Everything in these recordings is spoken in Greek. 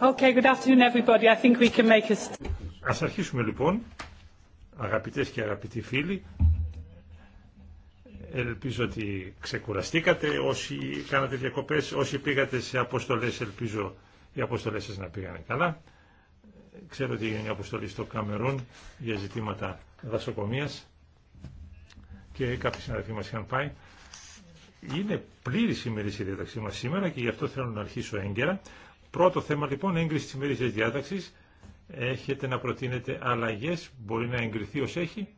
Okay, good afternoon everybody. I think we can make a... Ας αρχίσουμε λοιπόν, αγαπητές και αγαπητοί φίλοι. Ελπίζω ότι ξεκουραστήκατε όσοι κάνατε διακοπές, όσοι πήγατε σε αποστολές, ελπίζω οι αποστολές σας να πήγανε καλά. Ξέρω ότι είναι μια αποστολή στο Καμερούν για ζητήματα δασοκομείας και κάποιοι συναδελφοί μας είχαν πάει. Είναι πλήρη η ημερήσια διαταξή μα σήμερα και γι' αυτό θέλω να αρχίσω έγκαιρα. Πρώτο θέμα λοιπόν, έγκριση της ημερήσιας διάταξης. Έχετε να προτείνετε αλλαγές, μπορεί να εγκριθεί ως έχει.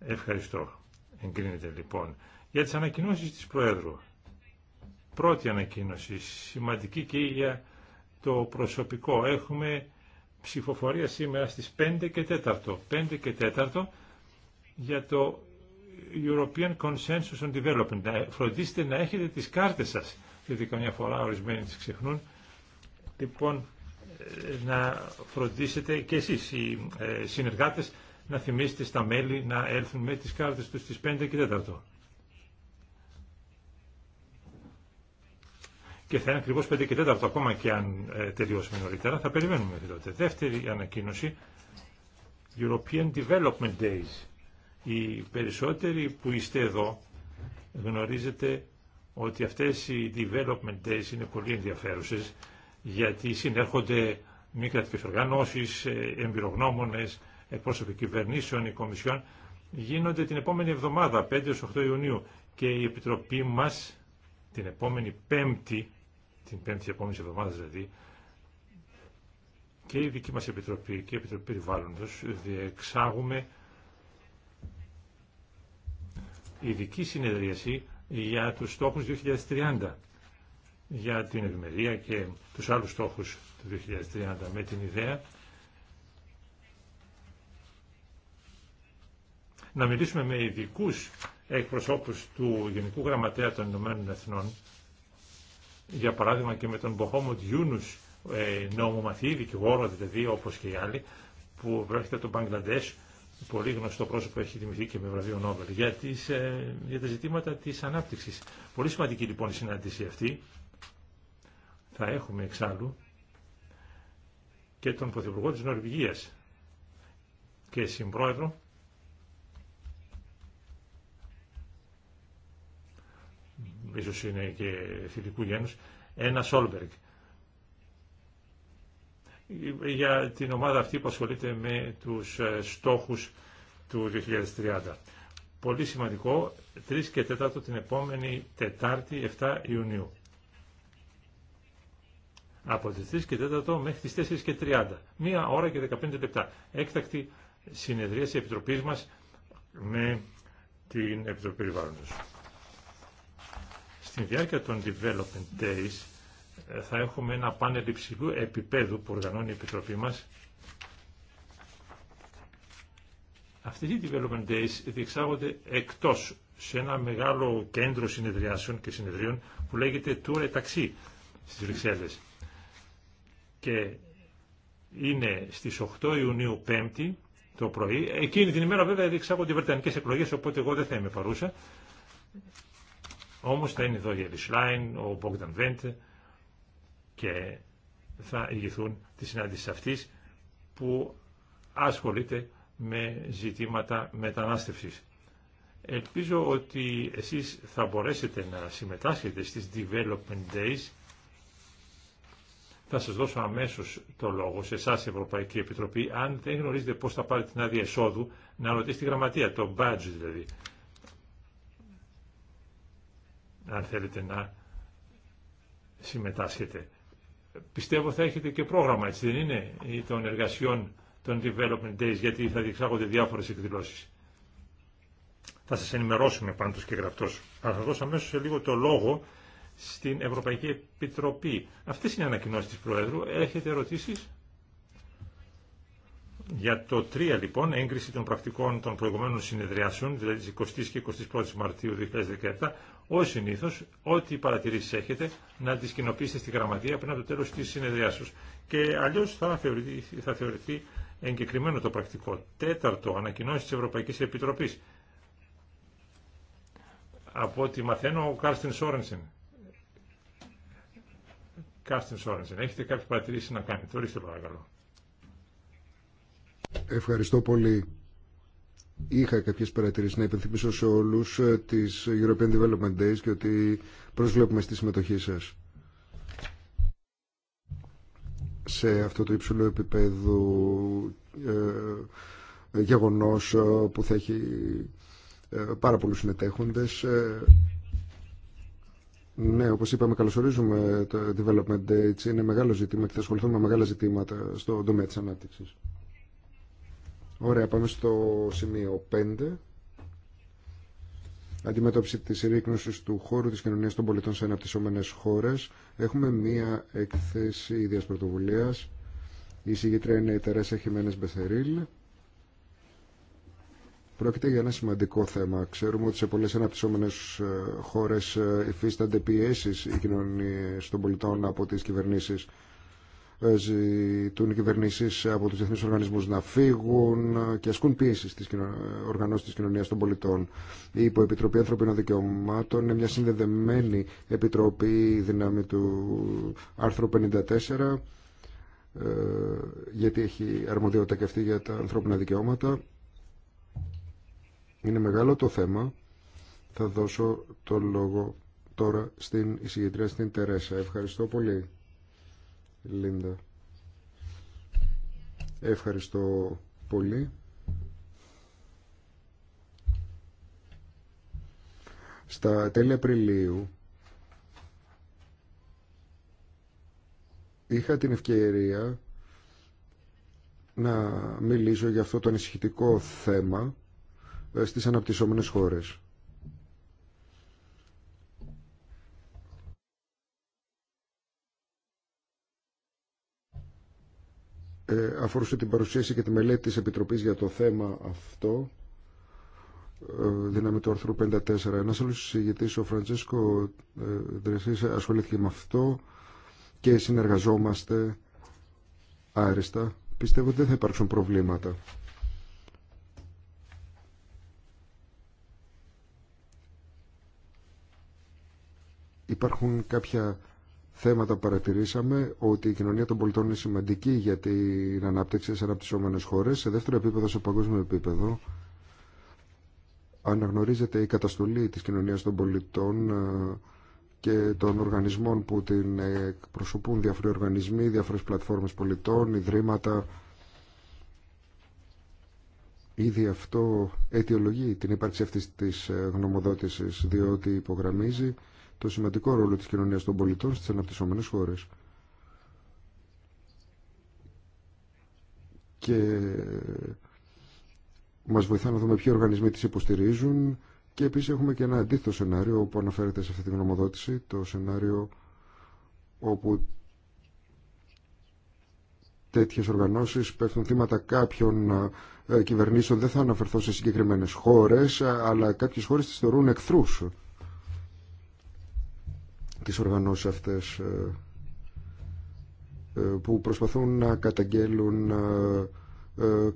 Ευχαριστώ. Εγκρίνεται λοιπόν. Για τις ανακοινώσεις της Προέδρου. Πρώτη ανακοίνωση, σημαντική και για το προσωπικό. Έχουμε ψηφοφορία σήμερα στις 5 και 4. 5 και 4 για το European Consensus on Development. φροντίστε να έχετε τις κάρτες σας, γιατί καμιά φορά ορισμένοι τις ξεχνούν λοιπόν να φροντίσετε και εσείς οι ε, συνεργάτες να θυμίσετε στα μέλη να έλθουν με τις κάρτες τους στις 5 και 4. Και θα είναι ακριβώς 5 και 4 ακόμα και αν ε, τελειώσουμε νωρίτερα. Θα περιμένουμε τότε. Δηλαδή. Δεύτερη ανακοίνωση. European Development Days. Οι περισσότεροι που είστε εδώ γνωρίζετε ότι αυτές οι Development Days είναι πολύ ενδιαφέρουσες γιατί συνέρχονται μη κρατικέ οργανώσει, ε, εμπειρογνώμονε, ε, εκπρόσωποι κυβερνήσεων, οι κομισιόν. Γίνονται την επόμενη εβδομάδα, 5-8 Ιουνίου, και η Επιτροπή μα την επόμενη Πέμπτη, την Πέμπτη επόμενη εβδομάδα δηλαδή, και η δική μα Επιτροπή και η Επιτροπή Περιβάλλοντος διεξάγουμε ειδική συνεδρίαση για τους στόχους 2030 για την ευημερία και τους άλλους στόχους του 2030 με την ιδέα να μιλήσουμε με ειδικού εκπροσώπους του Γενικού Γραμματέα των Ηνωμένων Εθνών, για παράδειγμα και με τον Μποχόμοντ Γιούνους, ε, νομομαθή, δικηγόρο δηλαδή, όπως και οι άλλοι, που βρέχεται από τον Μπαγκλαντές, πολύ γνωστό πρόσωπο έχει δημιουργηθεί και με βραβείο Νόβελ, για, τις, ε, για τα ζητήματα της ανάπτυξης. Πολύ σημαντική λοιπόν η συνάντηση αυτή, θα έχουμε εξάλλου και τον Πρωθυπουργό της Νορβηγίας και συμπρόεδρο ίσως είναι και φιλικού γένους, ένα Σόλμπεργκ. Για την ομάδα αυτή που ασχολείται με τους ε, στόχους του 2030. Πολύ σημαντικό, 3 και 4 την επόμενη Τετάρτη 7 Ιουνίου από τις 3 και 4 μέχρι τις 4 και 30. Μία ώρα και 15 λεπτά. Έκτακτη συνεδρίαση επιτροπή Επιτροπής μας με την Επιτροπή Περιβάλλοντος. Στην διάρκεια των Development Days ε, θα έχουμε ένα πάνελ υψηλού επίπεδου που οργανώνει η Επιτροπή μας. Αυτοί οι Development Days διεξάγονται εκτός σε ένα μεγάλο κέντρο συνεδριάσεων και συνεδρίων που λέγεται Tour Taxi στις Βρυξέλλες και είναι στις 8 Ιουνίου το πρωί. Εκείνη την ημέρα βέβαια διεξάγονται οι Βρετανικές εκλογές, οπότε εγώ δεν θα είμαι παρούσα. Όμως θα είναι εδώ η Ελισλάιν, ο Μπόγκταν Βέντε και θα ηγηθούν τη συνάντηση αυτής που ασχολείται με ζητήματα μετανάστευσης. Ελπίζω ότι εσείς θα μπορέσετε να συμμετάσχετε στις Development Days θα σας δώσω αμέσως το λόγο σε εσά η Ευρωπαϊκή Επιτροπή. Αν δεν γνωρίζετε πώς θα πάρετε την άδεια εσόδου, να ρωτήσετε τη γραμματεία, το badge δηλαδή. Αν θέλετε να συμμετάσχετε. Πιστεύω θα έχετε και πρόγραμμα, έτσι δεν είναι, ή των εργασιών των Development Days, γιατί θα διεξάγονται διάφορες εκδηλώσεις. Θα σας ενημερώσουμε πάντως και γραπτός. Αλλά θα δώσω αμέσως σε λίγο το λόγο στην Ευρωπαϊκή Επιτροπή. Αυτές είναι οι ανακοινώσεις της Προέδρου. Έχετε ερωτήσεις? Για το 3 λοιπόν, έγκριση των πρακτικών των προηγουμένων συνεδριάσεων, δηλαδή της 20 και 21 Μαρτίου 2017, ως συνήθως, ό,τι παρατηρήσεις έχετε, να τις κοινοποιήσετε στη γραμματεία πριν από το τέλος της συνεδριάσεως. Και αλλιώς θα θεωρηθεί, θα θεωρηθεί εγκεκριμένο το πρακτικό. Τέταρτο, ανακοινώσεις της Ευρωπαϊκής Επιτροπής. Από ό,τι μαθαίνω, ο Κάρστιν Σόρενσεν Κάστιν Σόρενσεν, έχετε κάποιε παρατηρήσει να κάνετε. Ορίστε παρακαλώ. Ευχαριστώ πολύ. Είχα κάποιες παρατηρήσεις να υπενθυμίσω σε όλους ε, της European Development Days και ότι προσβλέπουμε στη συμμετοχή σας σε αυτό το υψηλό επίπεδο ε, γεγονός ε, που θα έχει ε, πάρα πολλούς συμμετέχοντες. Ναι, όπως είπαμε, καλωσορίζουμε το Development Dates. Είναι μεγάλο ζήτημα και θα ασχοληθούμε με μεγάλα ζητήματα στον τομέα της ανάπτυξης. Ωραία, πάμε στο σημείο 5. Αντιμετώπιση της ρίκνωσης του χώρου της κοινωνίας των πολιτών σε αναπτυσσόμενες χώρες. Έχουμε μία έκθεση ίδιας πρωτοβουλίας. Η συγγητρία είναι η Τερέσα Χιμένες Μπεθερίλ. Πρόκειται για ένα σημαντικό θέμα. Ξέρουμε ότι σε πολλές αναπτυσσόμενες ε, χώρες ε, υφίστανται πιέσεις οι κοινωνίε των πολιτών από τις κυβερνήσεις. Ε, ζητούν οι κυβερνήσεις από τους διεθνείς οργανισμούς να φύγουν και ασκούν πίεση στις οργανώσεις της κοινωνίας των πολιτών. Η Υποεπιτροπή Ανθρωπίνων Δικαιωμάτων είναι μια συνδεδεμένη επιτροπή δύναμη του άρθρου 54 γιατί έχει αρμοδιότητα και αυτή για τα ανθρώπινα δικαιώματα είναι μεγάλο το θέμα. Θα δώσω το λόγο τώρα στην εισηγητρία στην Τερέσα. Ευχαριστώ πολύ, Λίντα. Ευχαριστώ πολύ. Στα τέλη Απριλίου είχα την ευκαιρία να μιλήσω για αυτό το ανησυχητικό θέμα ε, στις αναπτυσσόμενες χώρες. Ε, αφορούσε την παρουσίαση και τη μελέτη της Επιτροπής για το θέμα αυτό ε, δύναμη του άρθρου 54. Ένας άλλος συζητητής, ο Φραντζέσκο ε, Δρεσής, ασχολήθηκε με αυτό και συνεργαζόμαστε άριστα. Πιστεύω ότι δεν θα υπάρξουν προβλήματα. Υπάρχουν κάποια θέματα που παρατηρήσαμε ότι η κοινωνία των πολιτών είναι σημαντική για την ανάπτυξη σε αναπτυσσόμενε χώρε. Σε δεύτερο επίπεδο, σε παγκόσμιο επίπεδο, αναγνωρίζεται η καταστολή της κοινωνίας των πολιτών ε, και των οργανισμών που την εκπροσωπούν διάφοροι οργανισμοί, διαφορε πλατφόρμες πολιτών, ιδρύματα. Ήδη αυτό αιτιολογεί την ύπαρξη αυτής της ε, γνωμοδότησης, διότι υπογραμμίζει το σημαντικό ρόλο της κοινωνίας των πολιτών στις αναπτυσσόμενες χώρες. Και μας βοηθά να δούμε ποιοι οργανισμοί τις υποστηρίζουν και επίσης έχουμε και ένα αντίθετο σενάριο που αναφέρεται σε αυτή τη γνωμοδότηση, το σενάριο όπου τέτοιες οργανώσεις πέφτουν θύματα κάποιων ε, κυβερνήσεων. Δεν θα αναφερθώ σε συγκεκριμένες χώρες, αλλά κάποιες χώρες τις θεωρούν εχθρούς τις οργανώσεις αυτές ε, ε, που προσπαθούν να καταγγέλουν ε,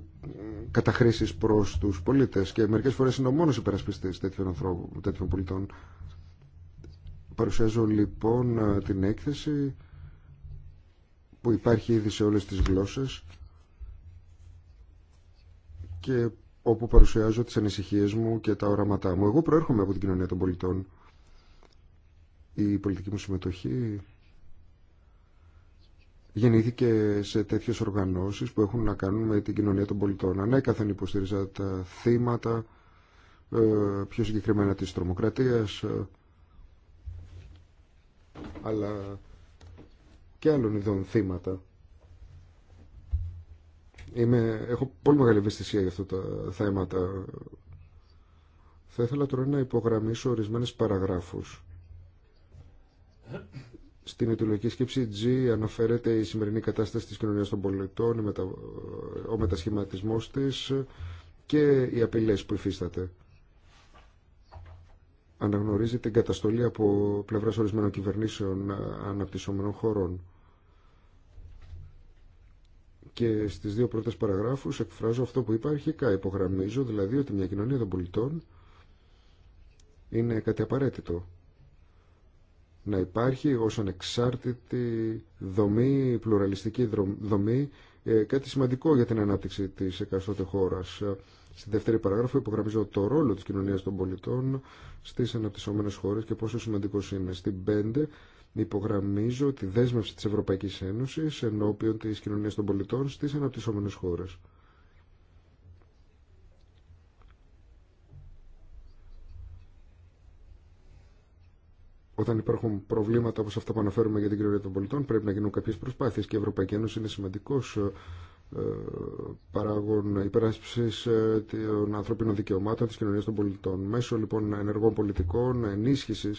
καταχρήσεις προς τους πολίτες και μερικές φορές είναι ο μόνος υπερασπιστής τέτοιων, ανθρώπων, τέτοιων πολιτών. Παρουσιάζω λοιπόν την έκθεση που υπάρχει ήδη σε όλες τις γλώσσες και όπου παρουσιάζω τις ανησυχίες μου και τα οραματά μου. Εγώ προέρχομαι από την κοινωνία των πολιτών η πολιτική μου συμμετοχή γεννήθηκε σε τέτοιες οργανώσεις που έχουν να κάνουν με την κοινωνία των πολιτών. Ανέκαθεν ναι, υποστήριζα τα θύματα, ε, πιο συγκεκριμένα της τρομοκρατίας, ε, αλλά και άλλων ειδών θύματα. Είμαι, έχω πολύ μεγάλη ευαισθησία για αυτά τα θέματα. Θα ήθελα τώρα να υπογραμμίσω ορισμένες παραγράφους στην ιδεολογική σκέψη G αναφέρεται η σημερινή κατάσταση της κοινωνίας των πολιτών, ο μετασχηματισμός της και οι απειλές που υφίσταται. Αναγνωρίζει την καταστολή από πλευράς ορισμένων κυβερνήσεων ε, αναπτυσσόμενων χωρών. Και στις δύο πρώτες παραγράφους εκφράζω αυτό που είπα αρχικά. Υπογραμμίζω δηλαδή ότι μια κοινωνία των πολιτών είναι κάτι απαραίτητο να υπάρχει ως ανεξάρτητη δομή, πλουραλιστική δομή, ε, κάτι σημαντικό για την ανάπτυξη της εκάστοτε χώρας. Στη δεύτερη παράγραφο υπογραμμίζω το ρόλο της κοινωνίας των πολιτών στις αναπτυσσόμενες χώρες και πόσο σημαντικός είναι. Στην πέντε υπογραμμίζω τη δέσμευση της Ευρωπαϊκής Ένωσης ενώπιον της κοινωνίας των πολιτών στις αναπτυσσόμενες χώρες. Όταν υπάρχουν προβλήματα όπω αυτά που αναφέρουμε για την κοινωνία των πολιτών, πρέπει να γίνουν κάποιε προσπάθειε και η Ευρωπαϊκή Ένωση είναι σημαντικό ε, ε, παράγων υπεράσπιση ε, των ανθρωπίνων δικαιωμάτων τη κοινωνία των πολιτών. Μέσω λοιπόν ενεργών πολιτικών, ενίσχυση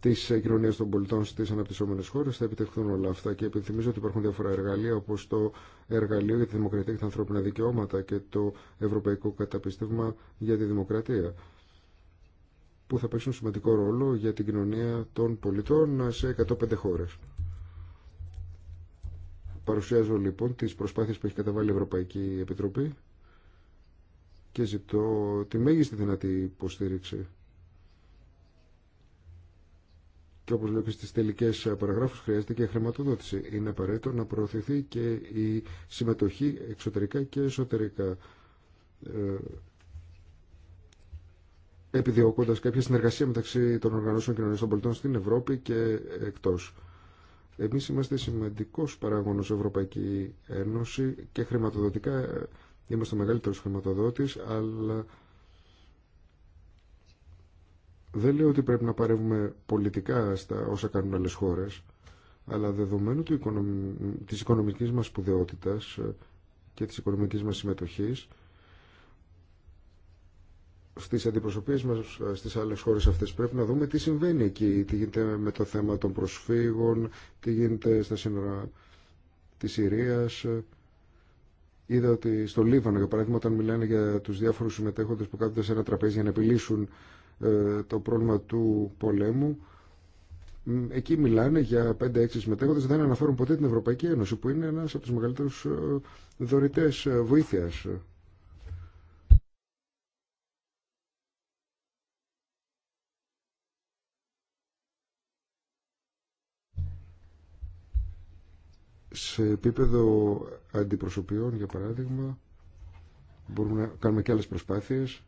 τη κοινωνία των πολιτών στι αναπτυσσόμενε χώρε θα επιτευχθούν όλα αυτά. Και επιθυμίζω ότι υπάρχουν διάφορα εργαλεία όπω το Εργαλείο για τη Δημοκρατία και τα Ανθρώπινα Δικαιώματα και το Ευρωπαϊκό Καταπίστευμα για τη Δημοκρατία που θα παίξουν σημαντικό ρόλο για την κοινωνία των πολιτών σε 105 χώρες. Παρουσιάζω λοιπόν τις προσπάθειες που έχει καταβάλει η Ευρωπαϊκή Επιτροπή και ζητώ τη μέγιστη δυνατή υποστήριξη. Και όπως λέω και στις τελικές παραγράφους χρειάζεται και χρηματοδότηση. Είναι απαραίτητο να προωθηθεί και η συμμετοχή εξωτερικά και εσωτερικά ε, επιδιώκοντα κάποια συνεργασία μεταξύ των οργανώσεων κοινωνία των πολιτών στην Ευρώπη και εκτό. Εμεί είμαστε σημαντικό παράγοντα Ευρωπαϊκή Ένωση και χρηματοδοτικά είμαστε ο μεγαλύτερο χρηματοδότη, αλλά δεν λέω ότι πρέπει να παρεύουμε πολιτικά στα όσα κάνουν άλλε χώρε, αλλά δεδομένου οικονομ... της οικονομικής μας και τη οικονομική μα συμμετοχή. Στι αντιπροσωπείε μα, ε, στι άλλε χώρε αυτέ Πρέπει να δούμε τι συμβαίνει εκεί, τι γίνεται με το θέμα των προσφύγων, τι γίνεται στα σύνορα τη Συρίας. Είδα ότι στο Λίβανο, για παράδειγμα, όταν μιλάνε για του διάφορου συμμετέχοντε που κάθονται σε ένα τραπέζι για να επιλύσουν ε, το πρόβλημα του πολέμου, εκεί μιλάνε για 5-6 συμμετέχοντες, δεν αναφέρουν ποτέ την Ευρωπαϊκή Ένωση, που είναι ένα από του μεγαλύτερου ε, δωρητέ βοήθεια. σε επίπεδο αντιπροσωπιών, για παράδειγμα, μπορούμε να κάνουμε και άλλες προσπάθειες.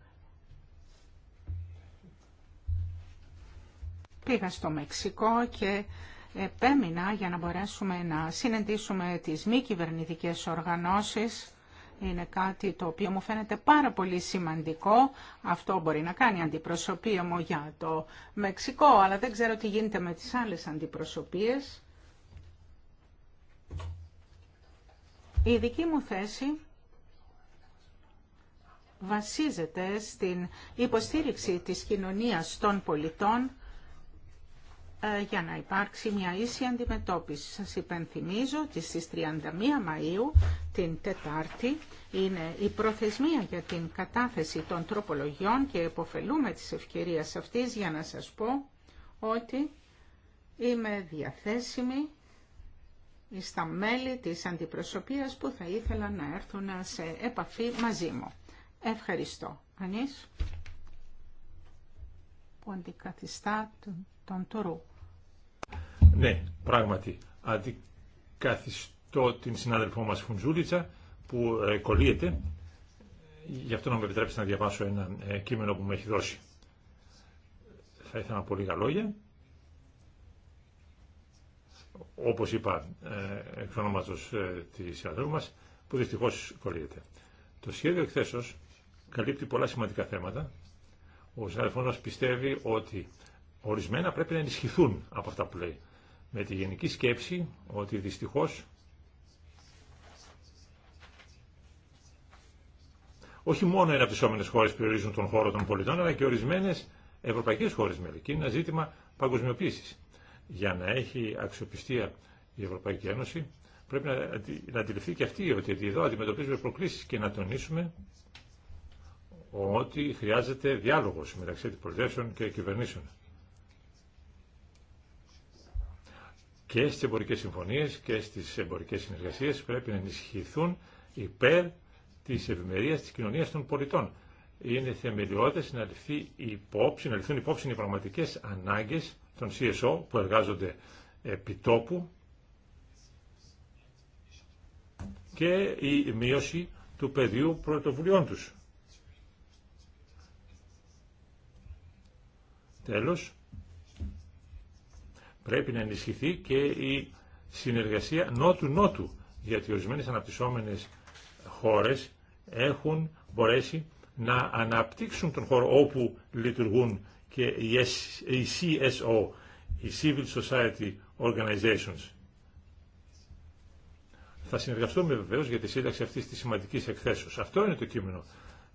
Πήγα στο Μεξικό και επέμεινα για να μπορέσουμε να συνεντήσουμε τις μη κυβερνητικέ οργανώσεις. Είναι κάτι το οποίο μου φαίνεται πάρα πολύ σημαντικό. Αυτό μπορεί να κάνει αντιπροσωπεία μου για το Μεξικό, αλλά δεν ξέρω τι γίνεται με τις άλλες αντιπροσωπείες. Η δική μου θέση βασίζεται στην υποστήριξη της κοινωνίας των πολιτών ε, για να υπάρξει μια ίση αντιμετώπιση. Σας υπενθυμίζω ότι στις 31 Μαΐου, την Τετάρτη, είναι η προθεσμία για την κατάθεση των τροπολογιών και υποφελούμε της ευκαιρίας αυτής για να σας πω ότι είμαι διαθέσιμη στα μέλη της αντιπροσωπείας που θα ήθελα να έρθουν σε επαφή μαζί μου. Ευχαριστώ. Ανής που αντικαθιστά τον, τον Τουρού. Ναι, πράγματι. Αντικαθιστώ την συνάδελφό μας Φουντζούλιτσα που ε, κολλείεται. Γι' αυτό να με επιτρέψει να διαβάσω ένα ε, κείμενο που μου έχει δώσει. Θα ήθελα να πω λίγα λόγια όπως είπα ε, εξ ονόματος ε, της αδρού μας, που δυστυχώς κολλείται. Το σχέδιο εκθέσεως καλύπτει πολλά σημαντικά θέματα. Ο συναδελφός πιστεύει ότι ορισμένα πρέπει να ενισχυθούν από αυτά που λέει. Με τη γενική σκέψη ότι δυστυχώς όχι μόνο οι αναπτυσσόμενες χώρες περιορίζουν τον χώρο των πολιτών, αλλά και ορισμένες ευρωπαϊκές χώρες με είναι ένα ζήτημα παγκοσμιοποίησης για να έχει αξιοπιστία η Ευρωπαϊκή Ένωση, πρέπει να αντιληφθεί και αυτή ότι εδώ αντιμετωπίζουμε προκλήσεις και να τονίσουμε ότι χρειάζεται διάλογος μεταξύ αντιπροσδέσεων και κυβερνήσεων. Και στις εμπορικές συμφωνίες και στις εμπορικές συνεργασίες πρέπει να ενισχυθούν υπέρ της ευημερίας της κοινωνίας των πολιτών. Είναι θεμελιώδες να, ληφθεί υπόψη, να ληφθούν υπόψη οι πραγματικές ανάγκες των CSO που εργάζονται επί τόπου και η μείωση του πεδίου πρωτοβουλειών τους. Τέλος, πρέπει να ενισχυθεί και η συνεργασία νότου-νότου, γιατί ορισμένες αναπτυσσόμενες χώρες έχουν μπορέσει να αναπτύξουν τον χώρο όπου λειτουργούν και οι CSO, η Civil Society Organizations. Θα συνεργαστούμε βεβαίως για τη σύνταξη αυτής της σημαντικής εκθέσεως. Αυτό είναι το κείμενο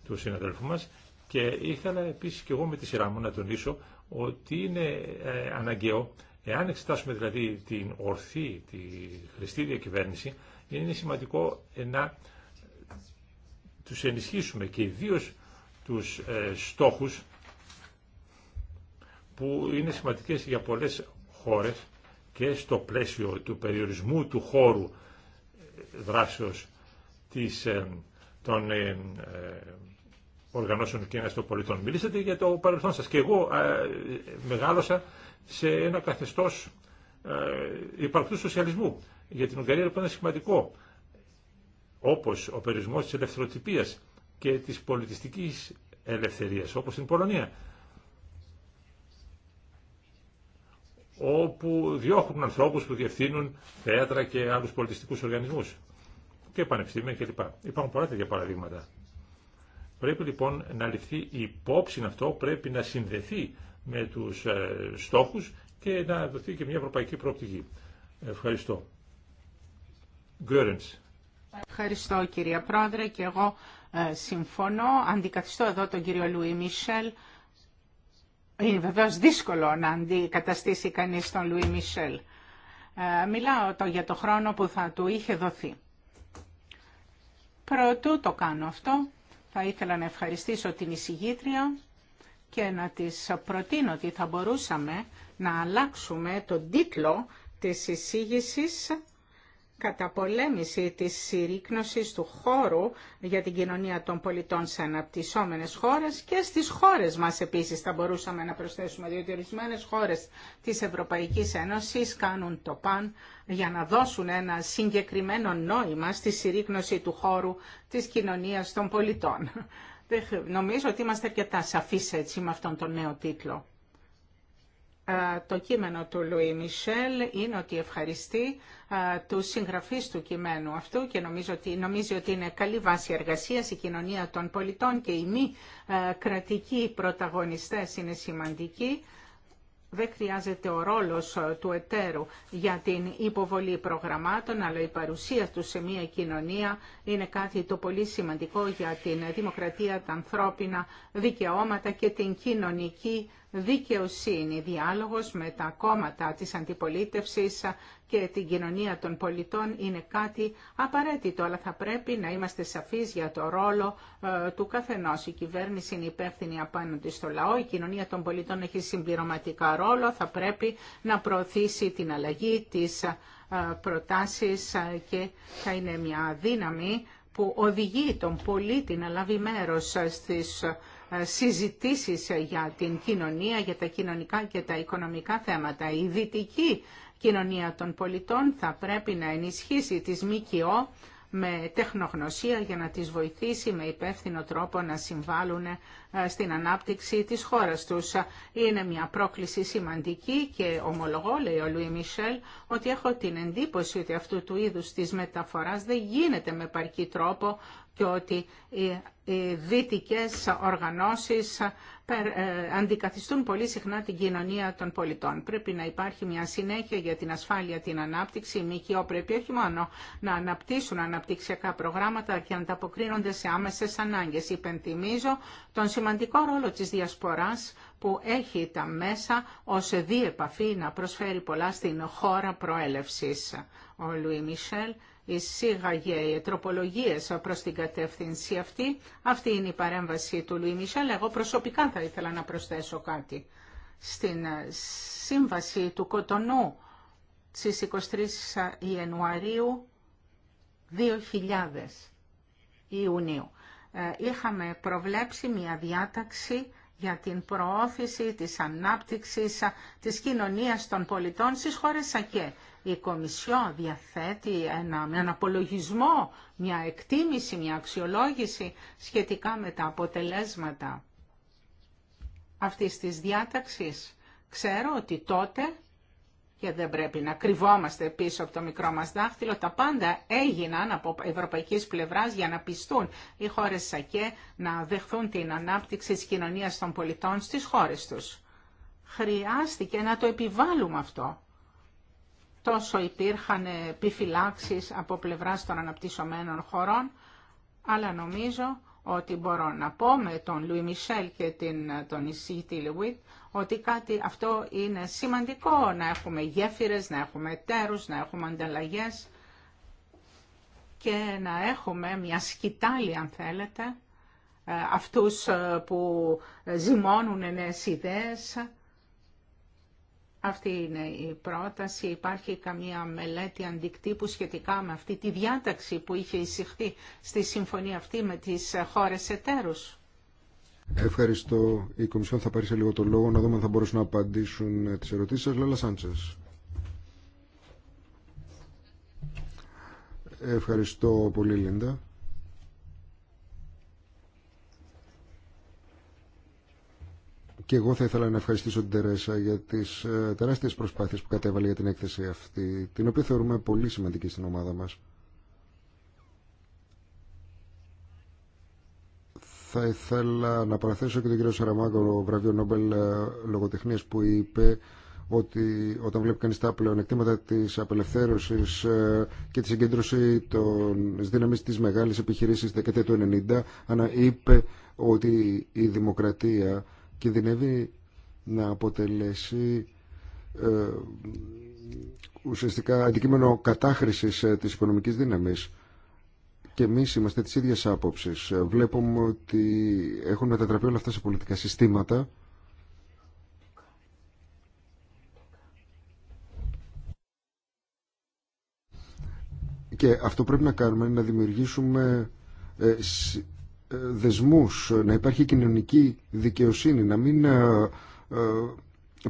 του συναδέλφου μας και ήθελα επίσης και εγώ με τη σειρά μου να τονίσω ότι είναι ε, αναγκαίο, εάν εξετάσουμε δηλαδή την ορθή, τη χρηστή διακυβέρνηση, είναι σημαντικό ε, να τους ενισχύσουμε και ιδίω τους ε, στόχους που είναι σημαντικές για πολλές χώρες και στο πλαίσιο του περιορισμού του χώρου ε, δράσεως της, ε, των ε, οργανώσεων και των πολιτών. Μιλήσατε για το παρελθόν σας και εγώ μεγάλωσα σε ένα καθεστώς υπαρκτού σοσιαλισμού. Για την Ουγγαρία λοιπόν είναι σημαντικό όπως ο περιορισμός της ελευθεροτυπίας και της πολιτιστικής ελευθερίας όπως στην Πολωνία. όπου διώχνουν ανθρώπους που διευθύνουν θέατρα και άλλους πολιτιστικούς οργανισμούς και πανεπιστήμια κλπ. Υπάρχουν πολλά τέτοια παραδείγματα. Πρέπει λοιπόν να ληφθεί υπόψη αυτό, πρέπει να συνδεθεί με τους ε, στόχους και να δοθεί και μια ευρωπαϊκή προοπτική. Ευχαριστώ. Γκέρενς. Ευχαριστώ κυρία Πρόεδρε και εγώ ε, συμφωνώ. Αντικαθιστώ εδώ τον κύριο Λουί Μισελ είναι βεβαίως δύσκολο να αντικαταστήσει κανείς τον Λουί Μισελ. Ε, μιλάω το για το χρόνο που θα του είχε δοθεί. Προτού το κάνω αυτό, θα ήθελα να ευχαριστήσω την εισηγήτρια και να της προτείνω ότι θα μπορούσαμε να αλλάξουμε τον τίτλο της εισήγησης καταπολέμηση της συρρήκνωσης του χώρου για την κοινωνία των πολιτών σε αναπτυσσόμενες χώρες και στις χώρες μας επίσης θα μπορούσαμε να προσθέσουμε, διότι ορισμένες χώρες της Ευρωπαϊκής Ένωσης κάνουν το παν για να δώσουν ένα συγκεκριμένο νόημα στη συρρήκνωση του χώρου της κοινωνίας των πολιτών. Νομίζω ότι είμαστε αρκετά σαφείς έτσι με αυτόν τον νέο τίτλο το κείμενο του Λουί Μισελ είναι ότι ευχαριστεί του συγγραφεί του κειμένου αυτού και νομίζω ότι, νομίζει ότι είναι καλή βάση εργασία, η κοινωνία των πολιτών και οι μη κρατικοί πρωταγωνιστές είναι σημαντικοί. Δεν χρειάζεται ο ρόλος του εταίρου για την υποβολή προγραμμάτων, αλλά η παρουσία του σε μια κοινωνία είναι κάτι το πολύ σημαντικό για την δημοκρατία, τα ανθρώπινα δικαιώματα και την κοινωνική δικαιοσύνη, διάλογος με τα κόμματα της αντιπολίτευσης και την κοινωνία των πολιτών είναι κάτι απαραίτητο, αλλά θα πρέπει να είμαστε σαφείς για το ρόλο ε, του καθενός. Η κυβέρνηση είναι υπεύθυνη τη στο λαό, η κοινωνία των πολιτών έχει συμπληρωματικά ρόλο, θα πρέπει να προωθήσει την αλλαγή της ε, προτάσεις ε, και θα είναι μια δύναμη που οδηγεί τον πολίτη να λάβει μέρος ε, στις ε, συζητήσεις για την κοινωνία, για τα κοινωνικά και τα οικονομικά θέματα. Η δυτική κοινωνία των πολιτών θα πρέπει να ενισχύσει τις ΜΚΟ με τεχνογνωσία για να τις βοηθήσει με υπεύθυνο τρόπο να συμβάλλουν ε, στην ανάπτυξη της χώρας τους. Είναι μια πρόκληση σημαντική και ομολογώ, λέει ο Λουί Μισελ, ότι έχω την εντύπωση ότι αυτού του είδους της μεταφοράς δεν γίνεται με παρκή τρόπο και ότι οι δυτικές οργανώσεις ε, αντικαθιστούν πολύ συχνά την κοινωνία των πολιτών. Πρέπει να υπάρχει μια συνέχεια για την ασφάλεια, την ανάπτυξη. Οι ΜΚΟ πρέπει όχι μόνο να αναπτύσσουν αναπτυξιακά προγράμματα και να ανταποκρίνονται σε άμεσε ανάγκε. Υπενθυμίζω τον σημαντικό ρόλο τη διασπορά που έχει τα μέσα ως διεπαφή να προσφέρει πολλά στην χώρα προέλευσης. Ο Λουί Μισελ εισήγαγε τροπολογίε προ την κατεύθυνση αυτή. Αυτή είναι η παρέμβαση του Λουί Μισελ. Εγώ προσωπικά θα ήθελα να προσθέσω κάτι. Στην ε, σύμβαση του Κοτονού στι 23 Ιανουαρίου 2000 Ιουνίου ε, είχαμε προβλέψει μια διάταξη για την προώθηση της ανάπτυξης της κοινωνίας των πολιτών στις χώρες ΑΚΕ. Η Κομισιό διαθέτει ένα, έναν απολογισμό, μια εκτίμηση, μια αξιολόγηση σχετικά με τα αποτελέσματα αυτής της διάταξης. Ξέρω ότι τότε και δεν πρέπει να κρυβόμαστε πίσω από το μικρό μας δάχτυλο. Τα πάντα έγιναν από ευρωπαϊκής πλευράς για να πιστούν οι χώρες ΣΑΚΕ να δεχθούν την ανάπτυξη της κοινωνίας των πολιτών στις χώρες τους. Χρειάστηκε να το επιβάλλουμε αυτό. Τόσο υπήρχαν επιφυλάξεις από πλευράς των αναπτυσσομένων χωρών, αλλά νομίζω ότι μπορώ να πω με τον Λουί Μισελ και τον Ισίτη Λουίτ ότι κάτι αυτό είναι σημαντικό να έχουμε γέφυρες, να έχουμε εταίρους, να έχουμε ανταλλαγέ και να έχουμε μια σκητάλη αν θέλετε ε, αυτούς ε, που ζυμώνουν νέες ιδέες. Αυτή είναι η πρόταση. Υπάρχει καμία μελέτη αντικτύπου σχετικά με αυτή τη διάταξη που είχε εισηχθεί στη συμφωνία αυτή με τις ε, χώρες εταίρους. Ευχαριστώ. Η Κομισιόν θα πάρει σε λίγο το λόγο να δούμε αν θα μπορέσουν να απαντήσουν ε, τις ερωτήσεις σας. Λέλα Σάντσες. Ευχαριστώ πολύ Λίντα. Και εγώ θα ήθελα να ευχαριστήσω την Τερέσα για τις ε, τεράστιες προσπάθειες που κατέβαλε για την έκθεση αυτή, την οποία θεωρούμε πολύ σημαντική στην ομάδα μας. Θα ήθελα να παραθέσω και τον κύριο Σαραμάκο, βραβείο Νόμπελ ε, λογοτεχνίας που είπε ότι όταν βλέπει κανείς τα πλεονεκτήματα της απελευθέρωσης ε, και τη συγκέντρωση των δύναμης της μεγάλης επιχειρήσης δεκαετία του 1990 είπε ότι η δημοκρατία κινδυνεύει να αποτελέσει ε, ουσιαστικά αντικείμενο κατάχρησης της οικονομικής δύναμης και εμεί είμαστε τη ίδια άποψη. Βλέπουμε ότι έχουν μετατραπεί όλα αυτά σε πολιτικά συστήματα. Και αυτό πρέπει να κάνουμε είναι να δημιουργήσουμε ε, ε, δεσμούς, να υπάρχει κοινωνική δικαιοσύνη, να μην ε,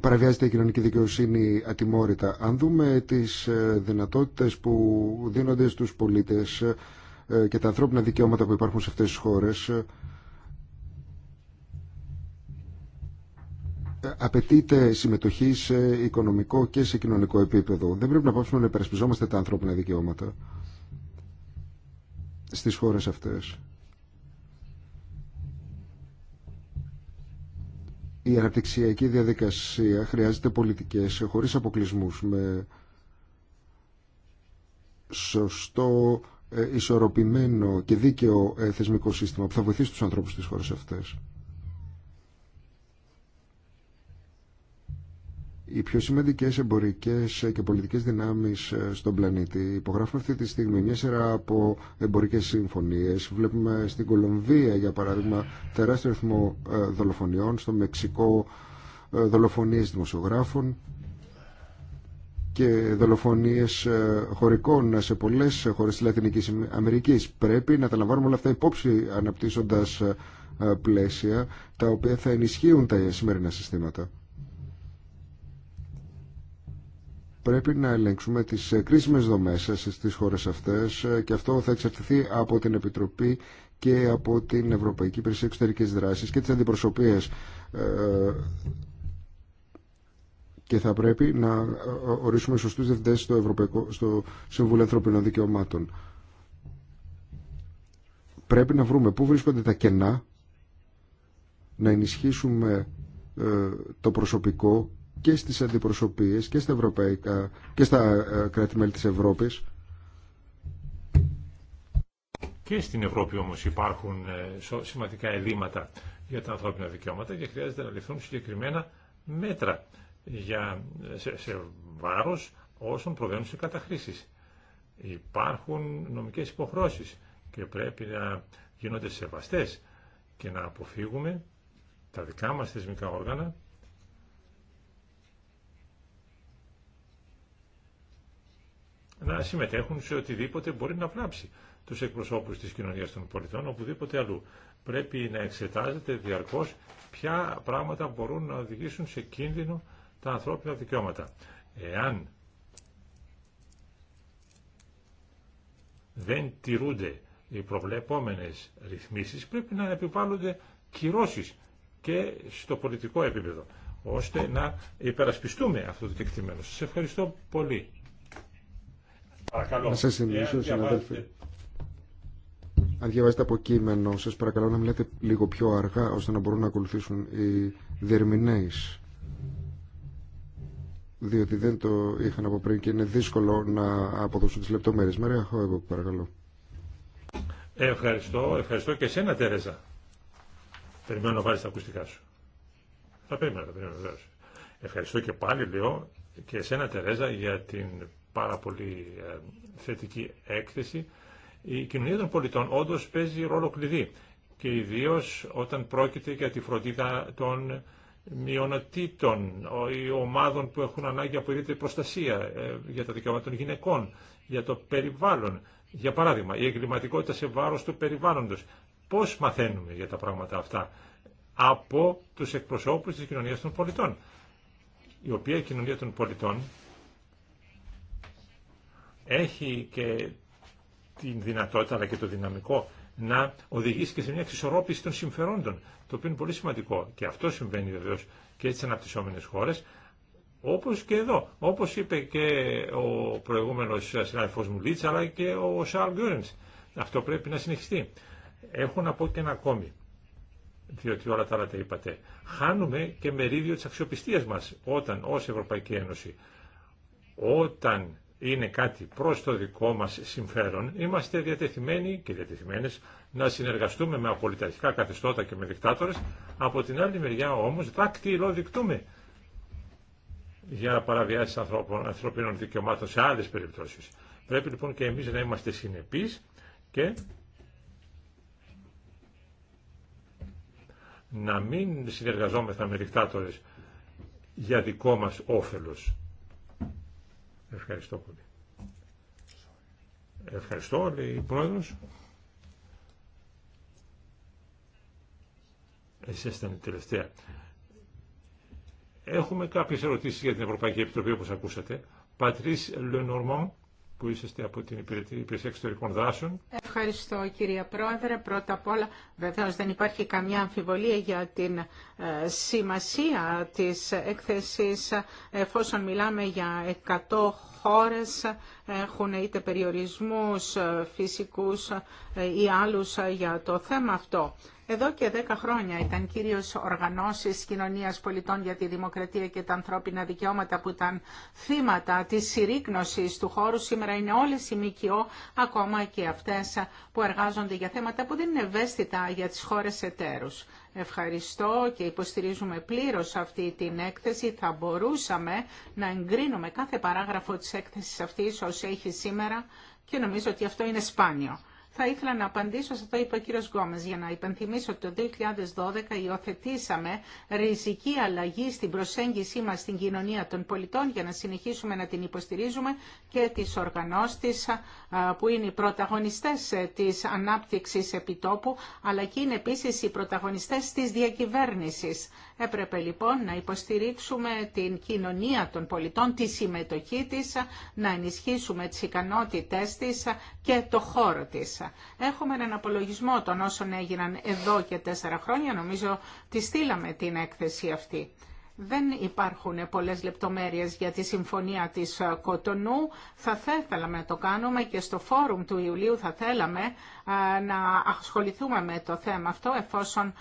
παραβιάζεται η κοινωνική δικαιοσύνη ατιμόρυτα. Αν δούμε τις δυνατότητες που δίνονται στους πολίτες ε, και τα ανθρώπινα δικαιώματα που υπάρχουν σε αυτές τις χώρες ε, απαιτείται συμμετοχή σε οικονομικό και σε κοινωνικό επίπεδο. Δεν πρέπει να πάψουμε να υπερασπιζόμαστε τα ανθρώπινα δικαιώματα στις χώρες αυτές. Η αναπτυξιακή διαδικασία χρειάζεται πολιτικές χωρίς αποκλεισμούς με σωστό ε, ισορροπημένο και δίκαιο ε, θεσμικό σύστημα που θα βοηθήσει τους ανθρώπους στις χώρες αυτές. Οι πιο σημαντικές εμπορικές ε, και πολιτικές δυνάμεις στον πλανήτη υπογράφουν αυτή τη στιγμή μια σειρά από εμπορικές συμφωνίες. Βλέπουμε στην Κολομβία, για παράδειγμα, τεράστιο ρυθμό δολοφονιών, στο Μεξικό δολοφονίες δημοσιογράφων, και δολοφονίες ε, χωρικών ε, σε πολλές χώρες της Λατινικής Αμερικής. Πρέπει να τα λαμβάνουμε όλα αυτά υπόψη αναπτύσσοντας ε, πλαίσια τα οποία θα ενισχύουν τα σημερινά συστήματα. Πρέπει να ελέγξουμε τις κρίσιμες δομές στις χώρες αυτές και αυτό θα εξαρτηθεί από την Επιτροπή και από την Ευρωπαϊκή Υπηρεσία Εξωτερικής Δράσης και τις αντιπροσωπείες και θα πρέπει να ε, ε, ορίσουμε σωστού διευθυντέ στο, Ευρωπαϊκό, στο Συμβούλιο Ανθρωπινών Δικαιωμάτων. Πρέπει να βρούμε πού βρίσκονται τα κενά, να ενισχύσουμε ε, το προσωπικό και στις αντιπροσωπείες και στα, ευρωπαϊκά, και στα κράτη-μέλη της Ευρώπης. Και στην Ευρώπη όμως υπάρχουν σημαντικά ελλείμματα για τα ανθρώπινα δικαιώματα και χρειάζεται να ληφθούν συγκεκριμένα μέτρα για, σε, σε βάρος όσων προβαίνουν σε καταχρήσεις. Υπάρχουν νομικές υποχρώσεις και πρέπει να γίνονται σεβαστές και να αποφύγουμε τα δικά μας θεσμικά όργανα να συμμετέχουν σε οτιδήποτε μπορεί να βλάψει τους εκπροσώπους της κοινωνίας των πολιτών οπουδήποτε αλλού. Πρέπει να εξετάζεται διαρκώς ποια πράγματα μπορούν να οδηγήσουν σε κίνδυνο τα ανθρώπινα δικαιώματα. Εάν δεν τηρούνται οι προβλεπόμενες ρυθμίσεις, πρέπει να επιβάλλονται κυρώσεις και στο πολιτικό επίπεδο, ώστε να υπερασπιστούμε αυτό το κεκτημένο. Σας ευχαριστώ πολύ. Παρακαλώ. Να σας Αν διαβάζετε από κείμενο, σας παρακαλώ να μιλάτε λίγο πιο αργά, ώστε να μπορούν να ακολουθήσουν οι διερμηνέεις διότι δεν το είχαν από πριν και είναι δύσκολο να αποδώσουν τις λεπτομέρειες. Μαρία εγώ παρακαλώ. Ευχαριστώ, ευχαριστώ και εσένα Τέρεζα. Περιμένω να βάλεις τα ακουστικά σου. Θα περίμενω, θα περίμενω. Ευχαριστώ και πάλι λέω και εσένα Τερέζα για την πάρα πολύ ε, θετική έκθεση. Η κοινωνία των πολιτών όντω παίζει ρόλο κλειδί και ιδίω όταν πρόκειται για τη φροντίδα των μειονοτήτων, οι ομάδων που έχουν ανάγκη από ιδιαίτερη προστασία ε, για τα δικαιώματα των γυναικών, για το περιβάλλον. Για παράδειγμα, η εγκληματικότητα σε βάρος του περιβάλλοντος. Πώς μαθαίνουμε για τα πράγματα αυτά από τους εκπροσώπους της κοινωνίας των πολιτών, η οποία η κοινωνία των πολιτών έχει και την δυνατότητα αλλά και το δυναμικό να οδηγήσει και σε μια εξισορρόπηση των συμφερόντων, το οποίο είναι πολύ σημαντικό. Και αυτό συμβαίνει βεβαίω και στι αναπτυσσόμενε χώρε, όπω και εδώ. Όπω είπε και ο προηγούμενο συνάδελφο μου αλλά και ο Σαρλ Γκούρεν. Αυτό πρέπει να συνεχιστεί. Έχω να πω και ένα ακόμη, διότι όλα τα άλλα τα είπατε. Χάνουμε και μερίδιο τη αξιοπιστία μα όταν ω Ευρωπαϊκή Ένωση, όταν είναι κάτι προς το δικό μας συμφέρον, είμαστε διατεθειμένοι και διατεθειμένες να συνεργαστούμε με απολυταρχικά καθεστώτα και με δικτάτορες, από την άλλη μεριά όμως δακτυλοδεικτούμε για παραβιάσει ανθρώπων, ανθρωπίνων δικαιωμάτων σε άλλες περιπτώσεις. Πρέπει λοιπόν και εμείς να είμαστε συνεπείς και να μην συνεργαζόμεθα με δικτάτορες για δικό μας όφελος. Ευχαριστώ πολύ. Ευχαριστώ, λέει η Πρόεδρος. Εσείς ήταν η τελευταία. Έχουμε κάποιες ερωτήσεις για την Ευρωπαϊκή Επιτροπή, όπως ακούσατε. Πατρίς Λενορμόν που είσαστε από την Υπηρεσία Εξωτερικών Δράσεων. Ευχαριστώ κύριε Πρόεδρε. Πρώτα απ' όλα βεβαίως δεν υπάρχει καμιά αμφιβολία για την ε, σημασία της έκθεσης εφόσον μιλάμε για 100 χώρες έχουν είτε περιορισμούς ε, φυσικούς ε, ή άλλους για το θέμα αυτό. Εδώ και δέκα χρόνια ήταν κυρίω οργανώσει Κοινωνία πολιτών για τη δημοκρατία και τα ανθρώπινα δικαιώματα που ήταν θύματα τη συρρήκνωση του χώρου. Σήμερα είναι όλες οι ΜΚΟ, ακόμα και αυτέ που εργάζονται για θέματα που δεν είναι ευαίσθητα για τι χώρε εταίρου. Ευχαριστώ και υποστηρίζουμε πλήρως αυτή την έκθεση. Θα μπορούσαμε να εγκρίνουμε κάθε παράγραφο της έκθεσης αυτής όσο έχει σήμερα και νομίζω ότι αυτό είναι σπάνιο. Θα ήθελα να απαντήσω σε αυτό είπε ο κύριος Γκόμες για να υπενθυμίσω ότι το 2012 υιοθετήσαμε ριζική αλλαγή στην προσέγγιση μας στην κοινωνία των πολιτών για να συνεχίσουμε να την υποστηρίζουμε και τις οργανώσεις που είναι οι πρωταγωνιστές ε, της ανάπτυξης επιτόπου αλλά και είναι επίσης οι πρωταγωνιστές της διακυβέρνησης. Έπρεπε λοιπόν να υποστηρίξουμε την κοινωνία των πολιτών, τη συμμετοχή της, να ενισχύσουμε τις ικανότητές της και το χώρο της. Έχουμε έναν απολογισμό των όσων έγιναν εδώ και τέσσερα χρόνια. Νομίζω τη στείλαμε την έκθεση αυτή. Δεν υπάρχουν πολλές λεπτομέρειες για τη συμφωνία της ε, Κοτονού. Θα θέλαμε να το κάνουμε και στο φόρουμ του Ιουλίου θα θέλαμε ε, να ασχοληθούμε με το θέμα αυτό εφόσον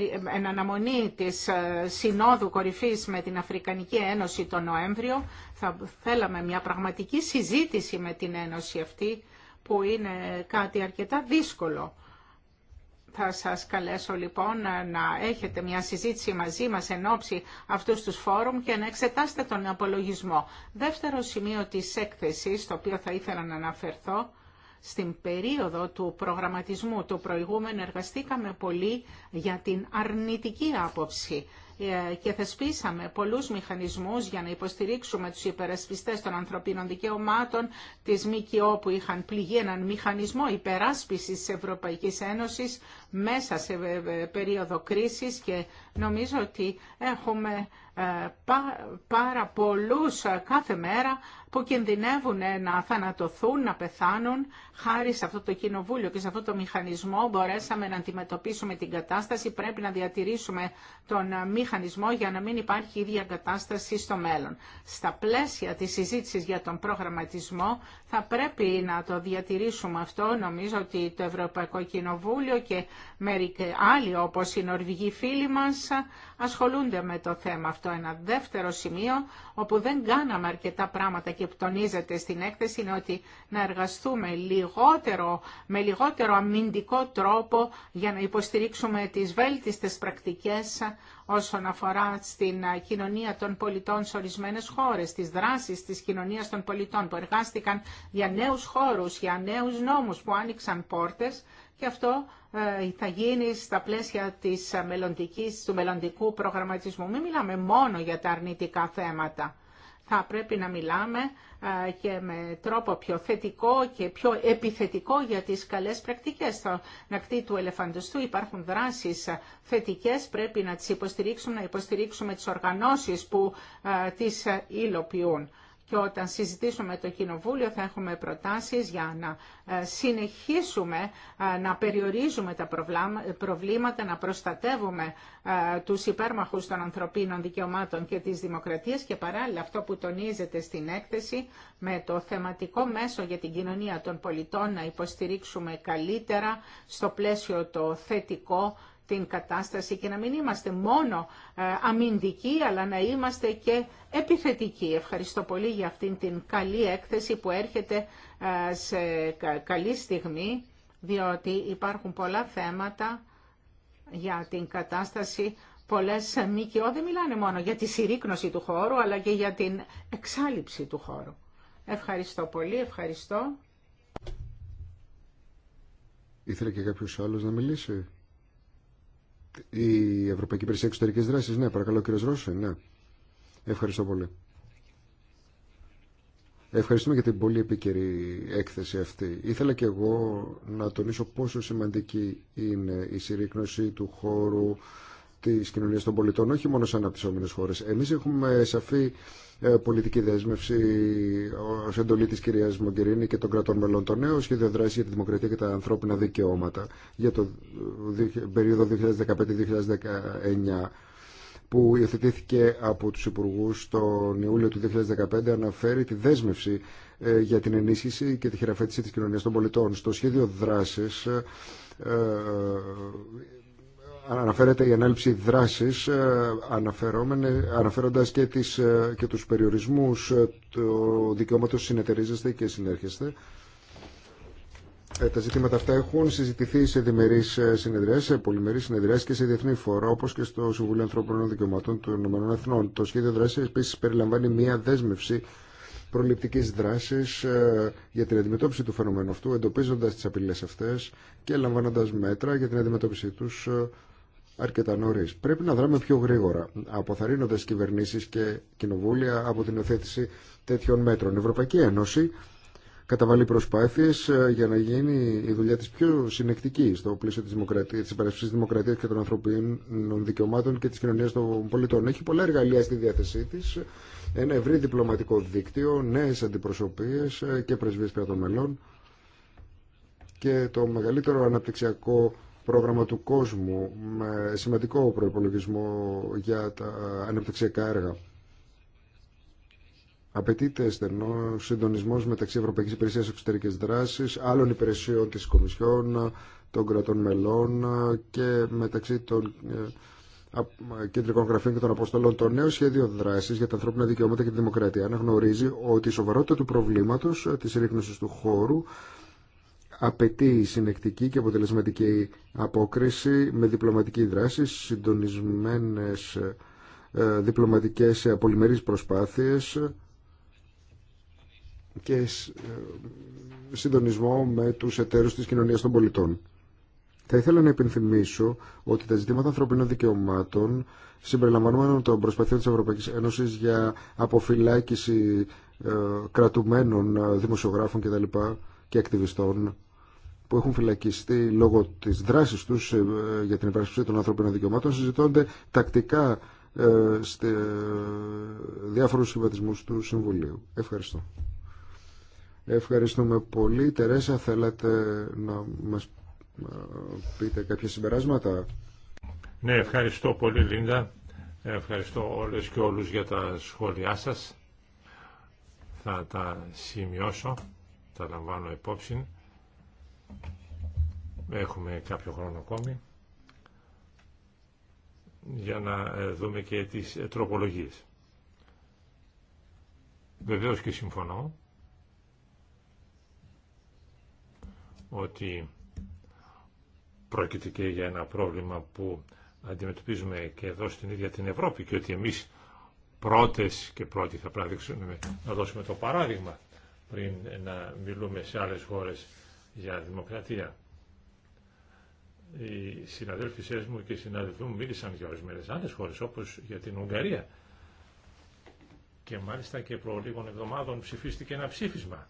ε, εν αναμονή της Συνόδου Κορυφής με την Αφρικανική Ένωση τον Νοέμβριο θα θέλαμε μια πραγματική συζήτηση με την Ένωση αυτή που είναι κάτι αρκετά δύσκολο θα σας καλέσω λοιπόν να έχετε μια συζήτηση μαζί μας εν ώψη αυτούς τους φόρουμ και να εξετάσετε τον απολογισμό. Δεύτερο σημείο της έκθεσης, το οποίο θα ήθελα να αναφερθώ, στην περίοδο του προγραμματισμού του προηγούμενου εργαστήκαμε πολύ για την αρνητική άποψη ε, και θεσπίσαμε πολλούς μηχανισμούς για να υποστηρίξουμε τους υπερασπιστές των ανθρωπίνων δικαιωμάτων της ΜΚΟ που είχαν πληγεί έναν μηχανισμό υπεράσπισης της Ευρωπαϊκής Ένωσης μέσα σε ε, ε, περίοδο κρίσης και νομίζω ότι έχουμε ε, πάρα πολλούς κάθε μέρα που κινδυνεύουν να θανατωθούν, να πεθάνουν. Χάρη σε αυτό το κοινοβούλιο και σε αυτό το μηχανισμό μπορέσαμε να αντιμετωπίσουμε την κατάσταση. Πρέπει να διατηρήσουμε τον μηχανισμό για να μην υπάρχει η ίδια κατάσταση στο μέλλον. Στα πλαίσια της συζήτησης για τον προγραμματισμό θα πρέπει να το διατηρήσουμε αυτό. Νομίζω ότι το Ευρωπαϊκό Κοινοβούλιο και μερικοί άλλοι όπως οι Νορβηγοί φίλοι μας ασχολούνται με το θέμα αυτό. Ένα δεύτερο σημείο όπου δεν κάναμε αρκετά πράγματα και πτονίζεται στην έκθεση είναι ότι να εργαστούμε λιγότερο, με λιγότερο αμυντικό τρόπο για να υποστηρίξουμε τις βέλτιστες πρακτικές όσον αφορά στην κοινωνία των πολιτών σε ορισμένε χώρε, τι δράσει τη κοινωνία των πολιτών που εργάστηκαν για νέου χώρου, για νέου νόμου που άνοιξαν πόρτε και αυτό ε, θα γίνει στα πλαίσια της του μελλοντικού προγραμματισμού. Μην μιλάμε μόνο για τα αρνητικά θέματα θα πρέπει να μιλάμε ε, και με τρόπο πιο θετικό και πιο επιθετικό για τις καλές πρακτικές. Στο νακτή του ελεφαντοστού υπάρχουν δράσεις θετικές, πρέπει να τις υποστηρίξουμε, να υποστηρίξουμε τις οργανώσεις που ε, τις υλοποιούν και όταν συζητήσουμε το Κοινοβούλιο θα έχουμε προτάσεις για να ε, συνεχίσουμε ε, να περιορίζουμε τα προβλήματα, να προστατεύουμε ε, τους υπέρμαχους των ανθρωπίνων δικαιωμάτων και της δημοκρατίας και παράλληλα αυτό που τονίζεται στην έκθεση με το θεματικό μέσο για την κοινωνία των πολιτών να υποστηρίξουμε καλύτερα στο πλαίσιο το θετικό την κατάσταση και να μην είμαστε μόνο ε, αμυντικοί, αλλά να είμαστε και επιθετικοί. Ευχαριστώ πολύ για αυτήν την καλή έκθεση που έρχεται ε, σε καλή στιγμή, διότι υπάρχουν πολλά θέματα για την κατάσταση. Πολλές ΜΚΟ δεν μιλάνε μόνο για τη συρρήκνωση του χώρου, αλλά και για την εξάλληψη του χώρου. Ευχαριστώ πολύ, ευχαριστώ. Ήθελε και κάποιος άλλος να μιλήσει. Η Ευρωπαϊκή Υπηρεσία Εξωτερικής Δράσης, ναι, παρακαλώ κύριε Ρώσο, ναι. Ευχαριστώ πολύ. Ευχαριστούμε για την πολύ επίκαιρη έκθεση αυτή. Ήθελα και εγώ να τονίσω πόσο σημαντική είναι η συρρήκνωση του χώρου Τη κοινωνία των πολιτών, όχι μόνο σε αναπτυσσόμενες χώρε. Εμεί έχουμε σαφή ε, πολιτική δέσμευση ω εντολή τη κυρία Μογκερίνη και των κρατών μελών. Το νέο σχέδιο δράση για τη δημοκρατία και τα ανθρώπινα δικαιώματα για το περίοδο 2015-2019 που υιοθετήθηκε από τους Υπουργούς τον Ιούλιο του 2015 αναφέρει τη δέσμευση ε, για την ενίσχυση και τη χειραφέτηση της κοινωνίας των πολιτών. Στο σχέδιο δράσης ε, αναφέρεται η ανάληψη δράσης ε, αναφέροντας και, τις, ε, και τους περιορισμούς ε, του δικαιώματος συνεταιρίζεστε και συνέρχεστε. Τα ζητήματα αυτά έχουν συζητηθεί σε διμερείς συνεδριές, σε πολυμερείς συνεδριές και σε διεθνή φόρα, όπως και στο Συμβούλιο Ανθρώπινων Δικαιωμάτων των ΗΠΑ. Εθνών. Το σχέδιο δράσης επίσης περιλαμβάνει μία δέσμευση προληπτικής δράσης για την αντιμετώπιση του φαινομένου αυτού, εντοπίζοντα τι απειλέ αυτέ και λαμβάνοντα μέτρα για την αντιμετώπιση τους αρκετά νωρί. Πρέπει να δράμε πιο γρήγορα, αποθαρρύνοντα κυβερνήσει και κοινοβούλια από την υιοθέτηση τέτοιων μέτρων. Η Ευρωπαϊκή Ένωση καταβάλει προσπάθειε ε, για να γίνει η δουλειά τη πιο συνεκτική στο πλαίσιο τη δημοκρατία, τη δημοκρατία και των ανθρωπίνων δικαιωμάτων και τη κοινωνία των πολιτών. Έχει πολλά εργαλεία στη διάθεσή τη, ένα ευρύ διπλωματικό δίκτυο, νέε αντιπροσωπείε ε, και πρεσβείε κρατών μελών και το μεγαλύτερο αναπτυξιακό πρόγραμμα του κόσμου με σημαντικό προϋπολογισμό για τα ανεπτυξιακά έργα. Απαιτείται στενό συντονισμό μεταξύ Ευρωπαϊκή Υπηρεσία Εξωτερική Δράση, άλλων υπηρεσιών τη Κομισιόν, των κρατών μελών και μεταξύ των ε, κεντρικών γραφείων και των αποστολών. Το νέο σχέδιο δράση για τα ανθρώπινα δικαιώματα και τη δημοκρατία αναγνωρίζει ότι η σοβαρότητα του προβλήματο ε, τη ρύθμιση του χώρου απαιτεί συνεκτική και αποτελεσματική απόκριση με διπλωματική δράση, συντονισμένες ε, διπλωματικές πολυμερείς προσπάθειες και ε, συντονισμό με τους εταίρους της κοινωνίας των πολιτών. Θα ήθελα να υπενθυμίσω ότι τα ζητήματα ανθρωπίνων δικαιωμάτων συμπεριλαμβανομένων των προσπαθειών της Ευρωπαϊκής Ένωσης για αποφυλάκηση ε, κρατουμένων δημοσιογράφων κτλ. και ακτιβιστών που έχουν φυλακιστεί λόγω της δράσης τους ε, για την υπερασπιστή των ανθρώπινων δικαιωμάτων συζητώνται τακτικά ε, σε διάφορου συμβατισμούς του Συμβουλίου. Ευχαριστώ. Ευχαριστούμε πολύ. Τερέσα, θέλατε να μα ε, πείτε κάποια συμπεράσματα. Ναι, ευχαριστώ πολύ Λίντα. Ευχαριστώ όλες και όλους για τα σχόλιά σας. Θα τα σημειώσω, τα λαμβάνω υπόψη. Έχουμε κάποιο χρόνο ακόμη για να ε, δούμε και τις ε, τροπολογίες. Βεβαίως και συμφωνώ ότι πρόκειται και για ένα πρόβλημα που αντιμετωπίζουμε και εδώ στην ίδια την Ευρώπη και ότι εμείς πρώτες και πρώτοι θα πρέπει να δώσουμε το παράδειγμα πριν να μιλούμε σε άλλες χώρες για δημοκρατία. Οι συναδέλφισέ μου και οι συναδελφοί μου μίλησαν για ορισμένε άλλε χώρε, όπω για την Ουγγαρία. Και μάλιστα και προ λίγων εβδομάδων ψηφίστηκε ένα ψήφισμα.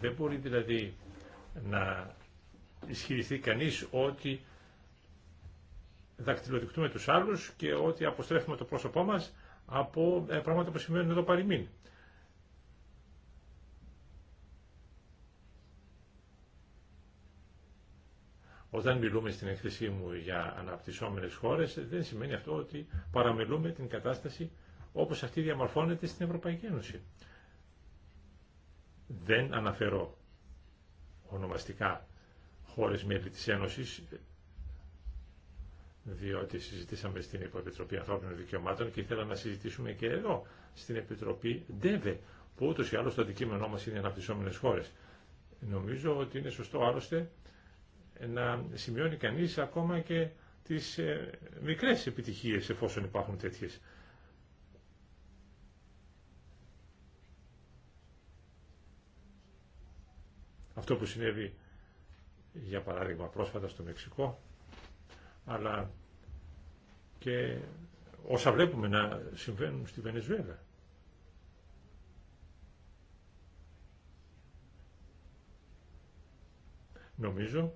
Δεν μπορεί δηλαδή να ισχυριστεί κανείς ότι δακτυλοδεικτούμε τους άλλους και ότι αποστρέφουμε το πρόσωπό μας από ε, πράγματα που συμβαίνουν εδώ παροιμήν. Όταν μιλούμε στην έκθεσή μου για αναπτυσσόμενες χώρες, δεν σημαίνει αυτό ότι παραμελούμε την κατάσταση όπως αυτή διαμορφώνεται στην Ευρωπαϊκή Ένωση. Δεν αναφέρω ονομαστικά χώρες μέλη της Ένωσης, διότι συζητήσαμε στην Υποεπιτροπή Ανθρώπινων Δικαιωμάτων και ήθελα να συζητήσουμε και εδώ, στην Επιτροπή ΔΕΒΕ, που ούτως ή άλλως το αντικείμενό μας είναι οι αναπτυσσόμενες χώρες. Νομίζω ότι είναι σωστό άλλωστε να σημειώνει κανείς ακόμα και τις ε, μικρές επιτυχίες εφόσον υπάρχουν τέτοιες. Αυτό που συνέβη για παράδειγμα πρόσφατα στο Μεξικό αλλά και όσα βλέπουμε να συμβαίνουν στη Βενεζουέλα. Νομίζω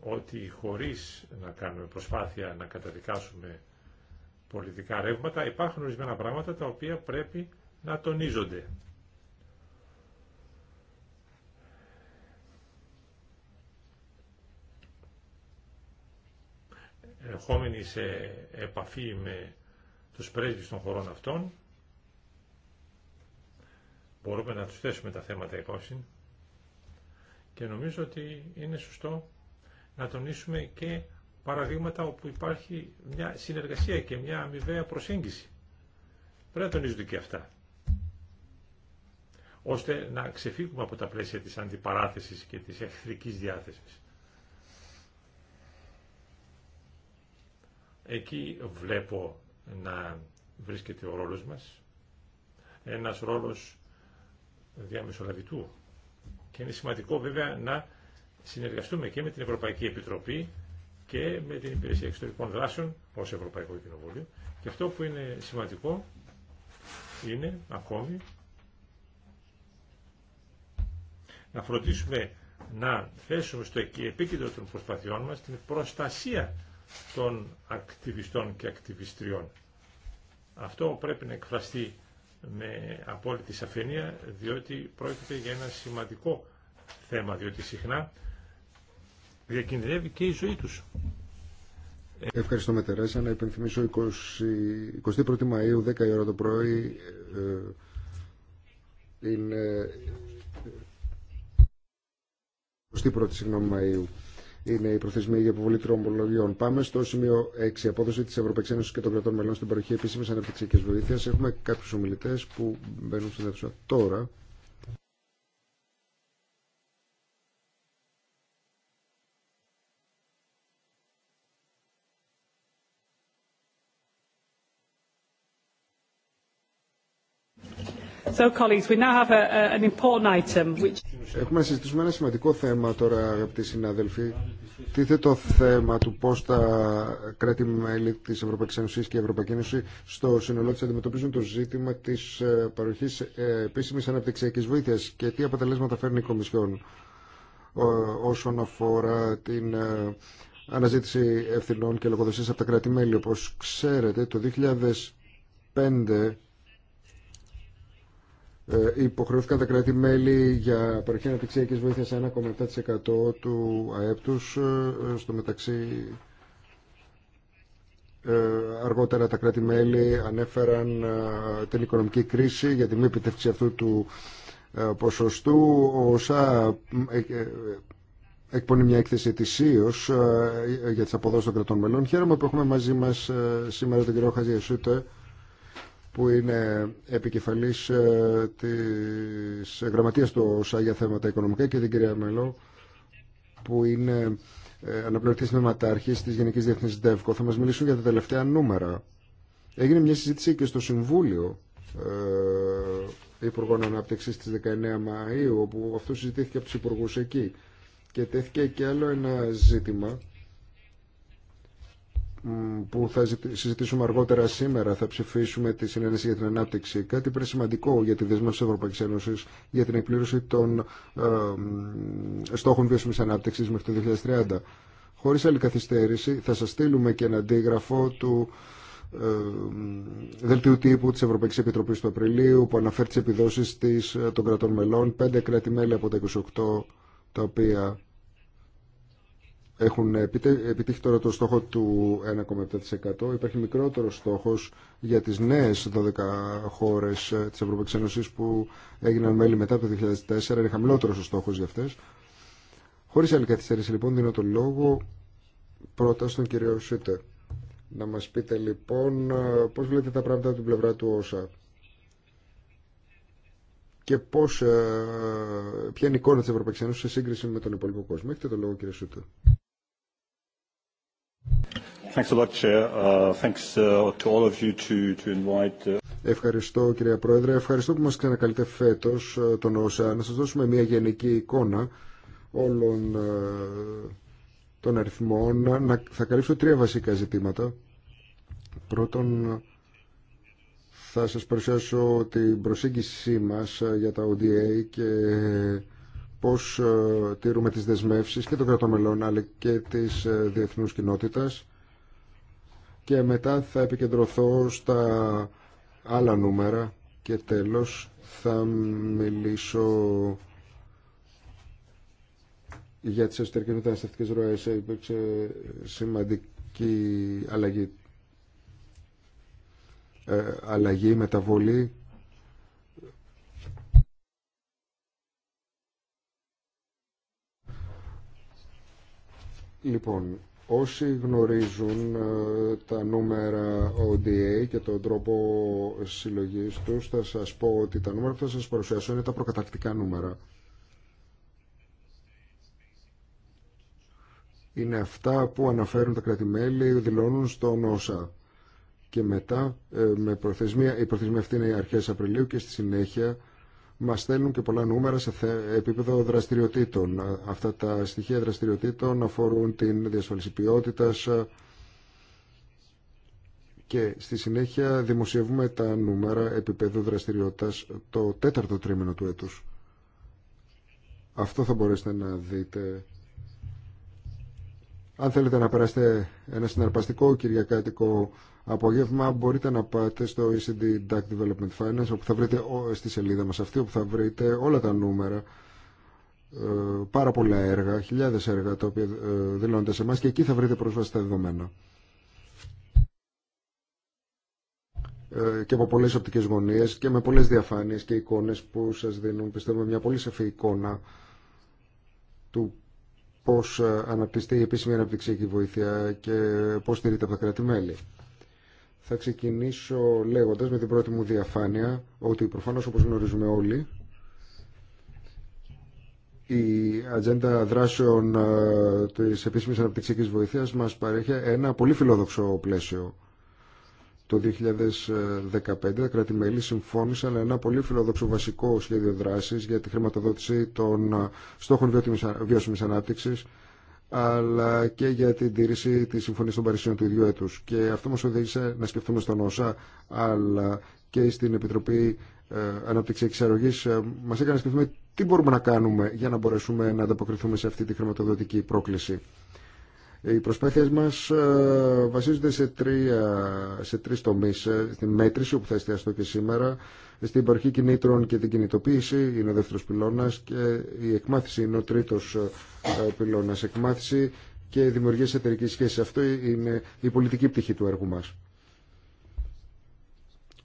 ότι χωρίς να κάνουμε προσπάθεια να καταδικάσουμε πολιτικά ρεύματα, υπάρχουν ορισμένα πράγματα τα οποία πρέπει να τονίζονται. ερχόμενοι σε επαφή με τους πρέσβεις των χωρών αυτών, μπορούμε να τους θέσουμε τα θέματα υπόψη και νομίζω ότι είναι σωστό να τονίσουμε και παραδείγματα όπου υπάρχει μια συνεργασία και μια αμοιβαία προσέγγιση. Πρέπει να τονίζονται και αυτά. Ώστε να ξεφύγουμε από τα πλαίσια της αντιπαράθεσης και της εχθρικής διάθεσης. Εκεί βλέπω να βρίσκεται ο ρόλος μας, ένας ρόλος διαμεσολαβητού. Και είναι σημαντικό βέβαια να συνεργαστούμε και με την Ευρωπαϊκή Επιτροπή και με την Υπηρεσία Εξωτερικών Δράσεων ως Ευρωπαϊκό Κοινοβούλιο. Και αυτό που είναι σημαντικό είναι ακόμη να φροντίσουμε να θέσουμε στο επίκεντρο των προσπαθειών μας την προστασία των ακτιβιστών και ακτιβιστριών. Αυτό πρέπει να εκφραστεί με απόλυτη σαφήνεια, διότι πρόκειται για ένα σημαντικό θέμα, διότι συχνά διακινδυνεύει και η ζωή του. Ευχαριστώ με Τερέσα. Να υπενθυμίσω 20, 21η Μαΐου, 10 η ώρα το πρωί, ε, ε, ε είναι 21η συγγνώμη Μαΐου. Είναι η προθεσμία για υποβολή τρομολογιών. Πάμε στο σημείο 6. Απόδοση τη Ευρωπαϊκή Ένωση και των κρατών μελών στην παροχή επίσημη αναπτυξιακή βοήθεια. Έχουμε κάποιου ομιλητέ που μπαίνουν στην αίθουσα τώρα. Έχουμε να συζητήσουμε ένα σημαντικό θέμα τώρα, αγαπητοί συνάδελφοι. Τίθε το θέμα του πώ τα κράτη-μέλη τη Ευρωπαϊκή Ένωση και η Ευρωπαϊκή Ένωση στο σύνολό τη αντιμετωπίζουν το ζήτημα τη ε, παροχή ε, επίσημη αναπτυξιακή βοήθεια και τι αποτελέσματα φέρνει η Κομισιόν ε, όσον αφορά την αναζήτηση ευθυνών και λογοδοσία από τα κράτη-μέλη. Όπω ξέρετε, το 2005 ε, υποχρεώθηκαν τα κράτη-μέλη για παροχή αναπτυξιακής βοήθεια 1,7% του ΑΕΠ του. Ε, στο μεταξύ, ε, αργότερα τα κράτη-μέλη ανέφεραν την οικονομική κρίση για τη μη επιτεύξη αυτού του ποσοστού. Ο ΣΑ εκπονεί μια έκθεση ετησίω για τις αποδόσεις των κρατών μελών. Χαίρομαι που έχουμε μαζί μας σήμερα τον κύριο Χαζιασούτε που είναι επικεφαλής ε, της γραμματείας του ΩΣΑ για θέματα οικονομικά και την κυρία Μελό που είναι ε, αναπληρωτής νεματάρχης της Γενικής Διεθνής ΔΕΒΚΟ. Θα μας μιλήσουν για τα τελευταία νούμερα. Έγινε μια συζήτηση και στο Συμβούλιο ε, Υπουργών Ανάπτυξη στις 19 Μαΐου όπου αυτό συζητήθηκε από τους υπουργού εκεί και τέθηκε και άλλο ένα ζήτημα που θα συζητήσουμε αργότερα σήμερα θα ψηφίσουμε τη συνένεση για την ανάπτυξη. Κάτι πρέπει σημαντικό για τη δεσμεύση τη Ευρωπαϊκή Ένωση για την εκπλήρωση των ε, στόχων βιωσιμής ανάπτυξης μέχρι το 2030. Χωρίς άλλη καθυστέρηση, θα σα στείλουμε και ένα αντίγραφο του ε, δελτίου τύπου τη Ευρωπαϊκή Επιτροπή του Απριλίου που αναφέρει τι επιδόσει ε, των κρατών μελών. Πέντε κράτη-μέλη από τα 28 τα οποία έχουν επιτύχει τώρα το στόχο του 1,7%. Υπάρχει μικρότερος στόχος για τις νέες 12 χώρες ε, της Ευρωπαϊκής Ένωσης που έγιναν μέλη μετά το 2004. Είναι χαμηλότερος ο στόχος για αυτές. Χωρίς άλλη καθυστέρηση λοιπόν δίνω το λόγο πρώτα στον κύριο Σούτε. Να μας πείτε λοιπόν ε, πώς βλέπετε τα πράγματα από την πλευρά του ΩΣΑ και πώς, ε, ποια είναι η εικόνα της Ευρωπαϊκής Ένωσης σε σύγκριση με τον υπόλοιπο κόσμο. Έχετε το λόγο κύριε Σούτε. Ευχαριστώ κύριε Πρόεδρε, ευχαριστώ που μας ξανακαλείτε φέτος uh, τον ΩΣΑ να σας δώσουμε μια γενική εικόνα όλων uh, των αριθμών. Να, θα καλύψω τρία βασικά ζητήματα. Πρώτον, θα σας παρουσιάσω την προσέγγιση μας uh, για τα ODA και πώς τηρούμε τις δεσμεύσεις και των κρατομελών αλλά και της διεθνούς κοινότητας και μετά θα επικεντρωθώ στα άλλα νούμερα και τέλος θα μιλήσω για τις εσωτερικές μεταναστευτικές ροές υπήρξε σημαντική αλλαγή ε, αλλαγή, μεταβολή Λοιπόν, Όσοι γνωρίζουν ε, τα νούμερα ODA και τον τρόπο συλλογής τους, θα σας πω ότι τα νούμερα που θα σας παρουσιάσω είναι τα προκαταρκτικά νούμερα. Είναι αυτά που αναφέρουν τα κράτη-μέλη, δηλώνουν στον ΩΣΑ. Και μετά, ε, με προθεσμία, η προθεσμία αυτή είναι οι αρχές Απριλίου και στη συνέχεια μας στέλνουν και πολλά νούμερα σε επίπεδο δραστηριοτήτων. Αυτά τα στοιχεία δραστηριοτήτων αφορούν την διασφαλίση και στη συνέχεια δημοσιεύουμε τα νούμερα επίπεδου δραστηριότητας το τέταρτο τρίμηνο του έτους. Αυτό θα μπορέσετε να δείτε αν θέλετε να περάσετε ένα συναρπαστικό κυριακάτικο απόγευμα, μπορείτε να πάτε στο ECD DAC Development Finance, όπου θα βρείτε στη σελίδα μας αυτή, όπου θα βρείτε όλα τα νούμερα, ε, πάρα πολλά έργα, χιλιάδες έργα, τα οποία ε, δηλώνονται σε εμά και εκεί θα βρείτε πρόσβαση στα δεδομένα. Ε, και από πολλές οπτικές γωνίες και με πολλές διαφάνειες και εικόνες που σας δίνουν, πιστεύω, μια πολύ σαφή εικόνα του πώς ε, αναπτυστεί η επίσημη αναπτυξιακή βοήθεια και πώς στηρείται από τα κράτη-μέλη. Θα ξεκινήσω λέγοντας με την πρώτη μου διαφάνεια ότι προφανώς όπως γνωρίζουμε όλοι η ατζέντα δράσεων ε, της επίσημης αναπτυξιακής βοήθειας μας παρέχει ένα πολύ φιλόδοξο πλαίσιο το 2015 τα κράτη-μέλη συμφώνησαν ένα πολύ φιλόδοξο βασικό σχέδιο δράσης για τη χρηματοδότηση των στόχων βιώσιμης ανάπτυξης αλλά και για την τήρηση της Συμφωνίας των Παρισιών του ίδιου έτους. Και αυτό μας οδήγησε να σκεφτούμε στον ΩΣΑ, αλλά και στην Επιτροπή ε, Αναπτυξιακής Αρρωγής. Ε, μας έκανε να σκεφτούμε τι μπορούμε να κάνουμε για να μπορέσουμε να ανταποκριθούμε σε αυτή τη χρηματοδοτική πρόκληση. Οι προσπάθειες μας ε, βασίζονται σε, τρία, σε τρεις τομείς. Ε, στην μέτρηση, όπου θα εστιαστώ και σήμερα, στην υπαρχή κινήτρων και την κινητοποίηση είναι ο δεύτερος πυλώνας και η εκμάθηση είναι ο τρίτος ε, πυλώνας. Εκμάθηση και δημιουργία εταιρική σχέση. Αυτό είναι η πολιτική πτυχή του έργου μας.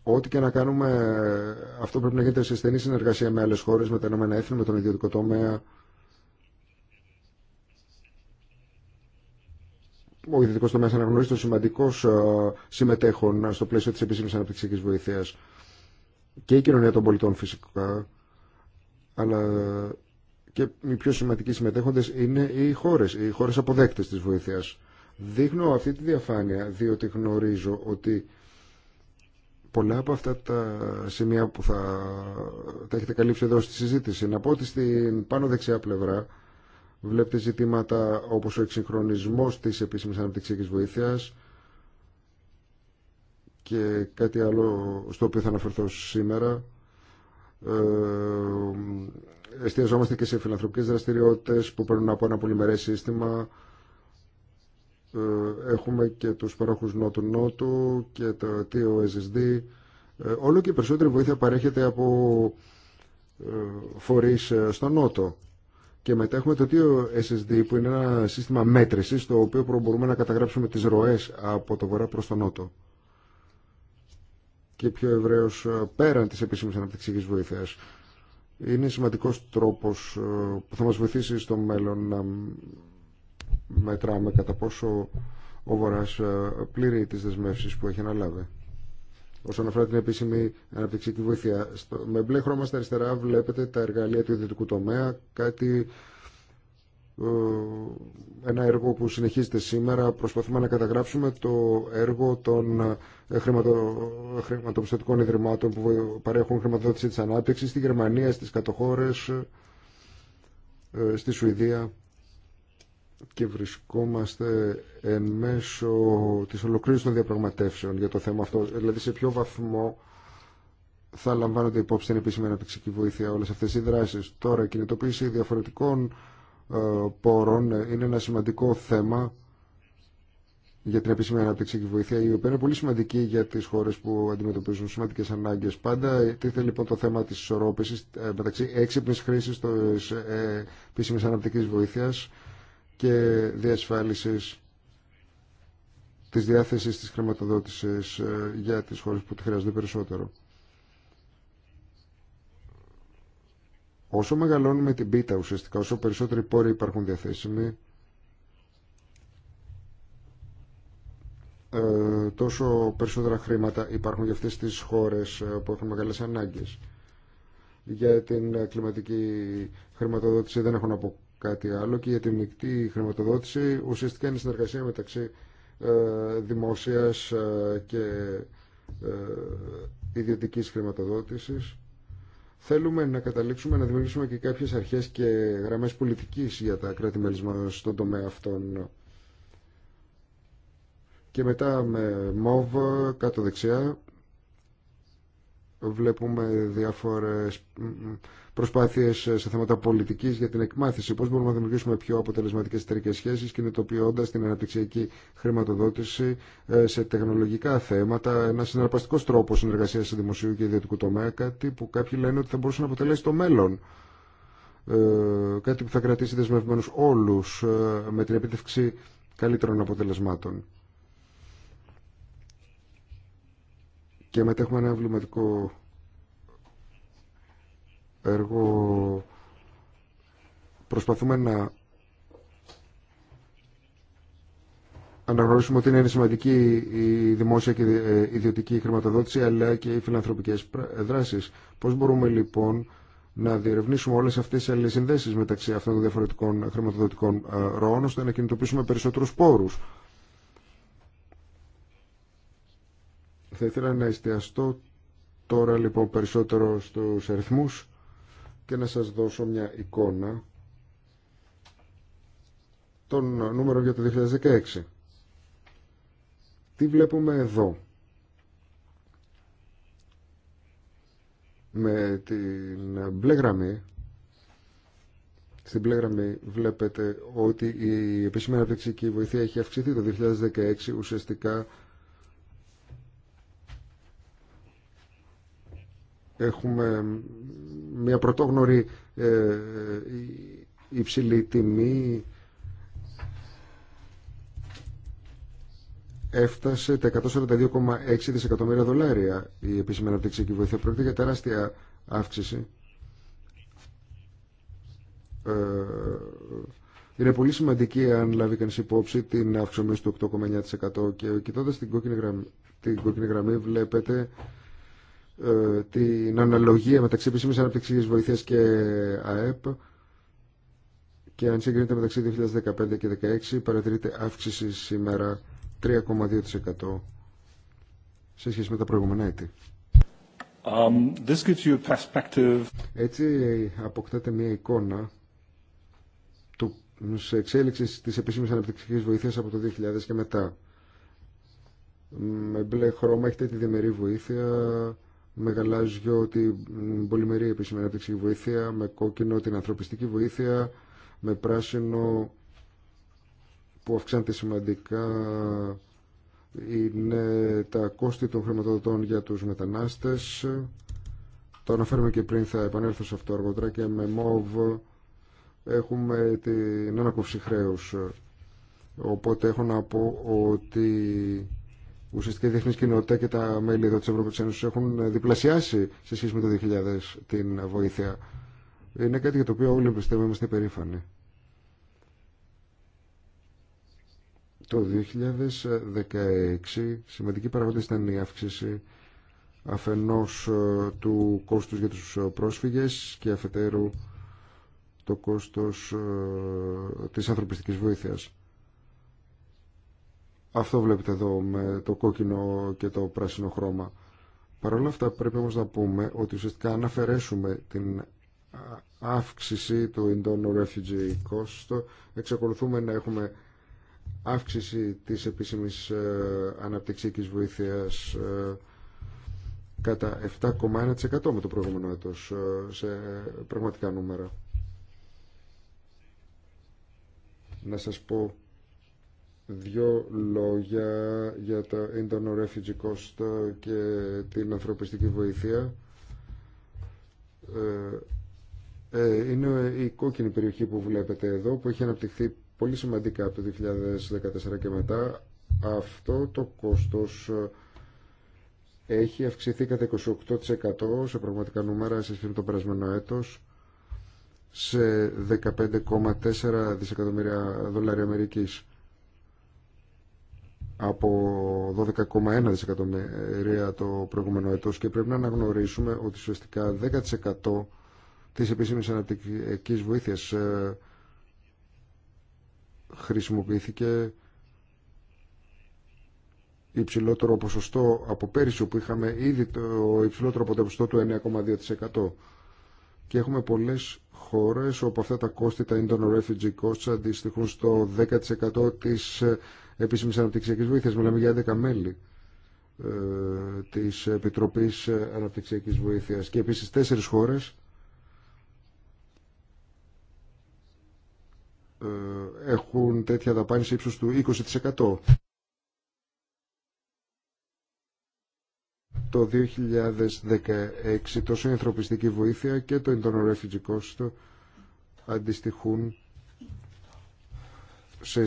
Ό,τι και να κάνουμε, αυτό πρέπει να γίνεται σε στενή συνεργασία με άλλες χώρες, με τα ΗΕ, με τον ιδιωτικό τομέα, ο ιδιωτικό τομέα αναγνωρίζει το σημαντικό ε, συμμετέχον στο πλαίσιο τη επίσημη αναπτυξιακή βοήθεια και η κοινωνία των πολιτών φυσικά, αλλά και οι πιο σημαντικοί συμμετέχοντες είναι οι χώρες, οι χώρες αποδέκτες της βοήθειας. Δείχνω αυτή τη διαφάνεια διότι γνωρίζω ότι πολλά από αυτά τα σημεία που θα έχετε καλύψει εδώ στη συζήτηση, να πω ότι στην πάνω δεξιά πλευρά Βλέπετε ζητήματα όπως ο εξυγχρονισμός της επίσημης αναπτυξιακής βοήθειας και κάτι άλλο στο οποίο θα αναφερθώ σήμερα. Ε, εστιαζόμαστε και σε φιλανθρωπικές δραστηριότητες που παίρνουν από ένα πολυμερές σύστημα. Ε, έχουμε και τους παρόχους Νότου-Νότου και το TOSSD. SSD. Ε, όλο και περισσότερη βοήθεια παρέχεται από ε, φορείς ε, στο Νότο. Και μετά έχουμε το 2-SSD που είναι ένα σύστημα μέτρησης το οποίο μπορούμε να καταγράψουμε τις ροές από το βορρά προς τον νότο και πιο ευρέως ε, πέραν της επίσημης αναπτυξικής βοήθειας. Είναι σημαντικός τρόπος ε, που θα μας βοηθήσει στο μέλλον να μετράμε κατά πόσο ο Βορράς ε, πληρεί τις δεσμεύσεις που έχει αναλάβει όσον αφορά την επίσημη αναπτυξιακή βοήθεια. Στο, με μπλε χρώμα στα αριστερά βλέπετε τα εργαλεία του ιδιωτικού τομέα, κάτι, ένα έργο που συνεχίζεται σήμερα. Προσπαθούμε να καταγράψουμε το έργο των ε, χρηματο, χρηματοπιστωτικών ιδρυμάτων που παρέχουν χρηματοδότηση της ανάπτυξης στη Γερμανία, στις κατοχώρες, ε, στη Σουηδία και βρισκόμαστε εν μέσω της ολοκλήρωσης των διαπραγματεύσεων για το θέμα αυτό. Δηλαδή σε ποιο βαθμό θα λαμβάνονται υπόψη την επίσημη αναπτυξική βοήθεια όλες αυτές οι δράσεις. Τώρα η κινητοποίηση διαφορετικών ε, πόρων είναι ένα σημαντικό θέμα για την επίσημη αναπτυξική βοήθεια, η οποία είναι πολύ σημαντική για τις χώρες που αντιμετωπίζουν σημαντικές ανάγκες. Πάντα τίθεται λοιπόν το θέμα της ισορρόπησης ε, μεταξύ έξυπνης χρήσης της ε, επίσημης αναπτυξικής βοήθειας και διασφάλισης της διάθεσης της χρηματοδότησης ε, για τις χώρες που τη χρειάζονται περισσότερο. Όσο μεγαλώνουμε την πίτα ουσιαστικά, όσο περισσότεροι πόροι υπάρχουν διαθέσιμοι, ε, τόσο περισσότερα χρήματα υπάρχουν για αυτές τις χώρες ε, που έχουν μεγάλες ανάγκες. Για την κλιματική χρηματοδότηση δεν έχω να πω κάτι άλλο και για τη μεικτή χρηματοδότηση ουσιαστικά είναι συνεργασία μεταξύ ε, δημόσιας ε, και ε, ιδιωτικής χρηματοδότησης. Θέλουμε να καταλήξουμε να δημιουργήσουμε και κάποιες αρχές και γραμμές πολιτικής για τα κράτη-μέλη στον τομέα αυτών. Και μετά με MOV κάτω δεξιά βλέπουμε διάφορες προσπάθειε σε θέματα πολιτική για την εκμάθηση. Πώ μπορούμε να δημιουργήσουμε πιο αποτελεσματικέ εταιρικέ σχέσει, κινητοποιώντα την αναπτυξιακή χρηματοδότηση ε, σε τεχνολογικά θέματα. Ένα συναρπαστικό τρόπο συνεργασία σε δημοσίου και ιδιωτικού τομέα, κάτι που κάποιοι λένε ότι θα μπορούσε να αποτελέσει το μέλλον. Ε, κάτι που θα κρατήσει δεσμευμένου όλου ε, με την επίτευξη καλύτερων αποτελεσμάτων. Και μετά έχουμε ένα εμβληματικό έργο προσπαθούμε να αναγνωρίσουμε ότι είναι σημαντική η δημόσια και η ε, ιδιωτική χρηματοδότηση αλλά και οι φιλανθρωπικές ε, δράσεις. Πώς μπορούμε λοιπόν να διερευνήσουμε όλες αυτές τις αλληλεσυνδέσεις μεταξύ αυτών των διαφορετικών χρηματοδοτικών ε, ροών ώστε να κινητοποιήσουμε περισσότερους πόρους. Θα ήθελα να εστιαστώ τώρα λοιπόν περισσότερο στους αριθμούς και να σας δώσω μια εικόνα των νούμερων για το 2016. Τι βλέπουμε εδώ. Με την μπλε γραμμή, στην μπλε γραμμή βλέπετε ότι η επίσημη αναπτυξική βοήθεια έχει αυξηθεί το 2016 ουσιαστικά έχουμε μια πρωτόγνωρη ε, υψηλή τιμή έφτασε τα 142,6 δισεκατομμύρια δολάρια η επίσημη αναπτυξιακή βοήθεια. Πρόκειται για τεράστια αύξηση. Ε, είναι πολύ σημαντική αν λάβει κανείς υπόψη την αύξηση του 8,9% και κοιτώντας την κόκκινη την κόκκινη γραμμή βλέπετε ε, την αναλογία μεταξύ επισήμης αναπτυξιακής βοήθειας και ΑΕΠ και αν συγκρίνεται μεταξύ 2015 και 2016 παρατηρείται αύξηση σήμερα 3,2% σε σχέση με τα προηγούμενα έτη. Um, this Έτσι αποκτάτε μια εικόνα του, σε εξέλιξη της επίσημης αναπτυξιακής βοήθειας από το 2000 και μετά. Με μπλε χρώμα έχετε τη διμερή βοήθεια, με γαλάζιο την πολυμερή επίσημη ανάπτυξη βοήθεια, με κόκκινο την ανθρωπιστική βοήθεια, με πράσινο που αυξάνεται σημαντικά είναι τα κόστη των χρηματοδοτών για τους μετανάστες. Το αναφέρουμε και πριν, θα επανέλθω σε αυτό αργότερα και με ΜΟΒ έχουμε την ανακοψη χρέους. Οπότε έχω να πω ότι ουσιαστικά η διεθνή κοινότητα και τα μέλη εδώ τη Ευρωπαϊκή Ένωση έχουν διπλασιάσει σε σχέση με το 2000 την βοήθεια. Είναι κάτι για το οποίο όλοι πιστεύω είμαστε περήφανοι. Το 2016 σημαντική παραγωγή ήταν η αύξηση αφενός ε, του κόστους για τους ε, πρόσφυγες και αφετέρου το κόστος ε, της ανθρωπιστικής βοήθειας. Αυτό βλέπετε εδώ με το κόκκινο και το πράσινο χρώμα. Παρ' όλα αυτά πρέπει όμως να πούμε ότι ουσιαστικά αν αφαιρέσουμε την αύξηση του internal Refugee Cost, εξακολουθούμε να έχουμε αύξηση της επίσημης ε, αναπτυξιακής βοήθειας ε, κατά 7,1% με το προηγούμενο έτος ε, σε πραγματικά νούμερα. Να σας πω Δύο λόγια για το Internal Refugee Cost και την ανθρωπιστική βοήθεια. Ε, ε, είναι η κόκκινη περιοχή που βλέπετε εδώ, που έχει αναπτυχθεί πολύ σημαντικά από το 2014 και μετά. Αυτό το κόστος έχει αυξηθεί κατά 28% σε πραγματικά νούμερα σε σχέση με το περασμένο έτος σε 15,4 δισεκατομμύρια δολάρια Αμερικής από 12,1 δισεκατομμύρια το προηγούμενο έτος και πρέπει να αναγνωρίσουμε ότι ουσιαστικά 10% της επίσημης αναπτυξιακής βοήθειας ε, χρησιμοποιήθηκε υψηλότερο ποσοστό από πέρυσι που είχαμε ήδη το υψηλότερο ποσοστό του 9,2% και έχουμε πολλές χώρες όπου αυτά τα κόστη, τα internal refugee costs αντιστοιχούν στο 10% της ε, επίσημης αναπτυξιακής βοήθειας. Μιλάμε για 11 μέλη ε, της Επιτροπής Αναπτυξιακής Βοήθειας και επίσης τέσσερις χώρες ε, έχουν τέτοια δαπάνη σε του 20%. Το 2016 τόσο η ανθρωπιστική βοήθεια και το Internal Refugee Cost αντιστοιχούν σε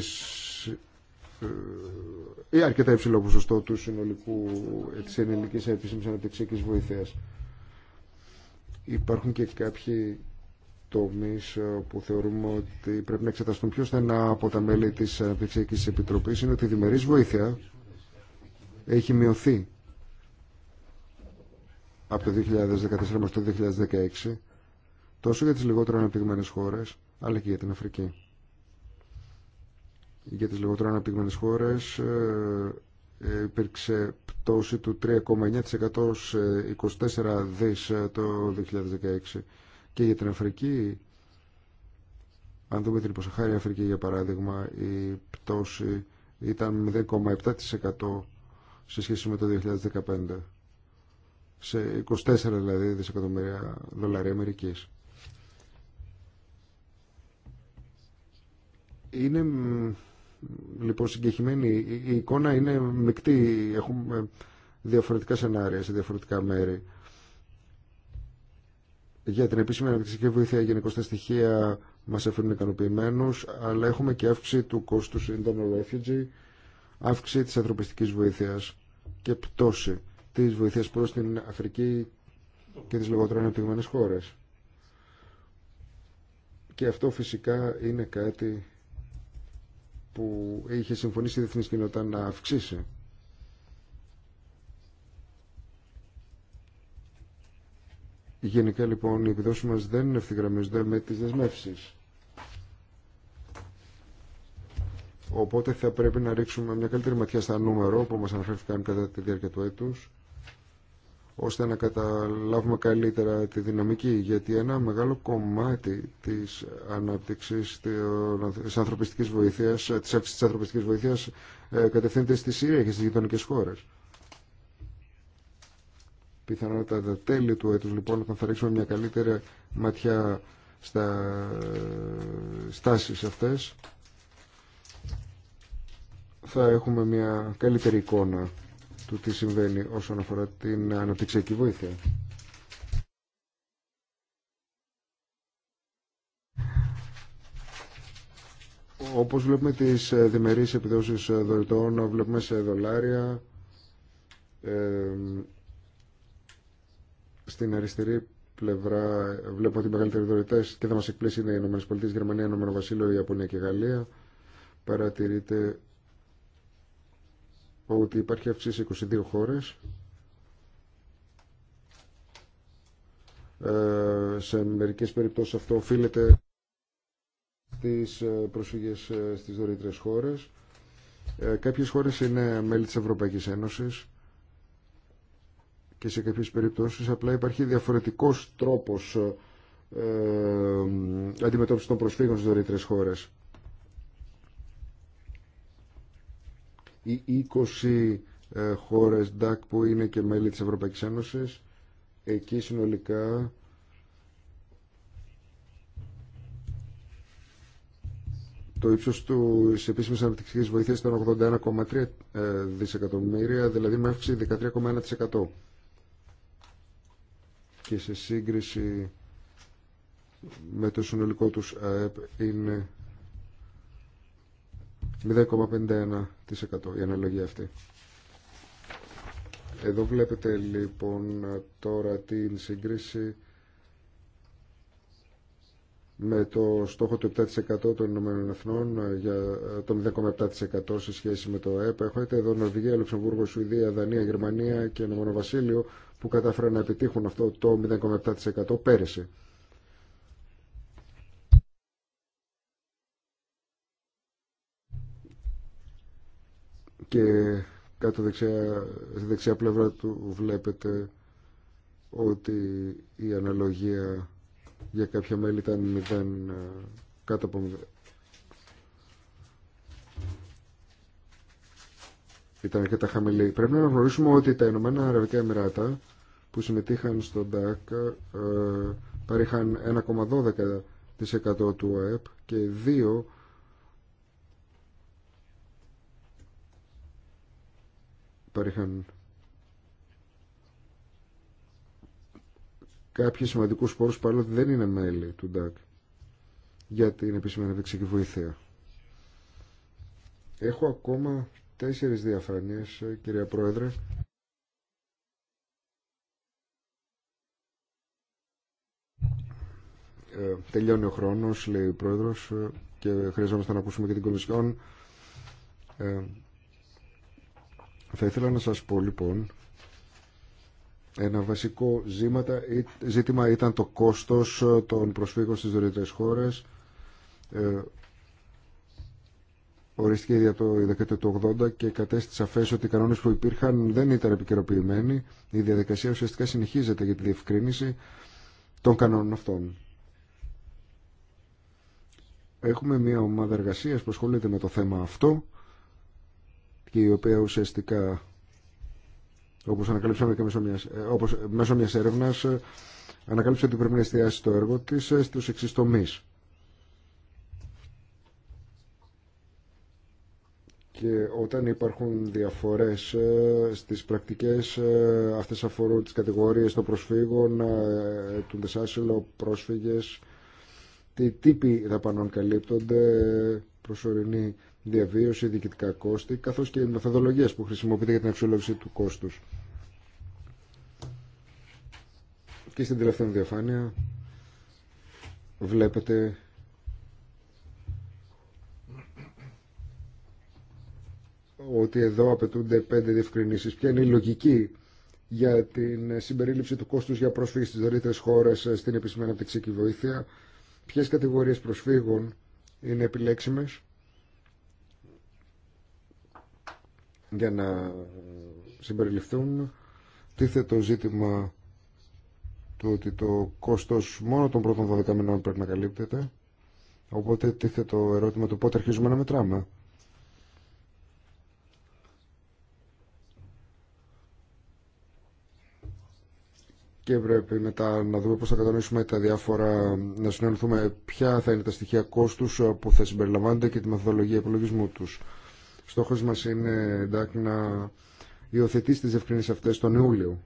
ε, ή αρκετά υψηλό ποσοστό του συνολικού ε, της ελληνικής επίσημης αναπτυξιακής βοήθειας. Υπάρχουν και κάποιοι τομείς ε, που θεωρούμε ότι πρέπει να εξεταστούν πιο στενά από τα μέλη της Αναπτυξιακής Επιτροπής είναι ότι η αρκετα υψηλο ποσοστο του συνολικου τη ελληνικης επισημης αναπτυξιακης βοηθειας υπαρχουν και καποιοι τομεί που έχει απο τα μελη της αναπτυξιακή επιτροπης ειναι από το 2014 μέχρι το 2016 τόσο για τις λιγότερο αναπτυγμένες χώρες αλλά και για την Αφρική για τις λιγότερο αναπτυγμένες χώρες ε, υπήρξε πτώση του 3,9% σε 24 δις ε, το 2016 και για την Αφρική αν δούμε την υποσαχάρη Αφρική για παράδειγμα η πτώση ήταν 0,7% σε σχέση με το 2015 σε 24 δηλαδή δισεκατομμύρια δολάρια Αμερικής είναι λοιπόν συγκεχημένη. Η εικόνα είναι μεικτή. Έχουμε διαφορετικά σενάρια σε διαφορετικά μέρη. Για την επίσημη αναπτυξιακή βοήθεια γενικώ τα στοιχεία μα αφήνουν ικανοποιημένου, αλλά έχουμε και αύξηση του κόστου internal refugee, αύξηση τη ανθρωπιστική βοήθεια και πτώση τη βοήθεια προ την Αφρική και τι λιγότερο αναπτυγμένε χώρε. Και αυτό φυσικά είναι κάτι που είχε συμφωνήσει η Διεθνή κοινότητα να αυξήσει. Γενικά λοιπόν οι επιδόσεις μας δεν ευθυγραμμίζονται με τις δεσμεύσεις. Οπότε θα πρέπει να ρίξουμε μια καλύτερη ματιά στα νούμερα που μας αναφέρθηκαν κατά τη διάρκεια του έτους ώστε να καταλάβουμε καλύτερα τη δυναμική γιατί ένα μεγάλο κομμάτι της ανάπτυξης της ανθρωπιστικής βοήθειας της αύξησης της ανθρωπιστικής βοήθειας ε, κατευθύνεται στη Συρία και στις γειτονικές χώρες πιθανότατα τα τέλη του έτους λοιπόν όταν θα ρίξουμε μια καλύτερη ματιά στα στάσεις αυτές θα έχουμε μια καλύτερη εικόνα του τι συμβαίνει όσον αφορά την αναπτυξιακή βοήθεια. Όπως βλέπουμε τις ε, διμερείς επιδόσεις ε, δωρητών, βλέπουμε σε δολάρια. Ε, στην αριστερή πλευρά βλέπω ότι οι μεγαλύτεροι δωρητέ και θα μας εκπλήσει είναι οι ΗΠΑ, Γερμανία, Ηνωμένο Ιαπωνία και Γαλλία. Παρατηρείται ότι υπάρχει αυξή σε 22 χώρες ε, σε μερικές περιπτώσεις αυτό οφείλεται στις ε, προσφύγες ε, στις δωρήτρες χώρες κάποιες χώρες είναι μέλη της Ευρωπαϊκής Ένωσης και σε κάποιες περιπτώσεις απλά υπάρχει διαφορετικός τρόπος αντιμετώπιση των προσφύγων στις δωρήτρες χώρες οι 20 ε, χώρες DAC που είναι και μέλη της Ευρωπαϊκής Ένωσης. Εκεί συνολικά το ύψος του σε επίσημες αναπτυξιακές βοήθειες ήταν 81,3 ε, δισεκατομμύρια, δηλαδή με αύξηση 13,1%. Και σε σύγκριση με το συνολικό τους ΑΕΠ είναι 0,51% η αναλογία αυτή. Εδώ βλέπετε λοιπόν τώρα την σύγκριση με το στόχο του 7% των Ηνωμένων Εθνών ε, για ε, το 0,7% σε σχέση με το ΕΠ. Έχετε εδώ Νορβηγία, Λουξεμβούργο, Σουηδία, Δανία, Γερμανία και Ηνωμένο Βασίλειο που κατάφεραν να επιτύχουν αυτό το 0,7% πέρυσι. και κάτω δεξιά, στη δεξιά πλευρά του βλέπετε ότι η αναλογία για κάποια μέλη ήταν μηδεν ε, κάτω από μηδέν. Ήταν τα χαμηλή. Πρέπει να αναγνωρίσουμε ότι τα Ηνωμένα Αραβικά Εμμυράτα που συμμετείχαν στον ΤΑΚ ε, παρήχαν 1,12% του ΑΕΠ και 2% Τώρα κάποιοι σημαντικούς πόρους παρότι ότι δεν είναι μέλη του ΝΤΑΚ για την επίσημη ανάπτυξη βοήθεια. Έχω ακόμα τέσσερις διαφάνειες, κυρία Πρόεδρε. Ε, τελειώνει ο χρόνος, λέει ο Πρόεδρος, ε, και χρειαζόμαστε να ακούσουμε και την Κομισιόν. Ε, θα ήθελα να σας πω λοιπόν ένα βασικό ζήματα, ζήτημα ήταν το κόστος ε, των προσφύγων στις δωρετές χώρες. Ε, ορίστηκε για το δεκαετία του 80 και κατέστησε σαφές ότι οι κανόνες που υπήρχαν δεν ήταν επικαιροποιημένοι. Η διαδικασία ουσιαστικά συνεχίζεται για τη διευκρίνηση των κανόνων αυτών. Έχουμε μια ομάδα εργασίας που ασχολείται με το θέμα αυτό η οποία ουσιαστικά όπως ανακαλύψαμε και μέσω μιας, ε, όπως, μέσω μιας έρευνας ε, ανακαλύψε ότι πρέπει να εστιάσει το έργο της ε, στους εξής τομείς. και όταν υπάρχουν διαφορές στις πρακτικές αυτές αφορούν τις κατηγορίες των προσφύγων, του δεσάσυλο, πρόσφυγες, τι τύποι δαπανών καλύπτονται, προσωρινή διαβίωση, διοικητικά κόστη, καθώς και μεθοδολογίες που χρησιμοποιείται για την αξιολόγηση του κόστους. Και στην τελευταία διαφάνεια βλέπετε ότι εδώ απαιτούνται πέντε διευκρινήσεις. Ποια είναι η λογική για την συμπερίληψη του κόστους για πρόσφυγες στις δωρήτε χώρες στην επισημένα αναπτυξιακή βοήθεια. Ποιέ κατηγορίες προσφύγων είναι επιλέξιμες για να συμπεριληφθούν τίθεται το ζήτημα του ότι το κόστος μόνο των πρώτων 12 μηνών πρέπει να καλύπτεται οπότε τίθεται το ερώτημα του πότε αρχίζουμε να μετράμε και πρέπει μετά να δούμε πώς θα κατανοήσουμε τα διάφορα, να συνεννοηθούμε ποια θα είναι τα στοιχεία κόστους που θα συμπεριλαμβάνονται και τη μεθοδολογία υπολογισμού τους. Στόχος μας είναι εντάξει, να υιοθετήσει τις ευκρινήσεις αυτές τον Ιούλιο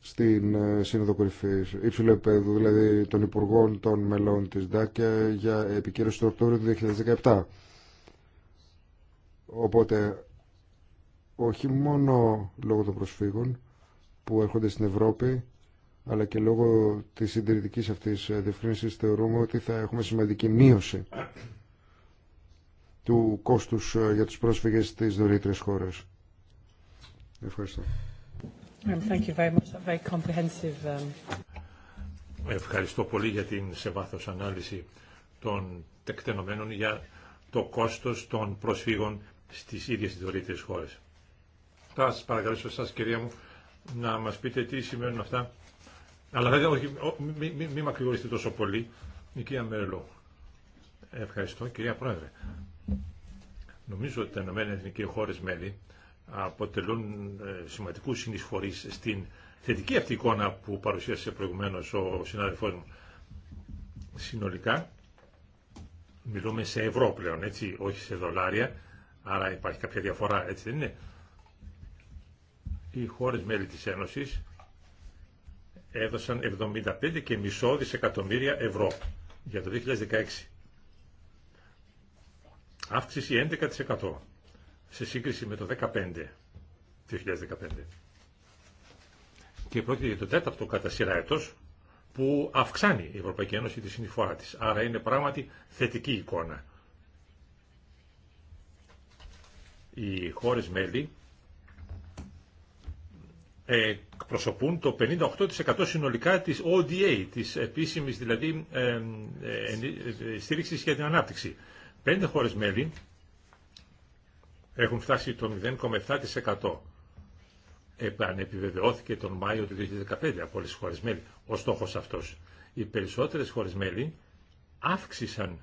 στην ε, Σύνοδο Κορυφή υψηλού επίπεδου, δηλαδή των Υπουργών των Μελών τη ΔΑΚ για επικύρωση του Οκτώβριου του 2017. Οπότε, όχι μόνο λόγω των προσφύγων που έρχονται στην Ευρώπη, αλλά και λόγω της συντηρητική αυτής διευκρίνησης θεωρούμε ότι θα έχουμε σημαντική μείωση του κόστους ε, για τους πρόσφυγες στις δωρήτρες χώρες. Ευχαριστώ. Um, Ευχαριστώ πολύ για την σε βάθος ανάλυση των τεκτενομένων για το κόστος των προσφύγων στις ίδιες τις δωρήτρες χώρες. Θα σας παρακαλέσω σας κυρία μου να μας πείτε τι σημαίνουν αυτά. Αλλά βέβαια όχι, μη, μακρηγορήσετε τόσο πολύ. Η κυρία Μερελό. Ευχαριστώ κυρία Πρόεδρε. Νομίζω ότι τα Ηνωμένα ΕΕ χώρες χώρε μέλη αποτελούν ε, σημαντικού συνεισφορεί στην θετική αυτή εικόνα που παρουσίασε προηγουμένω ο συνάδελφό μου. Συνολικά, μιλούμε σε ευρώ πλέον, έτσι, όχι σε δολάρια, άρα υπάρχει κάποια διαφορά, έτσι δεν είναι. Οι χώρες μέλη της Ένωσης έδωσαν 75,5 δισεκατομμύρια ευρώ για το 2016. Αύξηση 11% σε σύγκριση με το 2015. 2015. Και πρόκειται για το τέταρτο κατά σειρά έτος που αυξάνει η Ευρωπαϊκή Ένωση τη συνειφορά της. Άρα είναι πράγματι θετική εικόνα. Οι χώρες μέλη εκπροσωπούν το 58% συνολικά της ODA, της επίσημης δηλαδή ε, ε, στήριξης για την ανάπτυξη. Πέντε χώρες μέλη έχουν φτάσει το 0,7%. Επανεπιβεβαιώθηκε τον Μάιο του 2015 από όλες τις χώρες μέλη. Ο στόχος αυτός. Οι περισσότερες χώρες μέλη αύξησαν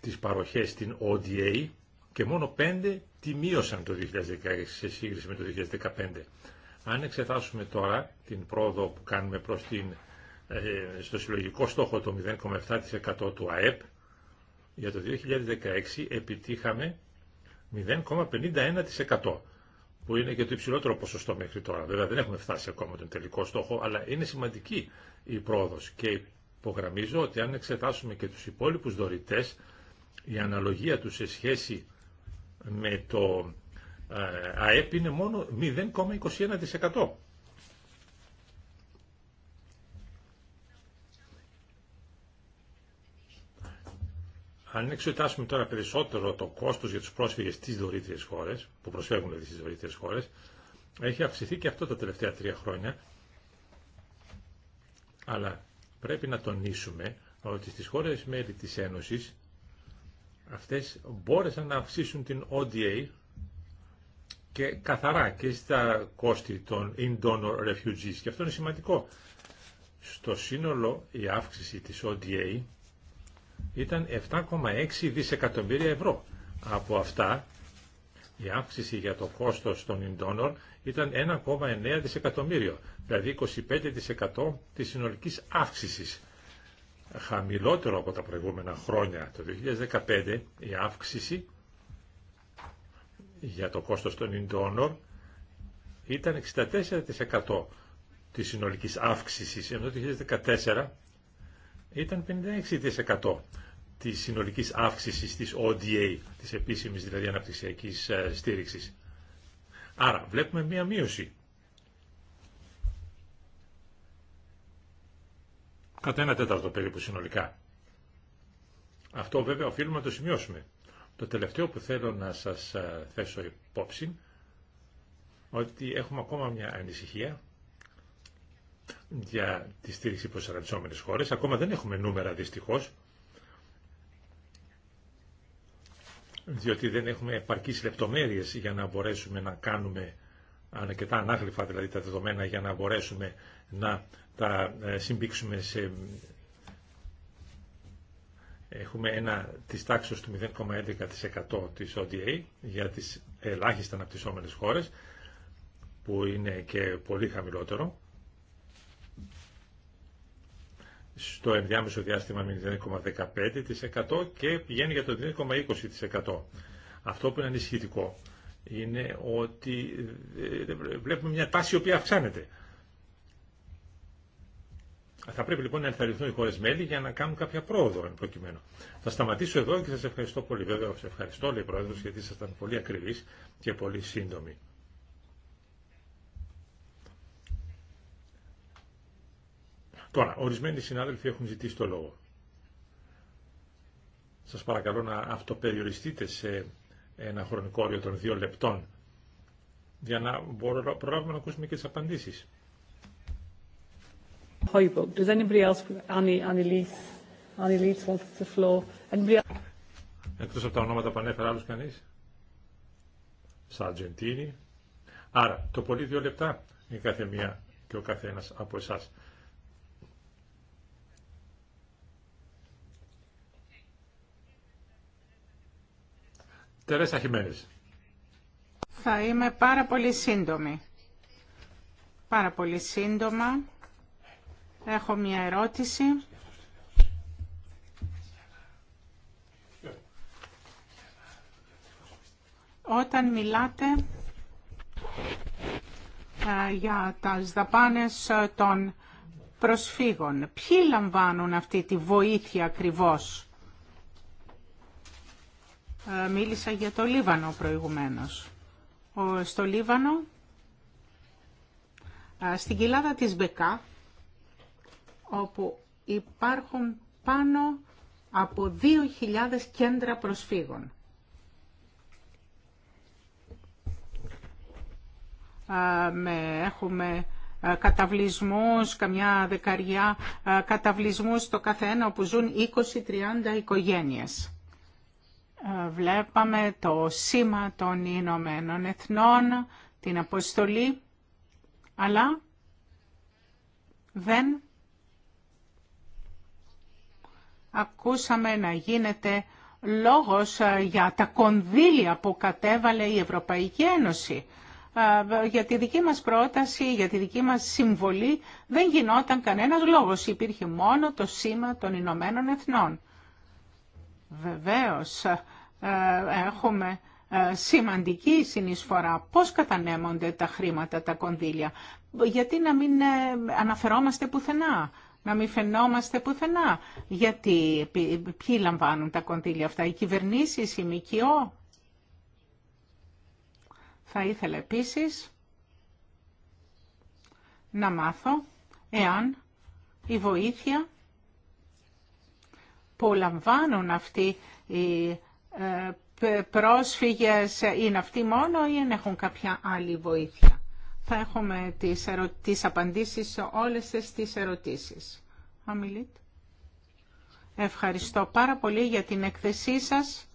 τις παροχές στην ODA και μόνο πέντε τη μείωσαν το 2016 σε σύγκριση με το 2015. Αν εξετάσουμε τώρα την πρόοδο που κάνουμε προς την ε, στο συλλογικό στόχο το 0,7% του ΑΕΠ, για το 2016 επιτύχαμε 0,51% που είναι και το υψηλότερο ποσοστό μέχρι τώρα. Βέβαια δεν έχουμε φτάσει ακόμα τον τελικό στόχο, αλλά είναι σημαντική η πρόοδος και υπογραμμίζω ότι αν εξετάσουμε και τους υπόλοιπους δωρητές, η αναλογία τους σε σχέση με το ε, ΑΕΠ είναι μόνο 0,21%. Αν εξετάσουμε τώρα περισσότερο το κόστος για τους πρόσφυγες στι δωρήτριε χώρε που προσφεύγουν στι δηλαδή στις χώρε, χώρες, έχει αυξηθεί και αυτό τα τελευταία τρία χρόνια. Αλλά πρέπει να τονίσουμε ότι στι χώρες μέλη τη Ένωσης αυτές μπόρεσαν να αυξήσουν την ODA και καθαρά και στα κόστη των in-donor refugees. Και αυτό είναι σημαντικό. Στο σύνολο η αύξηση της ODA ήταν 7,6 δισεκατομμύρια ευρώ. Από αυτά η αύξηση για το κόστος των Ιντόνων ήταν 1,9 δισεκατομμύριο, δηλαδή 25% της συνολικής αύξησης. Χαμηλότερο από τα προηγούμενα χρόνια, το 2015, η αύξηση για το κόστος των Ιντόνων ήταν 64% της συνολικής αύξησης, ενώ το 2014 ήταν 56% της συνολικής αύξησης της ODA, της επίσημης δηλαδή αναπτυξιακής ε, στήριξης. Άρα βλέπουμε μία μείωση. Κατά ένα τέταρτο περίπου συνολικά. Αυτό βέβαια οφείλουμε να το σημειώσουμε. Το τελευταίο που θέλω να σας ε, θέσω υπόψη, ότι έχουμε ακόμα μια ανησυχία για τη στήριξη προς αναπτυσσόμενες χώρες. Ακόμα δεν έχουμε νούμερα δυστυχώς, διότι δεν έχουμε επαρκείς λεπτομέρειες για να μπορέσουμε να κάνουμε ανακετά ανάγλυφα δηλαδή τα δεδομένα για να μπορέσουμε να τα ε, συμπήξουμε σε... Έχουμε ένα της τάξης του 0,11% της ODA για τις ελάχιστα αναπτυσσόμενες χώρες που είναι και πολύ χαμηλότερο στο ενδιάμεσο διάστημα με 0,15% και πηγαίνει για το 0,20%. Αυτό που είναι ανησυχητικό είναι ότι ε, ε, βλέπουμε μια τάση η οποία αυξάνεται. Θα πρέπει λοιπόν να ενθαρρυνθούν οι χώρε μέλη για να κάνουν κάποια πρόοδο εν προκειμένου. Θα σταματήσω εδώ και σα ευχαριστώ πολύ. Βέβαια, σα ευχαριστώ, λέει Πρόεδρο, γιατί ήσασταν πολύ ακριβεί και πολύ σύντομοι. Τώρα, ορισμένοι συνάδελφοι έχουν ζητήσει το λόγο. Σας παρακαλώ να αυτοπεριοριστείτε σε ένα χρονικό όριο των δύο λεπτών για να μπορούμε, προλάβουμε να ακούσουμε και τις απαντήσεις. Does Εκτός από τα ονόματα που ανέφερα άλλους κανείς. Σαρτζεντίνη. Άρα, το πολύ δύο λεπτά είναι κάθε μία και ο καθένας από εσάς. Τερέσα Θα είμαι πάρα πολύ σύντομη. Πάρα πολύ σύντομα. Έχω μια ερώτηση. Όταν μιλάτε ε, για τα δαπάνε ε, των προσφύγων, ποιοι λαμβάνουν αυτή τη βοήθεια ακριβώς ε, μίλησα για το Λίβανο προηγουμένως. Στο Λίβανο, ε, στην κοιλάδα της Μπεκά, όπου υπάρχουν πάνω από 2.000 κέντρα προσφύγων. Ε, με, έχουμε καταβλισμούς, καμιά δεκαριά καταβλισμούς στο καθένα όπου ζουν 20-30 οικογένειες βλέπαμε το σήμα των Ηνωμένων Εθνών, την αποστολή, αλλά δεν ακούσαμε να γίνεται λόγος ε, για τα κονδύλια που κατέβαλε η Ευρωπαϊκή Ένωση. Ε, για τη δική μας πρόταση, για τη δική μας συμβολή δεν γινόταν κανένας λόγος. Υπήρχε μόνο το σήμα των Ηνωμένων Εθνών. Βεβαίως, ε, ε, έχουμε ε, σημαντική συνεισφορά. Πώς κατανέμονται τα χρήματα, τα κονδύλια. Γιατί να μην ε, αναφερόμαστε πουθενά, να μην φαινόμαστε πουθενά. Γιατί ποιοι λαμβάνουν τα κονδύλια αυτά, οι κυβερνήσεις, η ΜΚΟ. Θα ήθελα επίσης να μάθω εάν η βοήθεια που λαμβάνουν αυτοί οι ε, πρόσφυγες είναι αυτοί μόνο ή έχουν κάποια άλλη βοήθεια. Θα έχουμε τις, ερω... τις απαντήσεις σε όλες τις ερωτήσεις. Αμιλίτ. Ευχαριστώ πάρα πολύ για την εκθεσή σας.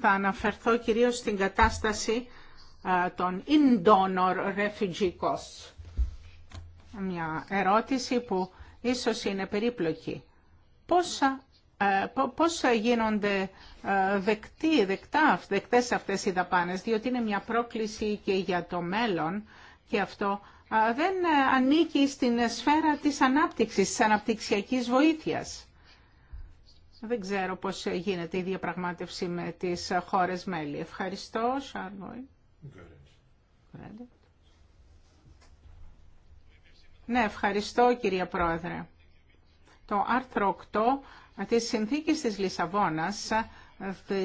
Θα αναφερθώ κυρίως στην κατάσταση ε, των in-donor refugee costs. Μια ερώτηση που ίσως είναι περίπλοκη. Πόσα ε, πώς γίνονται ε, δεκτή, δεκτά, δεκτές αυτές οι δαπάνες, διότι είναι μια πρόκληση και για το μέλλον και αυτό ε, δεν ανήκει στην σφαίρα της ανάπτυξης, της αναπτυξιακής βοήθειας. Δεν ξέρω πώς γίνεται η διαπραγμάτευση με τις χώρες μέλη. Ευχαριστώ, Σαρβόη. Ναι, ευχαριστώ κυρία Πρόεδρε. Το άρθρο 8 Τη συνθήκη της Λισαβόνας ε,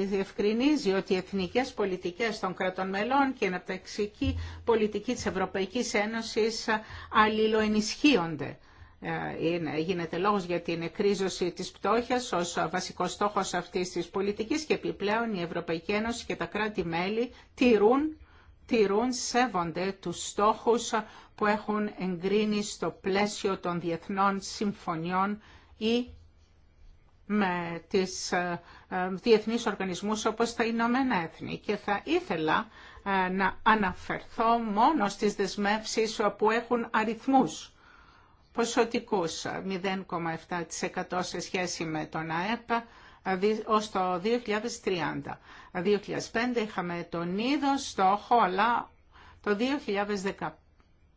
διευκρινίζει ότι οι εθνικές πολιτικές των κρατών μελών και η αναπτυξική πολιτική της Ευρωπαϊκής Ένωσης ε, αλληλοενισχύονται. Ε, είναι, γίνεται λόγος για την εκρίζωση της πτώχειας ως βασικός στόχος αυτής της πολιτικής και επιπλέον η Ευρωπαϊκή Ένωση και τα κράτη-μέλη τηρούν, τηρούν, σέβονται τους στόχους που έχουν εγκρίνει στο πλαίσιο των διεθνών συμφωνιών ή με τις ε, ε, διεθνείς οργανισμούς όπως τα Ηνωμένα Έθνη και θα ήθελα ε, να αναφερθώ μόνο στις δεσμεύσεις που έχουν αριθμούς ποσοτικούς 0,7% σε σχέση με τον ΑΕΠ ως το 2030. 2005 είχαμε τον είδο στόχο, αλλά το 2015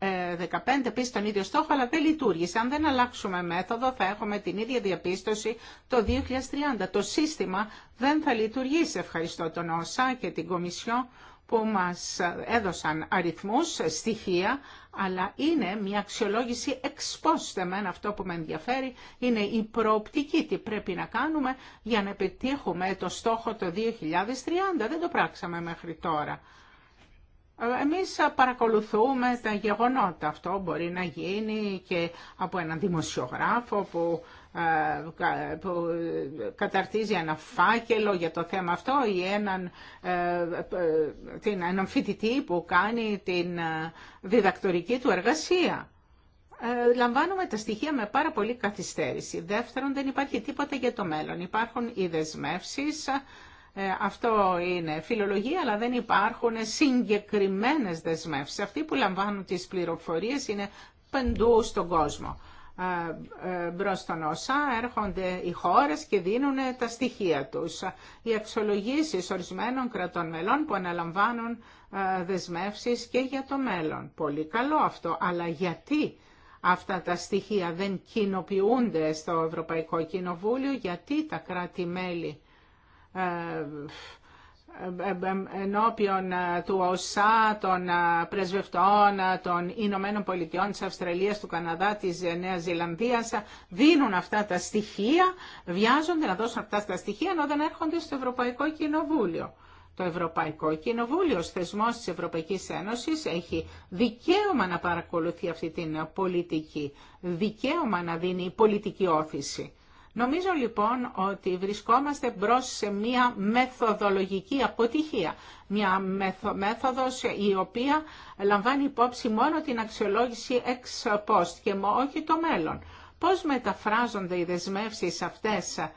15 επίση τον ίδιο στόχο, αλλά δεν λειτουργήσε. Αν δεν αλλάξουμε μέθοδο, θα έχουμε την ίδια διαπίστωση το 2030. Το σύστημα δεν θα λειτουργήσει. Ευχαριστώ τον ΩΣΑ και την Κομισιό που μας έδωσαν αριθμούς, στοιχεία, αλλά είναι μια αξιολόγηση εξπόστε με αυτό που με ενδιαφέρει, είναι η προοπτική τι πρέπει να κάνουμε για να επιτύχουμε το στόχο το 2030. Δεν το πράξαμε μέχρι τώρα. Εμείς παρακολουθούμε τα γεγονότα. Αυτό μπορεί να γίνει και από έναν δημοσιογράφο που, ε, που καταρτίζει ένα φάκελο για το θέμα αυτό ή έναν, ε, ε, την, έναν φοιτητή που κάνει την διδακτορική του εργασία. λαμβάνουμε τα στοιχεία με πάρα πολύ καθυστέρηση. Δεύτερον, δεν υπάρχει τίποτα για το μέλλον. Υπάρχουν οι δεσμεύσεις ε, αυτό είναι φιλολογία, αλλά δεν υπάρχουν συγκεκριμένες δεσμεύσεις. Αυτοί που λαμβάνουν τις πληροφορίες είναι παντού στον κόσμο. Ε, ε, μπρος στον ΩΣΑ έρχονται οι χώρες και δίνουν τα στοιχεία τους. Οι αξιολογήσεις ορισμένων κρατών μελών που αναλαμβάνουν δεσμεύσεις και για το μέλλον. Πολύ καλό αυτό, αλλά γιατί αυτά τα στοιχεία δεν κοινοποιούνται στο Ευρωπαϊκό Κοινοβούλιο, γιατί τα κράτη-μέλη ενώπιον ε, του ΟΣΑ, των ε, πρεσβευτών ε, των Ηνωμένων Πολιτειών της Αυστραλίας, του Καναδά, της Νέας Ζηλανδίας δίνουν αυτά τα στοιχεία, βιάζονται να δώσουν αυτά τα στοιχεία ενώ δεν έρχονται στο Ευρωπαϊκό Κοινοβούλιο. Το Ευρωπαϊκό Κοινοβούλιο, ο θεσμός της Ευρωπαϊκής Ένωσης, έχει δικαίωμα να παρακολουθεί αυτή την πολιτική, δικαίωμα να δίνει πολιτική όθηση. Νομίζω λοιπόν ότι βρισκόμαστε μπρος σε μία μεθοδολογική αποτυχία. Μία μέθοδος η οποία λαμβάνει υπόψη μόνο την αξιολόγηση ex post και όχι το μέλλον. Πώς μεταφράζονται οι δεσμεύσεις αυτές ε,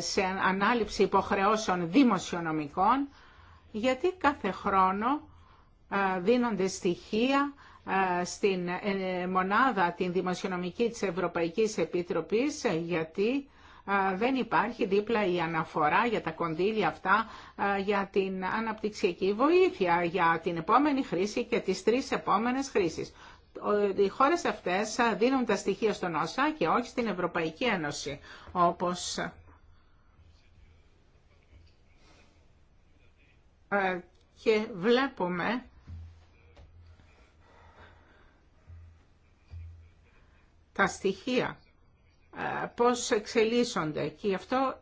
σε ανάληψη υποχρεώσεων δημοσιονομικών, γιατί κάθε χρόνο ε, δίνονται στοιχεία ε, στην ε, μονάδα την δημοσιονομική της Ευρωπαϊκής Επιτροπής ε, γιατί δεν υπάρχει δίπλα η αναφορά για τα κονδύλια αυτά για την αναπτυξιακή βοήθεια, για την επόμενη χρήση και τις τρεις επόμενες χρήσεις. Οι χώρες αυτές δίνουν τα στοιχεία στον ΩΣΑ και όχι στην Ευρωπαϊκή Ένωση, όπως και βλέπουμε τα στοιχεία, ε, πώς εξελίσσονται. Και γι' αυτό,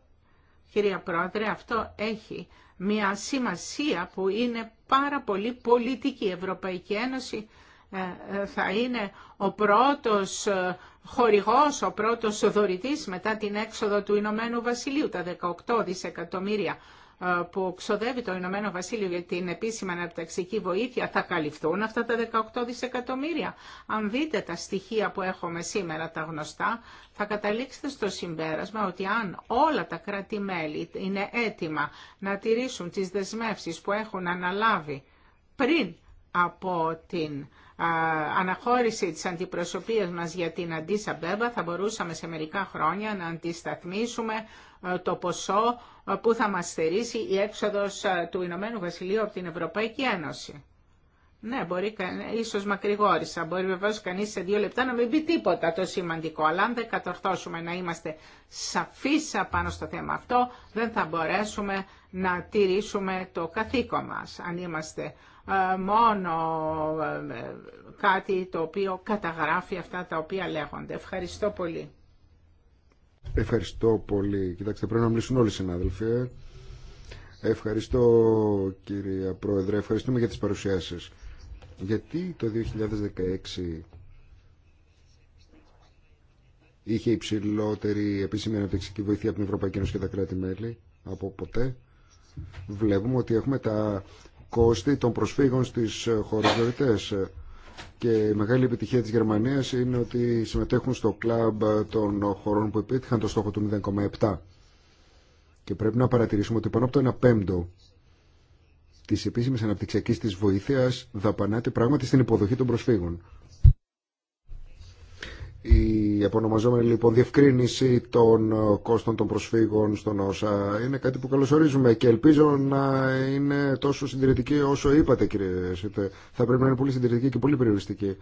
κυρία Πρόεδρε, αυτό έχει μια σημασία που είναι πάρα πολύ πολιτική. Η Ευρωπαϊκή Ένωση ε, ε, θα είναι ο πρώτος χορηγός, ο πρώτος δωρητής μετά την έξοδο του Ηνωμένου Βασιλείου, τα 18 δισεκατομμύρια που ξοδεύει το Ηνωμένο Βασίλειο για την επίσημη αναπταξική βοήθεια θα καλυφθούν αυτά τα 18 δισεκατομμύρια. Αν δείτε τα στοιχεία που έχουμε σήμερα τα γνωστά, θα καταλήξετε στο συμπέρασμα ότι αν όλα τα κράτη-μέλη είναι έτοιμα να τηρήσουν τις δεσμεύσεις που έχουν αναλάβει πριν από την αναχώρηση της αντιπροσωπείας μας για την Αντίσα θα μπορούσαμε σε μερικά χρόνια να αντισταθμίσουμε το ποσό που θα μας στερήσει η έξοδος ε, του Ηνωμένου Βασιλείου από την Ευρωπαϊκή Ένωση. Ναι, μπορεί, ίσως μακρηγόρησα, μπορεί βεβαίως κανείς σε δύο λεπτά να μην πει τίποτα το σημαντικό, αλλά αν δεν κατορθώσουμε να είμαστε σαφείς πάνω στο θέμα αυτό, δεν θα μπορέσουμε να τηρήσουμε το καθήκον μας, αν είμαστε ε, μόνο ε, ε, κάτι το οποίο καταγράφει αυτά τα οποία λέγονται. Ευχαριστώ πολύ. Ευχαριστώ πολύ. Κοιτάξτε, πρέπει να μιλήσουν όλοι οι συνάδελφοι. Ε. Ευχαριστώ κύριε Πρόεδρε, ευχαριστούμε για τις παρουσιάσεις. Γιατί το 2016 είχε υψηλότερη επίσημη αναπτυξική βοήθεια από την Ευρωπαϊκή Ένωση και τα κράτη-μέλη από ποτέ. Βλέπουμε ότι έχουμε τα κόστη των προσφύγων στις χώρες και η μεγάλη επιτυχία της Γερμανίας είναι ότι συμμετέχουν στο κλαμπ των χωρών που επίτυχαν το στόχο του 0,7. Και πρέπει να παρατηρήσουμε ότι πάνω από το 1 πέμπτο της επίσημης αναπτυξιακής της βοήθειας δαπανάται πράγματι στην υποδοχή των προσφύγων. Η απονομαζόμενη λοιπόν διευκρίνηση των ε, κόστων των προσφύγων στον ΩΣΑ είναι κάτι που καλωσορίζουμε και ελπίζω να είναι τόσο συντηρητική όσο είπατε κύριε Σίτε. Θα πρέπει να είναι πολύ συντηρητική και πολύ περιοριστική.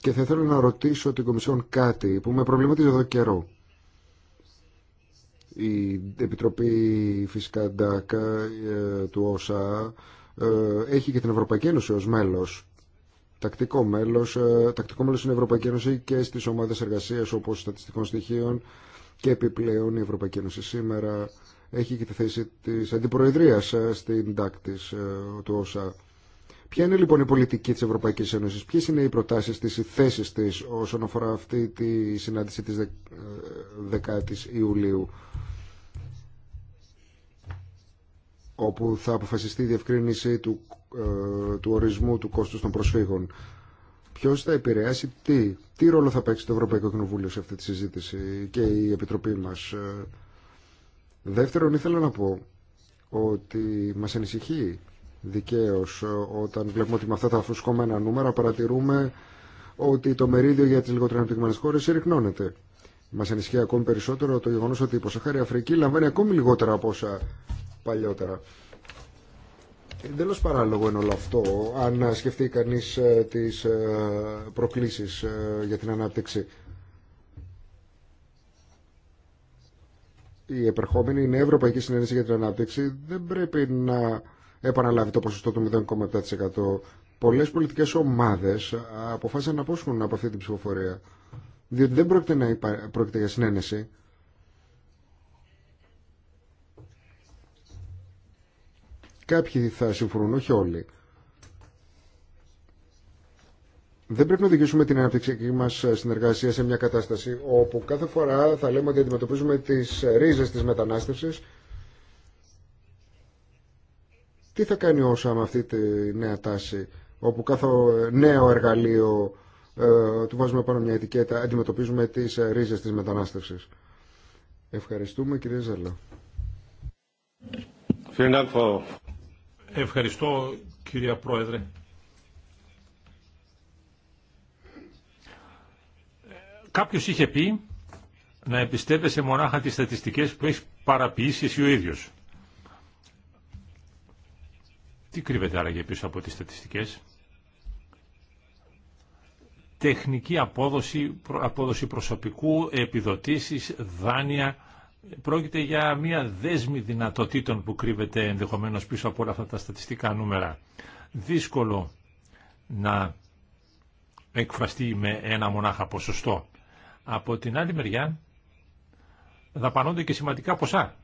Και θα ήθελα να ρωτήσω την Κομισιόν κάτι που με προβληματίζει εδώ καιρό. Η Επιτροπή φυσικά Ντάκα ε, του ΩΣΑ ε, έχει και την Ευρωπαϊκή Ένωση ως μέλος τακτικό μέλος, ε, τακτικό μέλος στην Ευρωπαϊκή Ένωση και στις ομάδες εργασίας όπως στατιστικών στοιχείων και επιπλέον η Ευρωπαϊκή Ένωση σήμερα έχει και τη θέση της αντιπροεδρίας ε, στην τάκτη ε, του ΩΣΑ. Ποια είναι λοιπόν η πολιτική της Ευρωπαϊκής Ένωσης, ποιες είναι οι προτάσεις της, οι θέσεις της όσον αφορά αυτή τη συνάντηση της 10ης Ιουλίου όπου θα αποφασιστεί η διευκρίνηση του, ε, του ορισμού του κόστου των προσφύγων. Ποιο θα επηρεάσει τι, τι ρόλο θα παίξει το Ευρωπαϊκό Κοινοβούλιο σε αυτή τη συζήτηση και η Επιτροπή μας. Ε. Δεύτερον, ήθελα να πω ότι μα ανησυχεί δικαίω ε, όταν βλέπουμε ότι με αυτά τα ένα νούμερα παρατηρούμε ότι το μερίδιο για τι λιγότερο αναπτυγμένε χώρε συρρυκνώνεται. Μα ανησυχεί ακόμη περισσότερο το γεγονό ότι η Ποσαχάρη Αφρική λαμβάνει ακόμη λιγότερα από όσα παλιότερα. Εντελώ παράλογο είναι όλο αυτό, αν σκεφτεί κανεί ε, τι ε, προκλήσει ε, για την ανάπτυξη. Η επερχόμενη είναι Ευρωπαϊκή Συνένεση για την Ανάπτυξη. Δεν πρέπει να επαναλάβει το ποσοστό του 0,7%. Πολλέ πολιτικέ ομάδε αποφάσισαν να απόσχουν από αυτή την ψηφοφορία. Διότι δεν πρόκειται, να υπά... πρόκειται για συνένεση. Κάποιοι θα συμφωνούν, όχι όλοι. Δεν πρέπει να οδηγήσουμε την αναπτυξιακή μα συνεργασία σε μια κατάσταση όπου κάθε φορά θα λέμε ότι αντιμετωπίζουμε τι ρίζε τη μετανάστευση. Τι θα κάνει όσα με αυτή τη νέα τάση, όπου κάθε νέο εργαλείο ε, του βάζουμε πάνω μια ετικέτα, αντιμετωπίζουμε τις ρίζες της μετανάστευσης. Ευχαριστούμε κύριε Ζέλα. Ευχαριστώ κυρία Πρόεδρε. Κάποιος είχε πει να εμπιστεύεσαι μονάχα τις στατιστικές που έχει παραποιήσει εσύ ο ίδιος. Τι κρύβεται άραγε πίσω από τις στατιστικές. Τεχνική απόδοση, απόδοση προσωπικού, επιδοτήσεις, δάνεια, πρόκειται για μια δέσμη δυνατοτήτων που κρύβεται ενδεχομένως πίσω από όλα αυτά τα στατιστικά νούμερα. Δύσκολο να εκφραστεί με ένα μονάχα ποσοστό. Από την άλλη μεριά δαπανώνται και σημαντικά ποσά.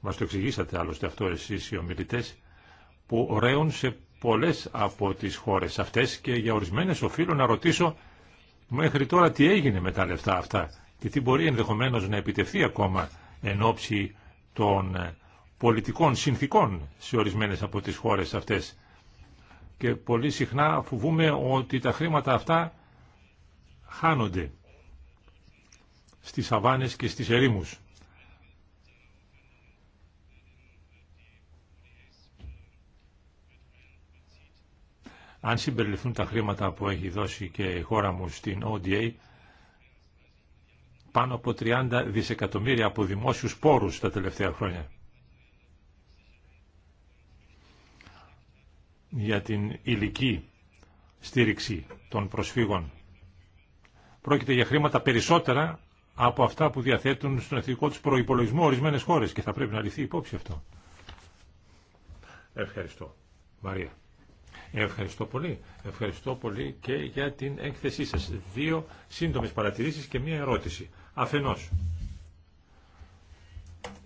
Μας το εξηγήσατε άλλωστε αυτό εσείς οι ομιλητές που ωραίουν σε πολλές από τις χώρες αυτές και για ορισμένες οφείλω να ρωτήσω μέχρι τώρα τι έγινε με τα λεφτά αυτά και τι μπορεί ενδεχομένως να επιτευθεί ακόμα εν ώψη των ε, πολιτικών συνθήκων σε ορισμένες από τις χώρες αυτές. Και πολύ συχνά φοβούμε ότι τα χρήματα αυτά χάνονται στις αβάνες και στις ερήμους. Αν συμπεριληφθούν τα χρήματα που έχει δώσει και η χώρα μου στην ODA, πάνω από 30 δισεκατομμύρια από δημόσιους πόρους τα τελευταία χρόνια. για την υλική στήριξη των προσφύγων. Πρόκειται για χρήματα περισσότερα από αυτά που διαθέτουν στον εθνικό τους προϋπολογισμό ορισμένες χώρες και θα πρέπει να λυθεί υπόψη αυτό. Ευχαριστώ. Μαρία. Ευχαριστώ πολύ. Ευχαριστώ πολύ και για την έκθεσή σας. Δύο σύντομες παρατηρήσεις και μία ερώτηση. Αφενός,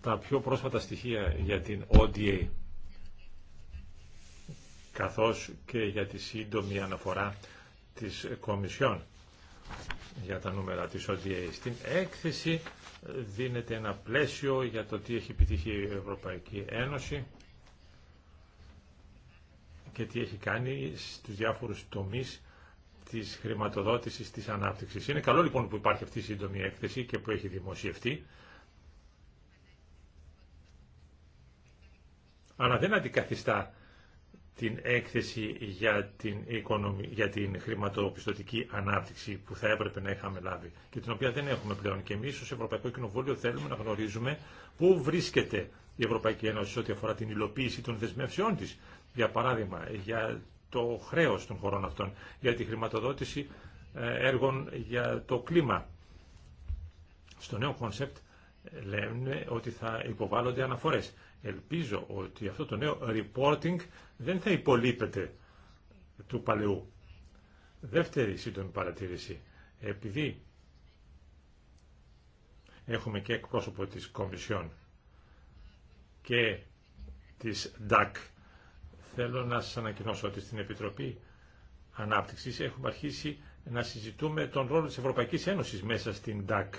τα πιο πρόσφατα στοιχεία για την ODA καθώς και για τη σύντομη αναφορά της Κομισιόν για τα νούμερα της ODA. Στην έκθεση δίνεται ένα πλαίσιο για το τι έχει επιτύχει η Ευρωπαϊκή Ένωση και τι έχει κάνει στους διάφορους τομείς της χρηματοδότησης της ανάπτυξης. Είναι καλό λοιπόν που υπάρχει αυτή η σύντομη έκθεση και που έχει δημοσιευτεί. Αλλά δεν αντικαθιστά την έκθεση για την, για την χρηματοπιστωτική ανάπτυξη που θα έπρεπε να είχαμε λάβει και την οποία δεν έχουμε πλέον. Και εμεί ω Ευρωπαϊκό Κοινοβούλιο θέλουμε να γνωρίζουμε πού βρίσκεται η Ευρωπαϊκή Ένωση ό,τι αφορά την υλοποίηση των δεσμεύσεών τη. Για παράδειγμα, για το χρέος των χωρών αυτών, για τη χρηματοδότηση ε, έργων για το κλίμα. Στο νέο κόνσεπτ λένε ότι θα υποβάλλονται αναφορές. Ελπίζω ότι αυτό το νέο reporting δεν θα υπολείπεται του παλαιού. Δεύτερη σύντομη παρατήρηση. Επειδή έχουμε και εκπρόσωπο της Κομισιόν και της ΔΑΚ Θέλω να σας ανακοινώσω ότι στην Επιτροπή Ανάπτυξης έχουμε αρχίσει να συζητούμε τον ρόλο της Ευρωπαϊκής Ένωσης μέσα στην ΤΑΚ.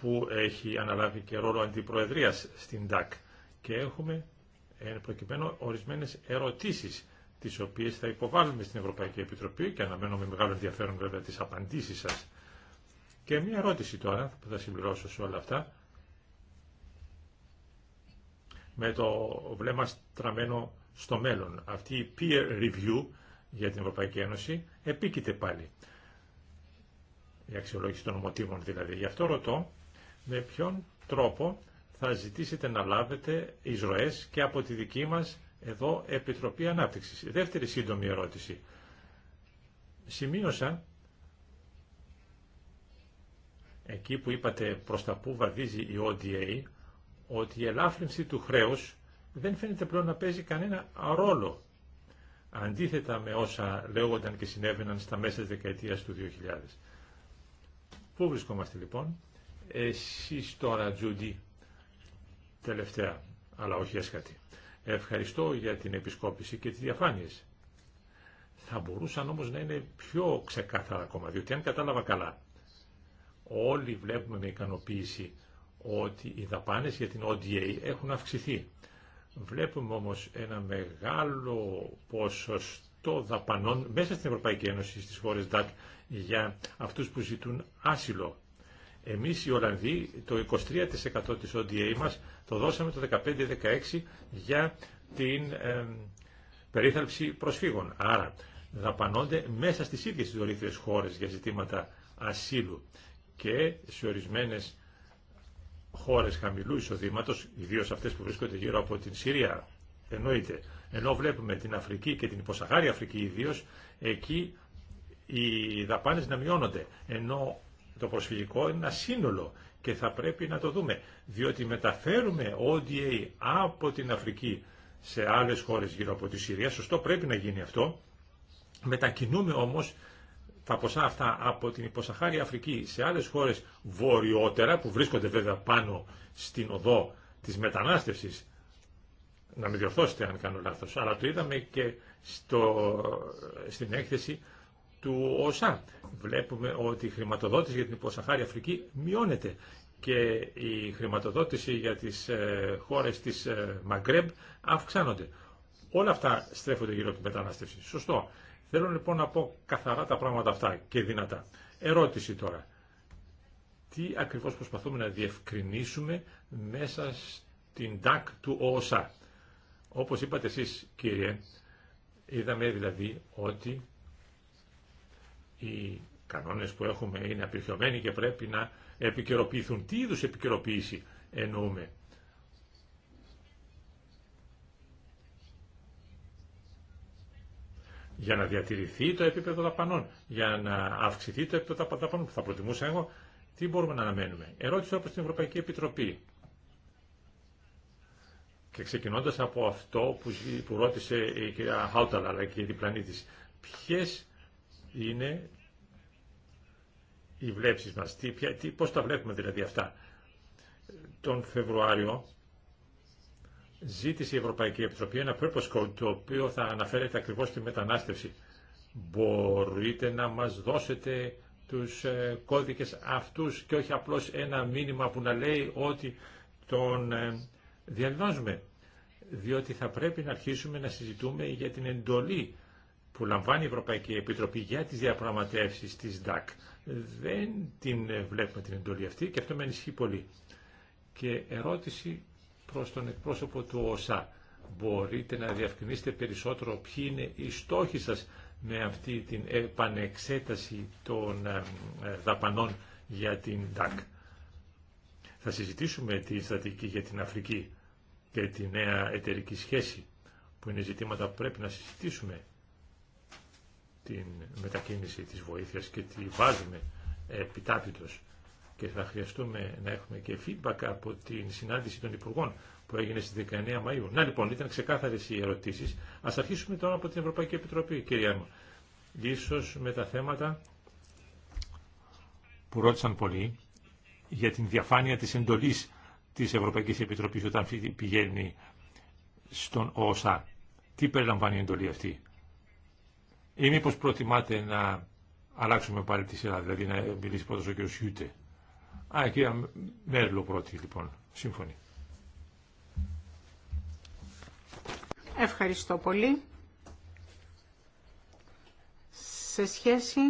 που έχει αναλάβει και ρόλο αντιπροεδρίας στην ΤΑΚ και έχουμε προκειμένου ορισμένες ερωτήσεις τις οποίες θα υποβάλουμε στην Ευρωπαϊκή Επιτροπή και αναμένω με μεγάλο ενδιαφέρον βέβαια τις απαντήσεις σας. Και μια ερώτηση τώρα που θα συμπληρώσω σε όλα αυτά με το βλέμμα στραμμένο στο μέλλον. Αυτή η peer review για την Ευρωπαϊκή Ένωση επίκειται πάλι. Η αξιολόγηση των ομοτήμων δηλαδή. Γι' αυτό ρωτώ με ποιον τρόπο θα ζητήσετε να λάβετε εισρωές και από τη δική μας εδώ Επιτροπή Ανάπτυξης. δεύτερη σύντομη ερώτηση. Σημείωσα εκεί που είπατε προς τα που βαδίζει η ODA ότι η ελάφρυνση του χρέους δεν φαίνεται πλέον να παίζει κανένα ρόλο αντίθετα με όσα λέγονταν και συνέβαιναν στα μέσα της δεκαετίας του 2000. Πού βρισκόμαστε λοιπόν, εσείς τώρα Τζούντι, τελευταία, αλλά όχι έσχατη. Ευχαριστώ για την επισκόπηση και τις διαφάνειες. Θα μπορούσαν όμως να είναι πιο ξεκάθαρα ακόμα, διότι αν κατάλαβα καλά, όλοι βλέπουμε με ικανοποίηση ότι οι δαπάνες για την ODA έχουν αυξηθεί. Βλέπουμε όμως ένα μεγάλο ποσοστό δαπανών μέσα στην Ευρωπαϊκή Ένωση, στις χώρες DAC, για αυτούς που ζητούν άσυλο. Εμείς οι Ολλανδοί το 23% της ODA μας το δώσαμε το 15-16 για την ε, περίθαλψη προσφύγων. Άρα δαπανώνται μέσα στις ίδιες τις χώρες για ζητήματα ασύλου και σε ορισμένες Χώρε χαμηλού εισοδήματο, ιδίω αυτέ που βρίσκονται γύρω από την Συρία, εννοείται. Ενώ βλέπουμε την Αφρική και την υποσαχάρια Αφρική ιδίω, εκεί οι δαπάνε να μειώνονται. Ενώ το προσφυγικό είναι ένα σύνολο και θα πρέπει να το δούμε. Διότι μεταφέρουμε ODA από την Αφρική σε άλλε χώρε γύρω από τη Συρία, σωστό πρέπει να γίνει αυτό, μετακινούμε όμως τα ποσά αυτά από την υποσαχάρια Αφρική σε άλλες χώρες βορειότερα, που βρίσκονται βέβαια πάνω στην οδό της μετανάστευσης, να με διορθώσετε αν κάνω λάθος, αλλά το είδαμε και στο, στην έκθεση του ΟΣΑ. Βλέπουμε ότι η χρηματοδότηση για την υποσαχάρια Αφρική μειώνεται και η χρηματοδότηση για τις ε, χώρες της ε, Μαγκρέμπ αυξάνονται. Όλα αυτά στρέφονται γύρω από την μετανάστευση. Σωστό. Θέλω λοιπόν να πω καθαρά τα πράγματα αυτά και δυνατά. Ερώτηση τώρα. Τι ακριβώς προσπαθούμε να διευκρινίσουμε μέσα στην ΤΑΚ του ΟΟΣΑ. Όπως είπατε εσείς κύριε, είδαμε δηλαδή ότι οι κανόνες που έχουμε είναι απειρχιωμένοι και πρέπει να επικαιροποιηθούν. Τι είδους επικαιροποίηση εννοούμε. για να διατηρηθεί το επίπεδο δαπανών, για να αυξηθεί το επίπεδο δαπανών που θα προτιμούσα εγώ, τι μπορούμε να αναμένουμε. Ερώτηση όπως την Ευρωπαϊκή Επιτροπή. Και ξεκινώντας από αυτό που, ρώτησε η κυρία Χάουταλα αλλά και η διπλανή της, ποιες είναι οι βλέψεις μας, τι, τι, πώς τα βλέπουμε δηλαδή αυτά. Τον Φεβρουάριο ζήτησε η Ευρωπαϊκή Επιτροπή ένα purpose code το οποίο θα αναφέρεται ακριβώς στη μετανάστευση. Μπορείτε να μας δώσετε τους ε, κώδικες αυτούς και όχι απλώς ένα μήνυμα που να λέει ότι τον ε, διαδηλώνουμε. Διότι θα πρέπει να αρχίσουμε να συζητούμε για την εντολή που λαμβάνει η Ευρωπαϊκή Επιτροπή για τις διαπραγματεύσεις της ΔΑΚ. Δεν την ε, βλέπουμε την εντολή αυτή και αυτό με ενισχύει πολύ. Και ερώτηση προς τον εκπρόσωπο του ΟΣΑ. Μπορείτε να διευκρινίσετε περισσότερο ποιοι είναι οι στόχοι σας με αυτή την επανεξέταση των ε, ε, δαπανών για την ΤΑΚ. Θα συζητήσουμε τη στρατηγική για την Αφρική και τη νέα εταιρική σχέση που είναι ζητήματα που πρέπει να συζητήσουμε την μετακίνηση της βοήθειας και τη βάζουμε επιτάπητος και θα χρειαστούμε να έχουμε και feedback από την συνάντηση των Υπουργών που έγινε στις 19 Μαΐου. Να λοιπόν, ήταν ξεκάθαρες οι ερωτήσεις. Ας αρχίσουμε τώρα από την Ευρωπαϊκή Επιτροπή, κυρία μου. Ίσως με τα θέματα που ρώτησαν πολλοί για την διαφάνεια της εντολής της Ευρωπαϊκής Επιτροπής όταν πηγαίνει στον ΩΣΑ. Τι περιλαμβάνει η εντολή αυτή. Ή μήπως προτιμάτε να αλλάξουμε πάλι τη σειρά, δηλαδή να μιλήσει ο κ. Σιούτε. Α, κυρία Μέρλο πρώτη λοιπόν, σύμφωνη. Ευχαριστώ πολύ. Σε σχέση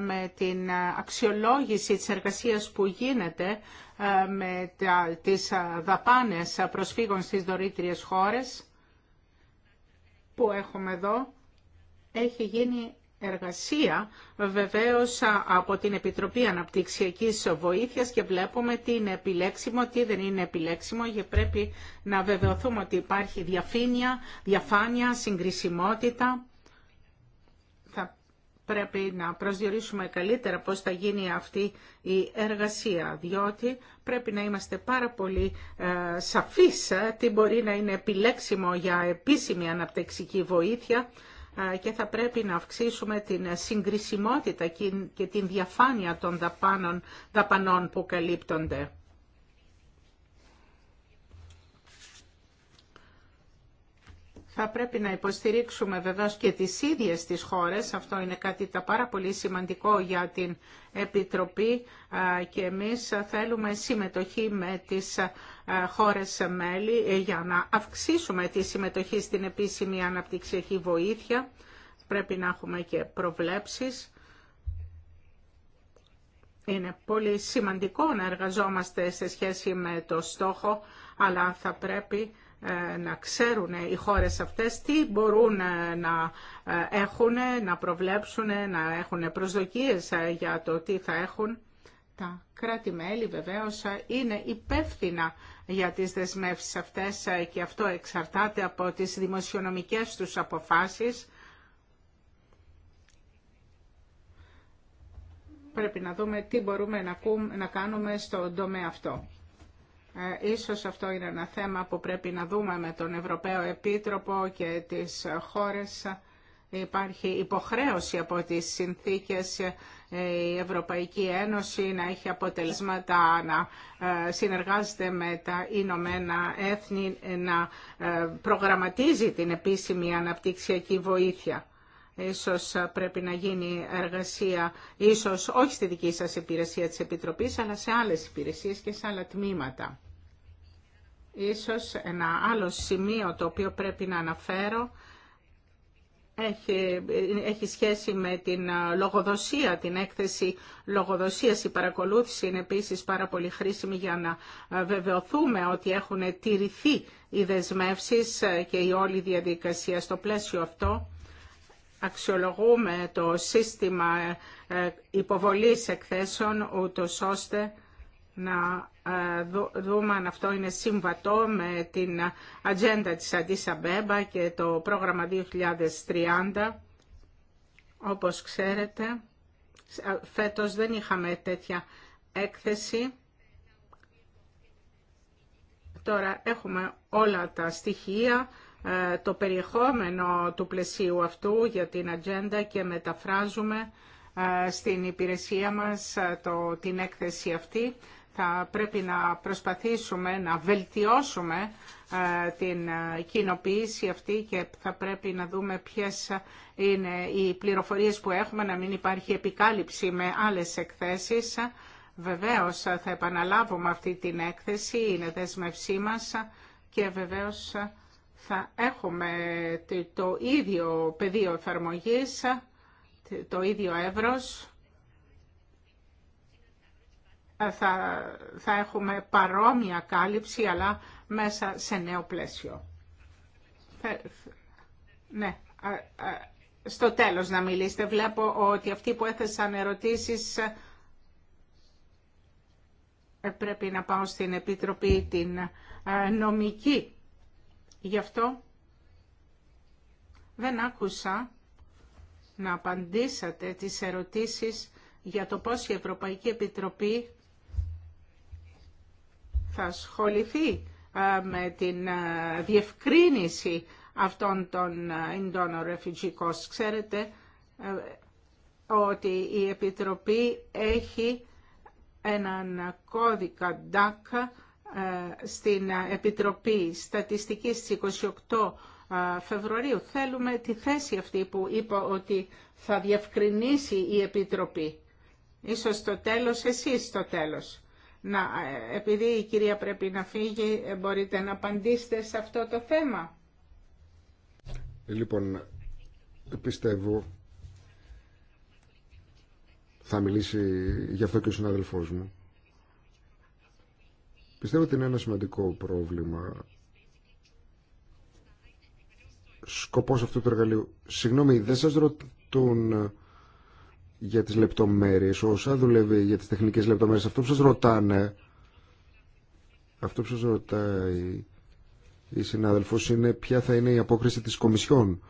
με την αξιολόγηση της εργασίας που γίνεται ε, με τις ε, δαπάνες προσφύγων στις δωρήτριες χώρες που έχουμε εδώ έχει γίνει εργασία βεβαίως από την Επιτροπή Αναπτυξιακής Βοήθειας και βλέπουμε τι είναι επιλέξιμο, τι δεν είναι επιλέξιμο και πρέπει να βεβαιωθούμε ότι υπάρχει διαφήνεια, διαφάνεια, συγκρισιμότητα. Θα πρέπει να προσδιορίσουμε καλύτερα πώς θα γίνει αυτή η εργασία, διότι πρέπει να είμαστε πάρα πολύ ε, σαφείς ε, τι μπορεί να είναι επιλέξιμο για επίσημη αναπτυξική βοήθεια και θα πρέπει να αυξήσουμε την συγκρισιμότητα και την διαφάνεια των δαπάνων, δαπανών που καλύπτονται. θα πρέπει να υποστηρίξουμε βεβαίως και τις ίδιες τις χώρες. Αυτό είναι κάτι τα πάρα πολύ σημαντικό για την Επιτροπή και εμείς θέλουμε συμμετοχή με τις χώρες μέλη ε, για να αυξήσουμε τη συμμετοχή στην επίσημη αναπτυξιακή βοήθεια. Πρέπει να έχουμε και προβλέψεις. Είναι πολύ σημαντικό να εργαζόμαστε σε σχέση με το στόχο, αλλά θα πρέπει να ξέρουν οι χώρες αυτές τι μπορούν ε, να ε, έχουν, να προβλέψουν, ε, να έχουν προσδοκίες για το τι θα έχουν. Τα κράτη-μέλη βεβαίως είναι υπεύθυνα για τις δεσμεύσεις αυτές και αυτό εξαρτάται από τις δημοσιονομικές τους αποφάσεις. Πρέπει να δούμε τι μπορούμε να κάνουμε στον τομέα αυτό. Ε, ίσως αυτό είναι ένα θέμα που πρέπει να δούμε με τον Ευρωπαίο Επίτροπο και τις χώρες. Υπάρχει υποχρέωση από τις συνθήκες ε, η Ευρωπαϊκή Ένωση να έχει αποτελέσματα, να ε, συνεργάζεται με τα Ηνωμένα Έθνη, να προγραμματίζει την επίσημη αναπτυξιακή βοήθεια. Ίσως πρέπει να γίνει εργασία, ίσως όχι στη δική σας υπηρεσία της Επιτροπής, αλλά σε άλλες υπηρεσίες και σε άλλα τμήματα. Ίσως ένα άλλο σημείο το οποίο πρέπει να αναφέρω έχει, έχει σχέση με την λογοδοσία, την έκθεση λογοδοσίας. Η παρακολούθηση είναι επίσης πάρα πολύ χρήσιμη για να βεβαιωθούμε ότι έχουν τηρηθεί οι δεσμεύσεις και η όλη διαδικασία στο πλαίσιο αυτό αξιολογούμε το σύστημα ε, υποβολής εκθέσεων ούτως ώστε να ε, δούμε αν αυτό είναι συμβατό με την ατζέντα της Αντίσα και το πρόγραμμα 2030. Όπως ξέρετε, ε, φέτος δεν είχαμε τέτοια έκθεση. Τώρα έχουμε όλα τα στοιχεία ε, το περιεχόμενο του πλαισίου αυτού για την ατζέντα και μεταφράζουμε ε, στην υπηρεσία μας ε, το, την έκθεση αυτή. Θα πρέπει να προσπαθήσουμε να βελτιώσουμε την κοινοποίηση αυτή και θα πρέπει να δούμε ποιες είναι οι πληροφορίες που έχουμε, να μην υπάρχει επικάλυψη με άλλες εκθέσεις. Βεβαίως θα επαναλάβουμε αυτή την έκθεση, είναι δέσμευσή μας και βεβαίως θα έχουμε το ίδιο πεδίο εφαρμογής, το ίδιο εύρος. Ε, θα, θα έχουμε παρόμοια κάλυψη, αλλά μέσα σε νέο πλαίσιο. Ναι, στο τέλος να μιλήσετε. Βλέπω ότι αυτοί που έθεσαν ερωτήσεις ε, πρέπει να πάω στην Επιτροπή την ε, νομική Γι' αυτό δεν άκουσα να απαντήσατε τις ερωτήσεις για το πώς η Ευρωπαϊκή Επιτροπή θα ασχοληθεί με την διευκρίνηση αυτών των Indonor Refugee Costs. Ξέρετε ότι η Επιτροπή έχει έναν κώδικα DAC ε, στην Επιτροπή Στατιστικής στις 28 ε, Φεβρουαρίου. Θέλουμε τη θέση αυτή που είπα ότι θα διευκρινίσει η Επιτροπή. Ίσως στο τέλος, εσείς στο τέλος. Να, ε, επειδή η κυρία πρέπει να φύγει, μπορείτε να απαντήσετε σε αυτό το θέμα. Λοιπόν, πιστεύω θα μιλήσει γι' αυτό και ο συναδελφός μου. Πιστεύω ότι είναι ένα σημαντικό πρόβλημα. Σκοπός αυτού του εργαλείου. Συγγνώμη, δεν σας ρωτούν για τις λεπτομέρειες. Όσα δουλεύει για τις τεχνικές λεπτομέρειες. Αυτό που σας ρωτάνε, αυτό που σας ρωτάει η συνάδελφος είναι ποια θα είναι η απόκριση της Κομισιόν.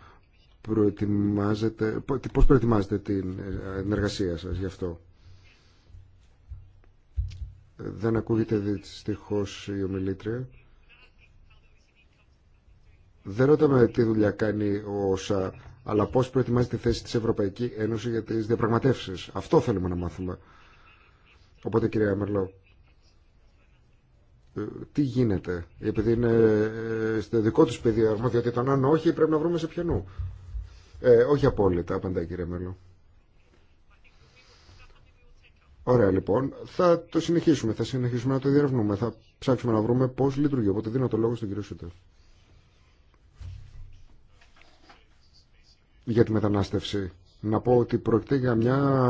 Προετοιμάζετε, πώς προετοιμάζετε την ε, εργασία σας γι' αυτό. Δεν ακούγεται δυστυχώ η ομιλήτρια. Δεν ρωτάμε τι δουλειά κάνει ο ΩΣΑ, αλλά πώς προετοιμάζει τη θέση της Ευρωπαϊκή Ένωση για τις διαπραγματεύσεις. Αυτό θέλουμε να μάθουμε. Οπότε κυρία Μερλό, ε, τι γίνεται, επειδή είναι ε, στο δικό τους πεδίο αρμοδιότητα, αν όχι πρέπει να βρούμε σε ποιον; Ε, όχι απόλυτα, απαντάει κυρία Μερλό. Ωραία λοιπόν, θα το συνεχίσουμε, θα συνεχίσουμε να το διερευνούμε, θα ψάξουμε να βρούμε πώς λειτουργεί, οπότε δίνω το λόγο στον κύριο Σούτερ Για τη μετανάστευση. Να πω ότι πρόκειται για μια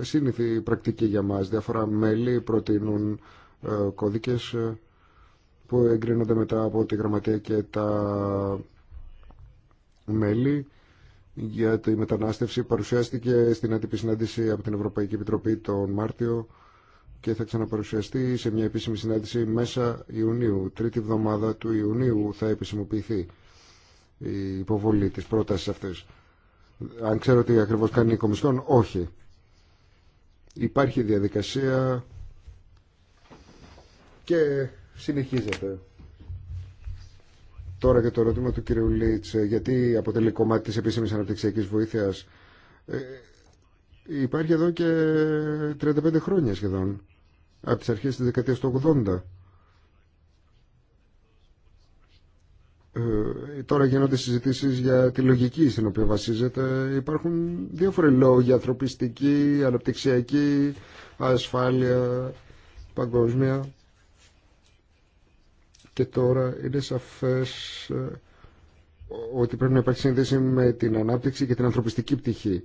σύνηθη πρακτική για μας. Διάφορα μέλη προτείνουν ε, κώδικες ε, που εγκρίνονται μετά από τη γραμματεία και τα μέλη για τη μετανάστευση παρουσιάστηκε στην άτυπη συνάντηση από την Ευρωπαϊκή Επιτροπή τον Μάρτιο και θα ξαναπαρουσιαστεί σε μια επίσημη συνάντηση μέσα Ιουνίου. Τρίτη εβδομάδα του Ιουνίου θα επισημοποιηθεί η υποβολή της πρότασης αυτής. Αν ξέρω τι ακριβώς κάνει η Κομισιόν, όχι. Υπάρχει διαδικασία και συνεχίζεται. Τώρα για το ερώτημα του κύριου Λίτς, ε, γιατί αποτελεί κομμάτι της επίσημης αναπτυξιακής βοήθειας. Ε, υπάρχει εδώ και 35 χρόνια σχεδόν, από τις αρχές της δεκαετίας του 80. Ε, τώρα γίνονται συζητήσεις για τη λογική στην οποία βασίζεται. Υπάρχουν διάφορε λόγοι, ανθρωπιστική, αναπτυξιακή, ασφάλεια, παγκόσμια. Και τώρα είναι σαφές ε, ότι πρέπει να υπάρχει σύνδεση με την ανάπτυξη και την ανθρωπιστική πτυχή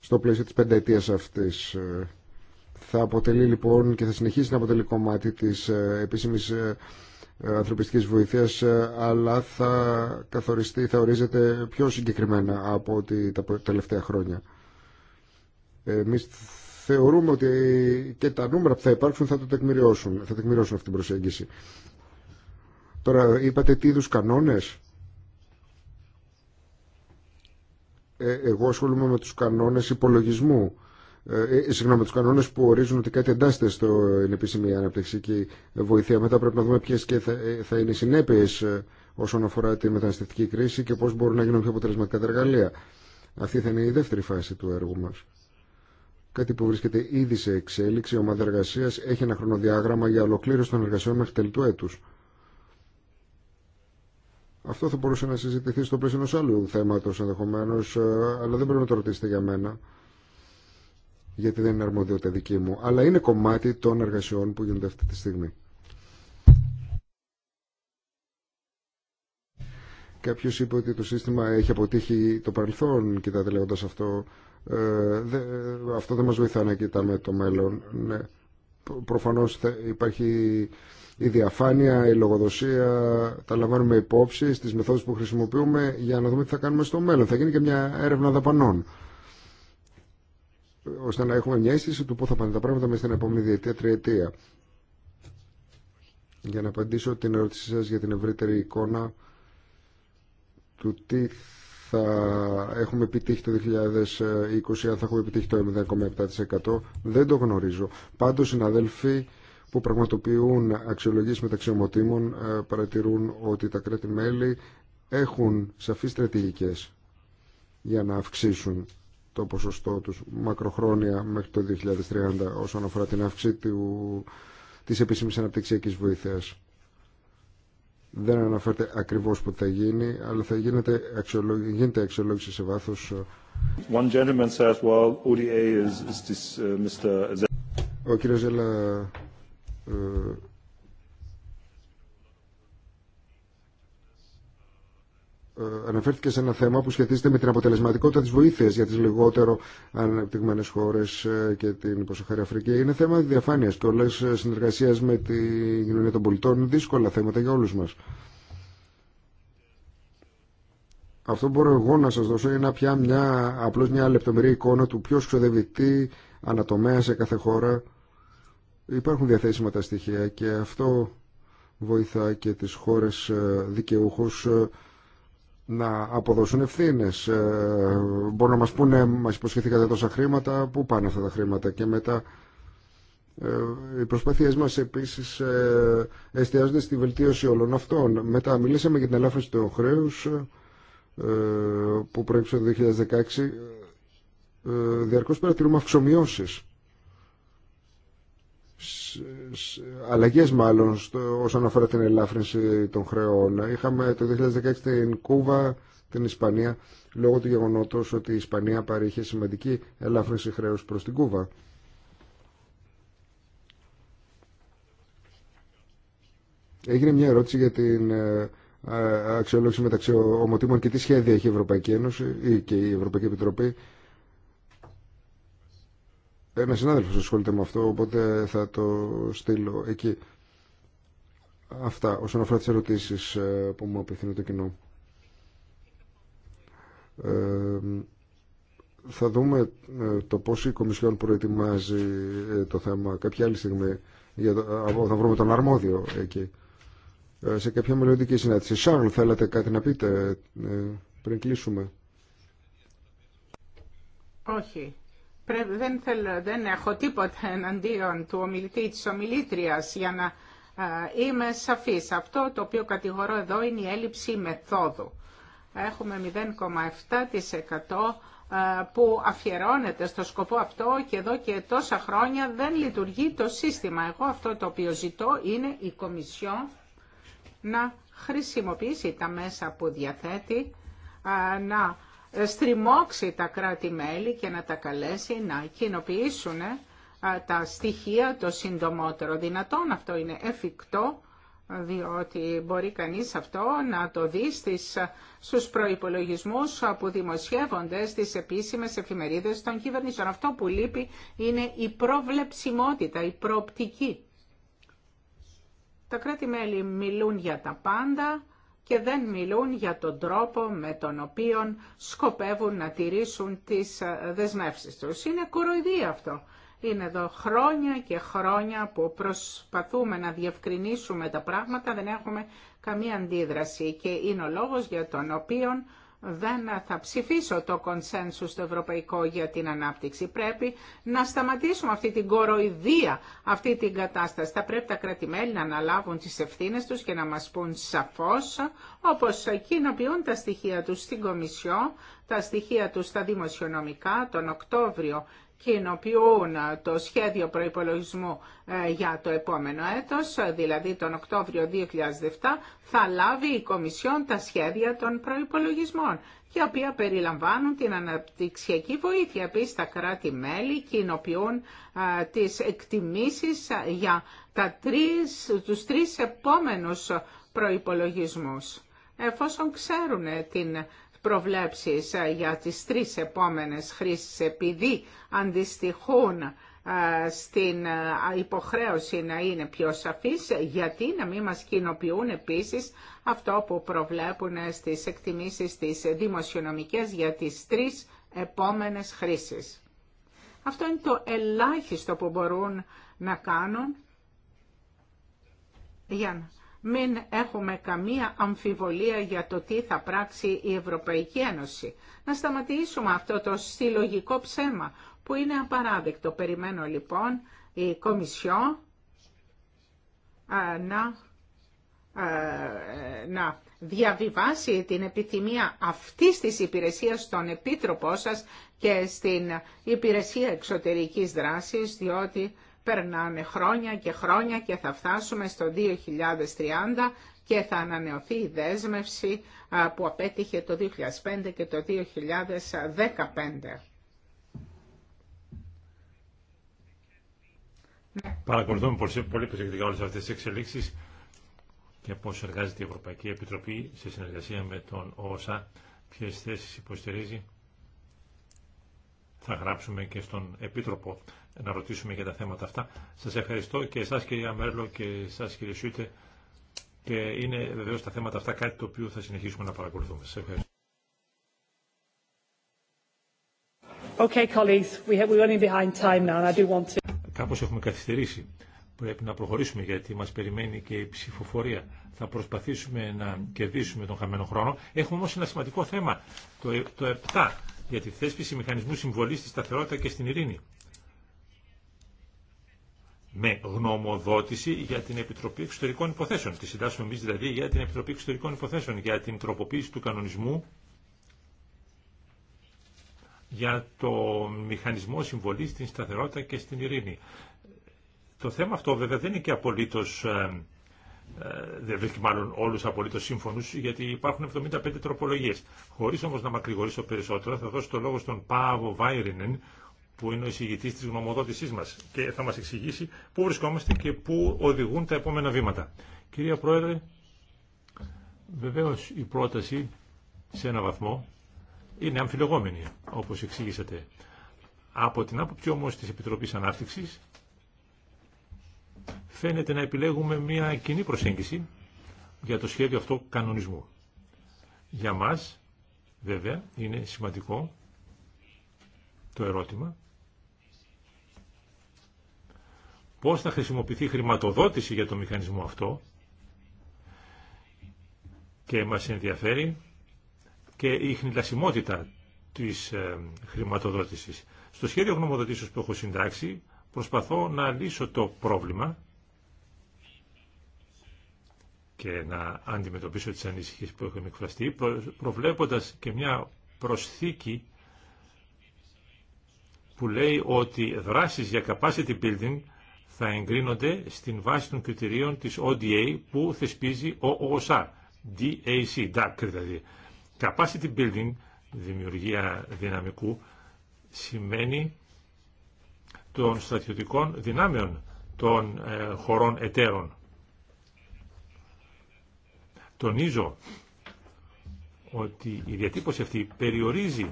στο πλαίσιο της πενταετίας αυτής. Ε, θα αποτελεί λοιπόν και θα συνεχίσει να αποτελεί κομμάτι της ε, επίσημης ανθρωπιστικής βοήθειας αλλά θα καθοριστεί, θα ορίζεται πιο συγκεκριμένα από ότι τα τελευταία χρόνια. Εμείς θεωρούμε ότι και τα νούμερα που θα υπάρξουν θα το θα τεκμηριώσουν αυτή την προσέγγιση. Τώρα είπατε τι είδου κανόνες. Ε, εγώ ασχολούμαι με τους κανόνες υπολογισμού. Ε, ε συγγνώμη, του κανόνε που ορίζουν ότι κάτι εντάσσεται στην επίσημη αναπτυξική βοήθεια. Μετά πρέπει να δούμε ποιε θα, ε, θα είναι οι συνέπειε ε, όσον αφορά τη μεταναστευτική κρίση και πώ μπορούν να γίνουν πιο αποτελεσματικά τα εργαλεία. Αυτή θα είναι η δεύτερη φάση του έργου μα. Κάτι που βρίσκεται ήδη σε εξέλιξη. Η ομάδα εργασία έχει ένα χρονοδιάγραμμα για ολοκλήρωση των εργασιών μέχρι τέλη του έτου. Αυτό θα μπορούσε να συζητηθεί στο πλαίσιο ενό άλλου θέματο ενδεχομένω, ε, αλλά δεν πρέπει να το ρωτήσετε για μένα, γιατί δεν είναι αρμοδιότητα δική μου. Αλλά είναι κομμάτι των εργασιών που γίνονται αυτή τη στιγμή. Κάποιο είπε ότι το σύστημα έχει αποτύχει το παρελθόν, κοιτάτε λέγοντα αυτό. Ε, αυτό δεν μα βοηθά να κοιτάμε το μέλλον. Ναι. Προφανώ υπάρχει η διαφάνεια, η λογοδοσία τα λαμβάνουμε υπόψη στις μεθόδους που χρησιμοποιούμε για να δούμε τι θα κάνουμε στο μέλλον. Θα γίνει και μια έρευνα δαπανών ώστε να έχουμε μια αίσθηση του πού θα πάνε τα πράγματα μέσα στην επόμενη διετία, τριετία. Για να απαντήσω την ερώτησή σας για την ευρύτερη εικόνα του τι θα έχουμε επιτύχει το 2020, αν θα έχουμε επιτύχει το 0,7%, δεν το γνωρίζω. Πάντως, συναδέλφοι, που πραγματοποιούν αξιολογήσεις μεταξύ ομοτήμων ε, παρατηρούν ότι τα κράτη-μέλη έχουν σαφείς στρατηγικές για να αυξήσουν το ποσοστό τους μακροχρόνια μέχρι το 2030 όσον αφορά την αύξηση του, της επίσημης αναπτυξιακής βοήθειας. Δεν αναφέρεται ακριβώς που θα γίνει, αλλά θα γίνεται, αξιολόγηση, γίνεται αξιολόγηση σε βάθος. Ε. says, well, is, is this, uh, Mr. Ο κύριος Ζέλα ε, ε, αναφέρθηκε σε ένα θέμα που σχετίζεται με την αποτελεσματικότητα της βοήθειας για τις λιγότερο ανεπτυγμένες χώρες ε, και την υποσοχαρή Αφρική. Είναι θέμα διαφάνειας και όλες συνεργασίας με την κοινωνία των πολιτών. Είναι Δύσκολα θέματα για όλους μας. Αυτό που μπορώ εγώ να σας δώσω είναι πια μια, απλώς μια λεπτομερή εικόνα του ποιος ξοδεύει ανατομέα σε κάθε χώρα υπάρχουν διαθέσιμα τα στοιχεία και αυτό βοηθά και τις χώρες ε, δικαιούχους ε, να αποδώσουν ευθύνε. Ε, μπορούν να μας πούνε, μας υποσχεθήκατε τόσα χρήματα, πού πάνε αυτά τα χρήματα και μετά οι προσπαθίες μας επίσης εστιάζονται στη βελτίωση όλων αυτών. Μετά μιλήσαμε για την ελάφρυνση του χρέου που προέκυψε το 2016. Διαρκώς παρατηρούμε αυξομοιώσεις αλλαγές μάλλον στο, όσον αφορά την ελάφρυνση των χρεών. Είχαμε το 2016 την Κούβα, την Ισπανία, λόγω του γεγονότος ότι η Ισπανία παρήχε σημαντική ελάφρυνση χρέους προς την Κούβα. Έγινε μια ερώτηση για την ε, ε, αξιολόγηση μεταξύ ομοτήμων και τι σχέδια έχει η Ευρωπαϊκή Ένωση ή και η Ευρωπαϊκή Επιτροπή ένα ε, συνάδελφο ασχολείται με αυτό, οπότε θα το στείλω εκεί. Αυτά όσον αφορά τι ερωτήσει ε, που μου απευθύνει το κοινό. Ε, θα δούμε το πώς η Κομισιόν προετοιμάζει το θέμα κάποια άλλη στιγμή. Για το, θα βρούμε τον αρμόδιο εκεί. σε κάποια μελλοντική συνάντηση. Σάρλ, θέλετε κάτι να πείτε πριν κλείσουμε. Όχι δεν, θέλω, δεν έχω τίποτα εναντίον του ομιλητή της ομιλήτριας για να είμαι σαφής. Αυτό το οποίο κατηγορώ εδώ είναι η έλλειψη μεθόδου. Έχουμε 0,7% που αφιερώνεται στο σκοπό αυτό και εδώ και τόσα χρόνια δεν λειτουργεί το σύστημα. Εγώ αυτό το οποίο ζητώ είναι η Κομισιό να χρησιμοποιήσει τα μέσα που διαθέτει, να στριμώξει τα κράτη-μέλη και να τα καλέσει να κοινοποιήσουν ε, τα στοιχεία το συντομότερο δυνατόν. Αυτό είναι εφικτό διότι μπορεί κανείς αυτό να το δει στις, στους προϋπολογισμούς που δημοσιεύονται στις επίσημες εφημερίδες των κυβερνήσεων. Αυτό που λείπει είναι η προβλεψιμότητα, η προοπτική. Τα κράτη-μέλη μιλούν για τα πάντα, και δεν μιλούν για τον τρόπο με τον οποίο σκοπεύουν να τηρήσουν τις ε, δεσμεύσεις τους. Είναι κοροϊδία αυτό. Είναι εδώ χρόνια και χρόνια που προσπαθούμε να διευκρινίσουμε τα πράγματα, δεν έχουμε καμία αντίδραση και είναι ο λόγος για τον οποίο δεν θα ψηφίσω το κονσένσου στο ευρωπαϊκό για την ανάπτυξη. Πρέπει να σταματήσουμε αυτή την κοροϊδία, αυτή την κατάσταση. Θα πρέπει τα κρατημέλη να αναλάβουν τις ευθύνες τους και να μας πούν σαφώς, όπως κοινοποιούν τα στοιχεία τους στην Κομισιό, τα στοιχεία τους στα δημοσιονομικά τον Οκτώβριο κοινοποιούν το σχέδιο προϋπολογισμού ε, για το επόμενο έτος, δηλαδή τον Οκτώβριο 2007, θα λάβει η Κομισιόν τα σχέδια των προϋπολογισμών, τα οποία περιλαμβάνουν την αναπτυξιακή βοήθεια. Επίσης, τα κράτη-μέλη κοινοποιούν ε, τις εκτιμήσεις για τα τρεις, τους τρεις επόμενους προϋπολογισμούς. Εφόσον ξέρουν την προβλέψεις ε, για τις τρεις επόμενες χρήσεις επειδή αντιστοιχούν ε, στην ε, υποχρέωση να είναι πιο σαφής, γιατί να μην μας κοινοποιούν επίσης αυτό που προβλέπουν στις εκτιμήσεις της δημοσιονομικές για τις τρεις επόμενες χρήσεις. Αυτό είναι το ελάχιστο που μπορούν να κάνουν για να μην έχουμε καμία αμφιβολία για το τι θα πράξει η Ευρωπαϊκή Ένωση. Να σταματήσουμε αυτό το συλλογικό ψέμα που είναι απαράδεκτο. Περιμένω λοιπόν η Κομισιό να, να διαβιβάσει την επιθυμία αυτής της υπηρεσίας στον Επίτροπό σας και στην Υπηρεσία Εξωτερικής Δράσης, διότι περνάνε χρόνια και χρόνια και θα φτάσουμε στο 2030 και θα ανανεωθεί η δέσμευση που απέτυχε το 2005 και το 2015. Ναι. Παρακολουθούμε πολύ προσεκτικά όλες αυτές τις εξελίξεις και πώς εργάζεται η Ευρωπαϊκή Επιτροπή σε συνεργασία με τον ΩΣΑ, ποιες θέσεις υποστηρίζει. Θα γράψουμε και στον Επίτροπο να ρωτήσουμε για τα θέματα αυτά. Σας ευχαριστώ και εσάς κυρία Μέρλο και εσάς κύριε Σούτε και είναι βεβαίως τα θέματα αυτά κάτι το οποίο θα συνεχίσουμε να παρακολουθούμε. Σας ευχαριστώ. Okay, colleagues, we have, we're running behind time now, and I do want to... Κάπως έχουμε καθυστερήσει. Πρέπει να προχωρήσουμε γιατί μας περιμένει και η ψηφοφορία. Θα προσπαθήσουμε να κερδίσουμε τον χαμένο χρόνο. Έχουμε όμως ένα σημαντικό θέμα, το, το 7, για τη θέσπιση μηχανισμού συμβολής στη σταθερότητα και στην ειρήνη με γνωμοδότηση για την Επιτροπή Εξωτερικών Υποθέσεων. Τη συντάσσουμε εμεί δηλαδή για την Επιτροπή Εξωτερικών Υποθέσεων, για την τροποποίηση του κανονισμού για το μηχανισμό συμβολή στην σταθερότητα και στην ειρήνη. Το θέμα αυτό βέβαια δεν είναι και ε, ε, δεν βρίσκει μάλλον όλους απολύτως σύμφωνους, γιατί υπάρχουν 75 τροπολογίες. Χωρίς όμως να μακρηγορήσω περισσότερο, θα δώσω το λόγο στον Πάβο Βάιρινεν, που είναι ο εισηγητής της γνωμοδότησής μας και θα μας εξηγήσει πού βρισκόμαστε και πού οδηγούν τα επόμενα βήματα. Κυρία Πρόεδρε, βεβαίως η πρόταση σε ένα βαθμό είναι αμφιλεγόμενη, όπως εξήγησατε. Από την άποψη όμως της Επιτροπής Ανάπτυξης φαίνεται να επιλέγουμε μια κοινή προσέγγιση για το σχέδιο αυτό κανονισμού. Για μας, βέβαια, είναι σημαντικό το ερώτημα πώς θα χρησιμοποιηθεί χρηματοδότηση για το μηχανισμό αυτό και μας ενδιαφέρει και η χνηλασιμότητα της ε, χρηματοδότησης. Στο σχέδιο γνωμοδοτήσεως που έχω συντάξει προσπαθώ να λύσω το πρόβλημα και να αντιμετωπίσω τις ανησυχίες που έχουν εκφραστεί, προβλέποντας και μια προσθήκη που λέει ότι δράσεις για capacity building θα εγκρίνονται στην βάση των κριτηρίων της ODA που θεσπίζει ο OSA, DAC, DAC δηλαδή. Capacity building, δημιουργία δυναμικού, σημαίνει των στρατιωτικών δυνάμεων των ε, χωρών εταίρων. Τονίζω ότι η διατύπωση αυτή περιορίζει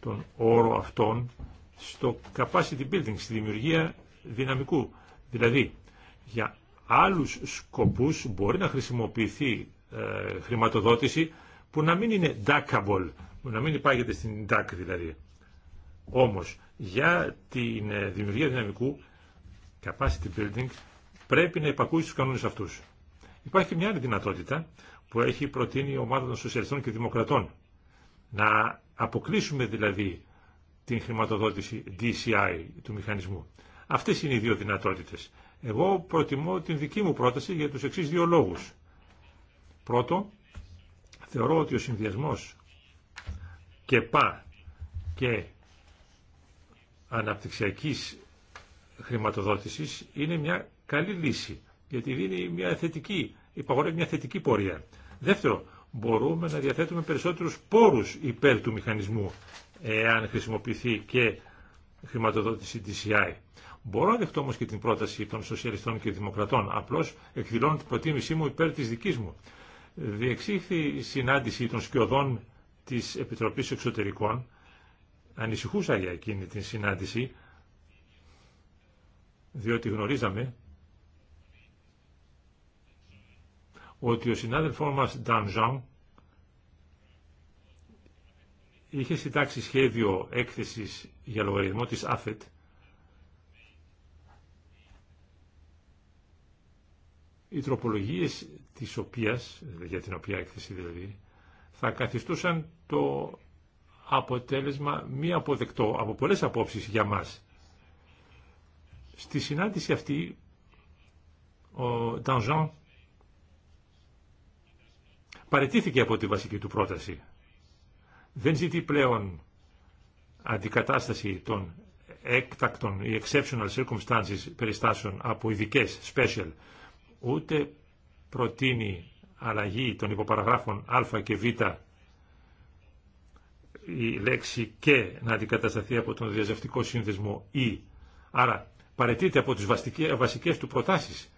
τον όρο αυτών στο capacity building, στη δημιουργία δυναμικού. Δηλαδή, για άλλους σκοπούς μπορεί να χρησιμοποιηθεί ε, χρηματοδότηση που να μην είναι DACable, που να μην υπάγεται στην DAC δηλαδή. Όμως, για τη ε, δημιουργία δυναμικού, capacity building, πρέπει να υπακούει στους κανόνες αυτούς. Υπάρχει και μια άλλη δυνατότητα που έχει προτείνει η ομάδα των Σοσιαλιστών και Δημοκρατών. Να αποκλείσουμε δηλαδή την χρηματοδότηση DCI του μηχανισμού. Αυτές είναι οι δύο δυνατότητες. Εγώ προτιμώ την δική μου πρόταση για τους εξής δύο λόγους. Πρώτο, θεωρώ ότι ο συνδυασμός και πα και αναπτυξιακής χρηματοδότησης είναι μια καλή λύση, γιατί δίνει μια θετική, υπαγορεύει μια θετική πορεία. Δεύτερο, μπορούμε να διαθέτουμε περισσότερους πόρους υπέρ του μηχανισμού εάν χρησιμοποιηθεί και χρηματοδότηση DCI. Μπορώ να δεχτώ όμω και την πρόταση των Σοσιαλιστών και Δημοκρατών. Απλώ εκδηλώνω την προτίμησή μου υπέρ τη δική μου. Διεξήχθη συνάντηση των σκιωδών τη Επιτροπή Εξωτερικών. Ανησυχούσα για εκείνη την συνάντηση, διότι γνωρίζαμε ότι ο συνάδελφός μας Ντανζάν είχε συντάξει σχέδιο έκθεσης για λογαριασμό της ΑΦΕΤ οι τροπολογίες της οποίας, για την οποία έκθεση δηλαδή, θα καθιστούσαν το αποτέλεσμα μη αποδεκτό από πολλές απόψεις για μας. Στη συνάντηση αυτή, ο Τανζάν παρετήθηκε από τη βασική του πρόταση δεν ζητεί πλέον αντικατάσταση των έκτακτων ή exceptional circumstances περιστάσεων από ειδικέ special, ούτε προτείνει αλλαγή των υποπαραγράφων α και β η λέξη και να αντικατασταθεί από τον διαζευτικό σύνδεσμο ή. Άρα παρετείται από τις βασικές του προτάσεις.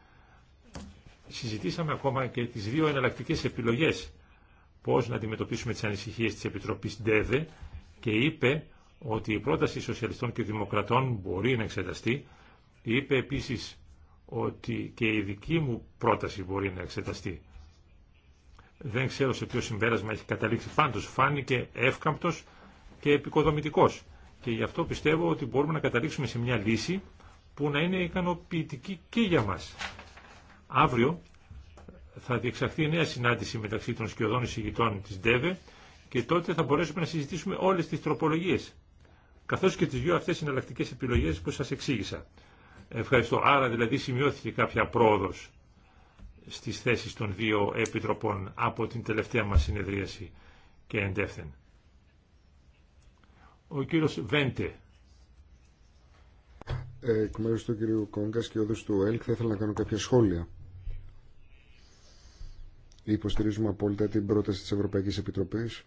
Συζητήσαμε ακόμα και τις δύο εναλλακτικές επιλογές πώς να αντιμετωπίσουμε τις ανησυχίες της Επιτροπής ΔΕΔΕ και είπε ότι η πρόταση σοσιαλιστών και δημοκρατών μπορεί να εξεταστεί. Είπε επίσης ότι και η δική μου πρόταση μπορεί να εξεταστεί. Δεν ξέρω σε ποιο συμπέρασμα έχει καταλήξει. Πάντως φάνηκε εύκαμπτος και επικοδομητικός. Και γι' αυτό πιστεύω ότι μπορούμε να καταλήξουμε σε μια λύση που να είναι ικανοποιητική και για μας. Αύριο θα διεξαχθεί νέα συνάντηση μεταξύ των σκιωδών εισηγητών της ΔΕΒΕ και τότε θα μπορέσουμε να συζητήσουμε όλες τις τροπολογίες, καθώς και τις δύο αυτές εναλλακτικέ επιλογές που σας εξήγησα. Ευχαριστώ. Άρα δηλαδή σημειώθηκε κάποια πρόοδο στις θέσεις των δύο επιτροπών από την τελευταία μα συνεδρίαση και εντεύθεν. Ο κύριος Βέντε. Ε, εκ μέρους του κύριου Κόγκα και όδους του ΕΛΚ θα ήθελα να κάνω κάποια σχόλια. Υποστηρίζουμε απόλυτα την πρόταση της Ευρωπαϊκής Επιτροπής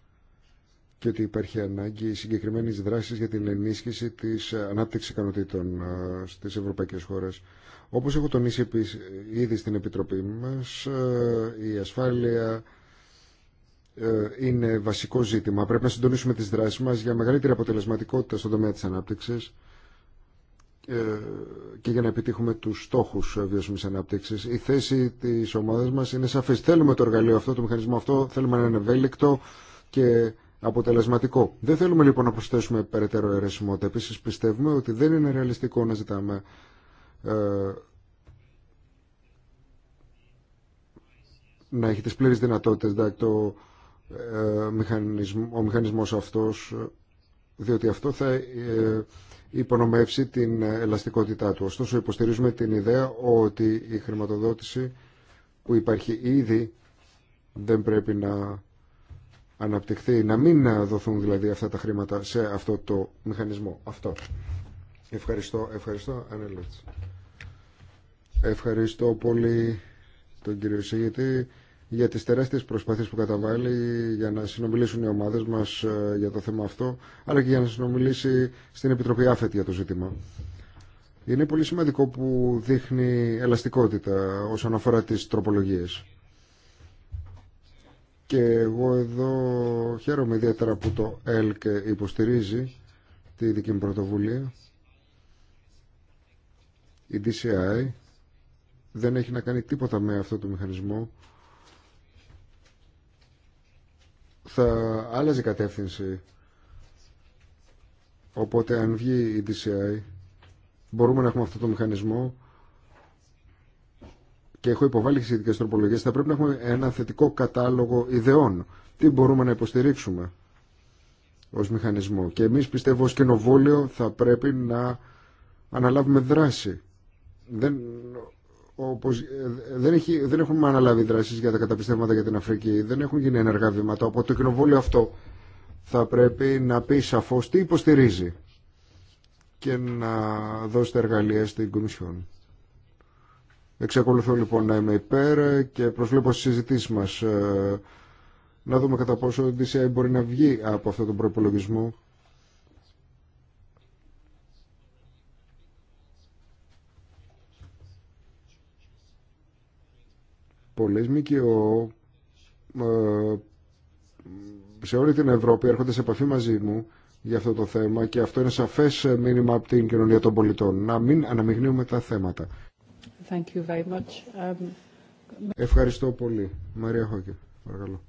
και ότι υπάρχει ανάγκη συγκεκριμένης δράσης για την ενίσχυση της ανάπτυξης ικανοτήτων ε, στις ευρωπαϊκές χώρες. Όπως έχω τονίσει ήδη στην Επιτροπή μας, ε, η ασφάλεια ε, είναι βασικό ζήτημα. Πρέπει να συντονίσουμε τις δράσεις μας για μεγαλύτερη αποτελεσματικότητα στον τομέα της ανάπτυξης ε, και για να επιτύχουμε τους στόχους ε, βιώσιμης ανάπτυξης. Η θέση της ομάδας μας είναι σαφής. Θέλουμε το εργαλείο αυτό, το μηχανισμό αυτό, θέλουμε να είναι ευέλικτο και αποτελεσματικό. Δεν θέλουμε λοιπόν να προσθέσουμε περαιτέρω αιρεσιμότητα. Επίσης πιστεύουμε ότι δεν είναι ρεαλιστικό να ζητάμε ε, να έχει τις πλήρες δυνατότητες δηλαδή, μηχανισμό, ο μηχανισμός αυτός διότι αυτό θα υπονομεύσει την ελαστικότητά του. Ωστόσο, υποστηρίζουμε την ιδέα ότι η χρηματοδότηση που υπάρχει ήδη δεν πρέπει να αναπτυχθεί, να μην δοθούν δηλαδή αυτά τα χρήματα σε αυτό το μηχανισμό. Αυτό. Ευχαριστώ, ευχαριστώ, Ευχαριστώ πολύ τον κύριο Σιγητή για τις τεράστιες προσπάθειες που καταβάλει για να συνομιλήσουν οι ομάδες μας ε, για το θέμα αυτό, αλλά και για να συνομιλήσει στην Επιτροπή Άφετη για το ζήτημα. Είναι πολύ σημαντικό που δείχνει ελαστικότητα όσον αφορά τις τροπολογίες. Και εγώ εδώ χαίρομαι ιδιαίτερα που το ΕΛΚ υποστηρίζει τη δική μου πρωτοβουλία. Η DCI δεν έχει να κάνει τίποτα με αυτό το μηχανισμό θα άλλαζε κατεύθυνση. Οπότε αν βγει η DCI μπορούμε να έχουμε αυτό το μηχανισμό και έχω υποβάλει σχετικέ τροπολογίες, Θα πρέπει να έχουμε ένα θετικό κατάλογο ιδεών. Τι μπορούμε να υποστηρίξουμε ως μηχανισμό. Και εμείς πιστεύω ως κοινοβούλιο θα πρέπει να αναλάβουμε δράση. Δεν ε, δεν, έχει, δεν έχουμε αναλάβει δρασει για τα καταπιστεύματα για την Αφρική, δεν έχουν γίνει ενεργά βήματα, οπότε το κοινοβούλιο αυτό θα πρέπει να πει σαφώς τι υποστηρίζει και να δώσει τα εργαλεία στην Κομισιόν. Εξακολουθώ λοιπόν να είμαι υπέρ και προσβλέπω στις συζητήσεις μας ε, να δούμε κατά πόσο η DCI μπορεί να βγει από αυτόν τον προπολογισμό Πολλές ΜΚΟ ε, σε όλη την Ευρώπη έρχονται σε επαφή μαζί μου για αυτό το θέμα και αυτό είναι σαφές μήνυμα από την κοινωνία των πολιτών. Να μην αναμειγνύουμε τα θέματα. Thank you very much. Um, Ευχαριστώ πολύ. Μαρία Χόκερ, παρακαλώ.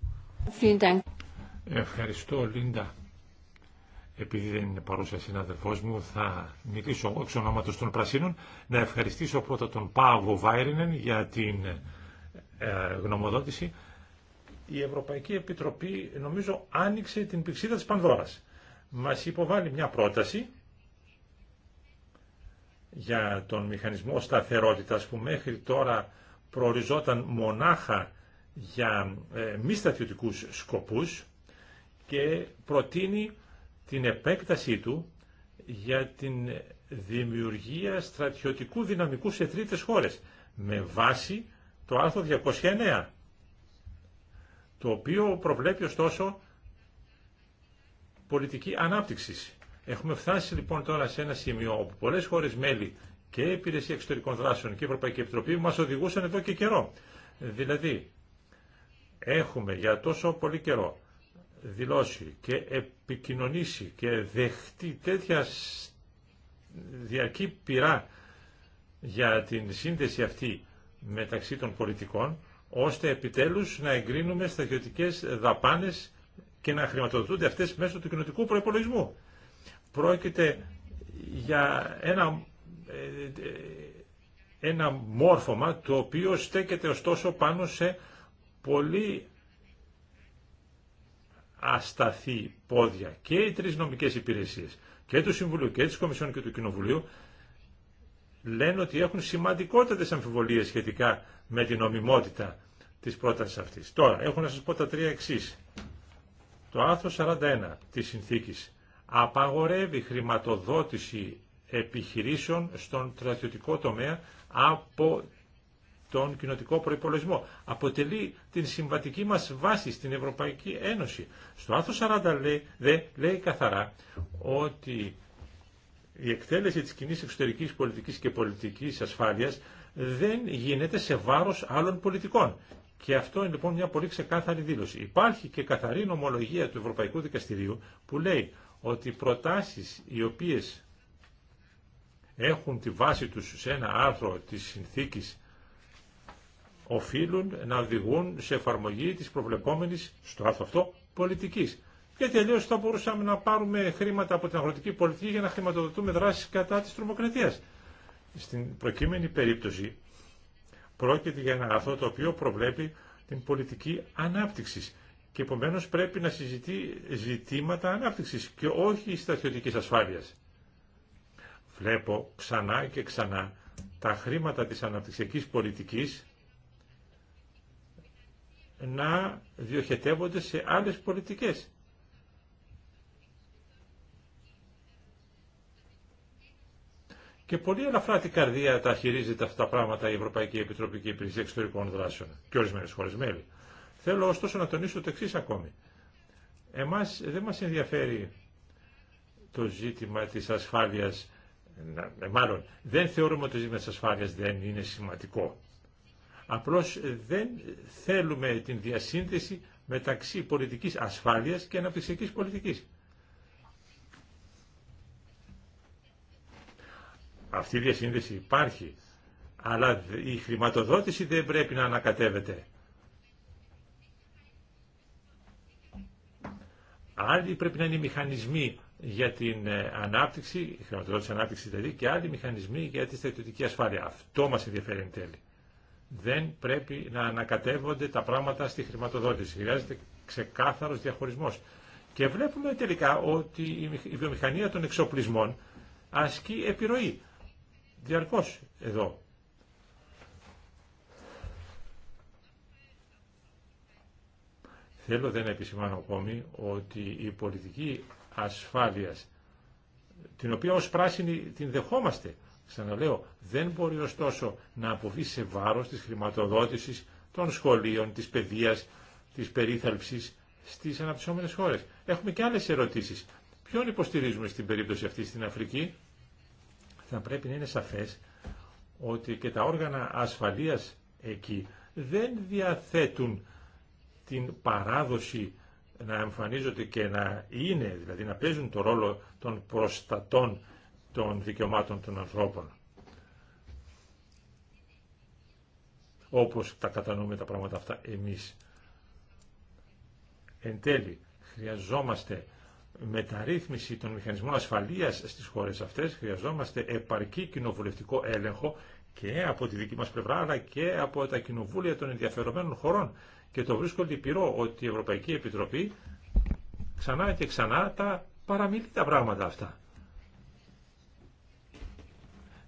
Ευχαριστώ, Λίντα. Επειδή δεν είναι παρούσα συναδελφός μου, θα μιλήσω εξ ονόματος των Πρασίνων. Να ευχαριστήσω πρώτα τον Πάγο Βάιρινεν για την ε, γνωμοδότηση, η Ευρωπαϊκή Επιτροπή νομίζω άνοιξε την πηξίδα της Πανδώρας. Μας υποβάλλει μια πρόταση για τον μηχανισμό σταθερότητας που μέχρι τώρα προοριζόταν μονάχα για ε, μη στρατιωτικούς σκοπούς και προτείνει την επέκτασή του για την δημιουργία στρατιωτικού δυναμικού σε τρίτες χώρες με βάση το άρθρο 209, το οποίο προβλέπει ωστόσο πολιτική ανάπτυξη. Έχουμε φτάσει λοιπόν τώρα σε ένα σημείο όπου πολλέ χώρε μέλη και η Υπηρεσία Εξωτερικών Δράσεων και η Ευρωπαϊκή Επιτροπή μας οδηγούσαν εδώ και καιρό. Δηλαδή, έχουμε για τόσο πολύ καιρό δηλώσει και επικοινωνήσει και δεχτεί τέτοια διαρκή πειρά για την σύνδεση αυτή μεταξύ των πολιτικών, ώστε επιτέλους να εγκρίνουμε στρατιωτικές δαπάνες και να χρηματοδοτούνται αυτές μέσω του κοινοτικού προϋπολογισμού. Πρόκειται για ένα, ε, ε, ένα μόρφωμα το οποίο στέκεται ωστόσο πάνω σε πολύ ασταθή πόδια και οι τρεις νομικές υπηρεσίες και του Συμβουλίου και της Κομισιόν και του Κοινοβουλίου λένε ότι έχουν σημαντικότατες αμφιβολίες σχετικά με την νομιμότητα της πρότασης αυτής. Τώρα, έχω να σας πω τα τρία εξή. Το άρθρο 41 της συνθήκης απαγορεύει χρηματοδότηση επιχειρήσεων στον στρατιωτικό τομέα από τον κοινοτικό προϋπολογισμό. Αποτελεί την συμβατική μας βάση στην Ευρωπαϊκή Ένωση. Στο άρθρο 40 δε, λέει καθαρά ότι η εκτέλεση της κοινή εξωτερικής πολιτικής και πολιτικής ασφάλειας δεν γίνεται σε βάρος άλλων πολιτικών. Και αυτό είναι λοιπόν μια πολύ ξεκάθαρη δήλωση. Υπάρχει και καθαρή νομολογία του Ευρωπαϊκού Δικαστηρίου που λέει ότι προτάσεις οι οποίες έχουν τη βάση τους σε ένα άρθρο της συνθήκης οφείλουν να οδηγούν σε εφαρμογή της προβλεπόμενης, στο άρθρο αυτό, πολιτικής γιατί αλλιώ θα μπορούσαμε να πάρουμε χρήματα από την αγροτική πολιτική για να χρηματοδοτούμε δράσει κατά τη τρομοκρατία. Στην προκείμενη περίπτωση πρόκειται για ένα αγαθό το οποίο προβλέπει την πολιτική ανάπτυξη και επομένω πρέπει να συζητεί ζητήματα ανάπτυξη και όχι στρατιωτική ασφάλεια. Βλέπω ξανά και ξανά τα χρήματα της αναπτυξιακής πολιτικής να διοχετεύονται σε άλλες πολιτικές. Και πολύ ελαφρά την καρδία τα χειρίζεται αυτά τα πράγματα η Ευρωπαϊκή Επιτροπή και η Υπηρεσία Εξωτερικών Δράσεων και ορισμένε χώρε μέλη. Θέλω ωστόσο να τονίσω το εξή ακόμη. Εμά δεν μα ενδιαφέρει το ζήτημα τη ασφάλεια. Ε, μάλλον δεν θεωρούμε ότι το ζήτημα τη ασφάλεια δεν είναι σημαντικό. απλώ δεν θέλουμε την διασύνδεση μεταξύ πολιτική ασφάλεια και αναπτυξιακή πολιτική. Αυτή η διασύνδεση υπάρχει, αλλά η χρηματοδότηση δεν πρέπει να ανακατεύεται. Άλλοι πρέπει να είναι οι μηχανισμοί για την ε, ανάπτυξη, η χρηματοδότηση ανάπτυξη δηλαδή, και άλλοι μηχανισμοί για τη στρατιωτική ασφάλεια. Αυτό μας ενδιαφέρει εν τέλει. Δεν πρέπει να ανακατεύονται τα πράγματα στη χρηματοδότηση. Χρειάζεται ξεκάθαρος διαχωρισμός. Και βλέπουμε τελικά ότι η βιομηχανία των εξοπλισμών ασκεί επιρροή διαρκώς εδώ. Θέλω δεν επισημάνω ακόμη ότι η πολιτική ασφάλειας, την οποία ως πράσινη την δεχόμαστε, ξαναλέω, δεν μπορεί ωστόσο να αποβεί σε βάρος της χρηματοδότησης των σχολείων, της παιδείας, της περίθαλψης στις αναπτυσσόμενες χώρες. Έχουμε και άλλες ερωτήσεις. Ποιον υποστηρίζουμε στην περίπτωση αυτή στην Αφρική, θα πρέπει να είναι σαφές ότι και τα όργανα ασφαλείας εκεί δεν διαθέτουν την παράδοση να εμφανίζονται και να είναι, δηλαδή να παίζουν το ρόλο των προστατών των δικαιωμάτων των ανθρώπων. Όπως τα κατανοούμε τα πράγματα αυτά εμείς. Εν τέλει, χρειαζόμαστε μεταρρύθμιση των μηχανισμών ασφαλείας στις χώρες αυτές χρειαζόμαστε επαρκή κοινοβουλευτικό έλεγχο και από τη δική μας πλευρά αλλά και από τα κοινοβούλια των ενδιαφερομένων χωρών. Και το βρίσκω λυπηρό ότι η Ευρωπαϊκή Επιτροπή ξανά και ξανά τα παραμιλεί τα πράγματα αυτά.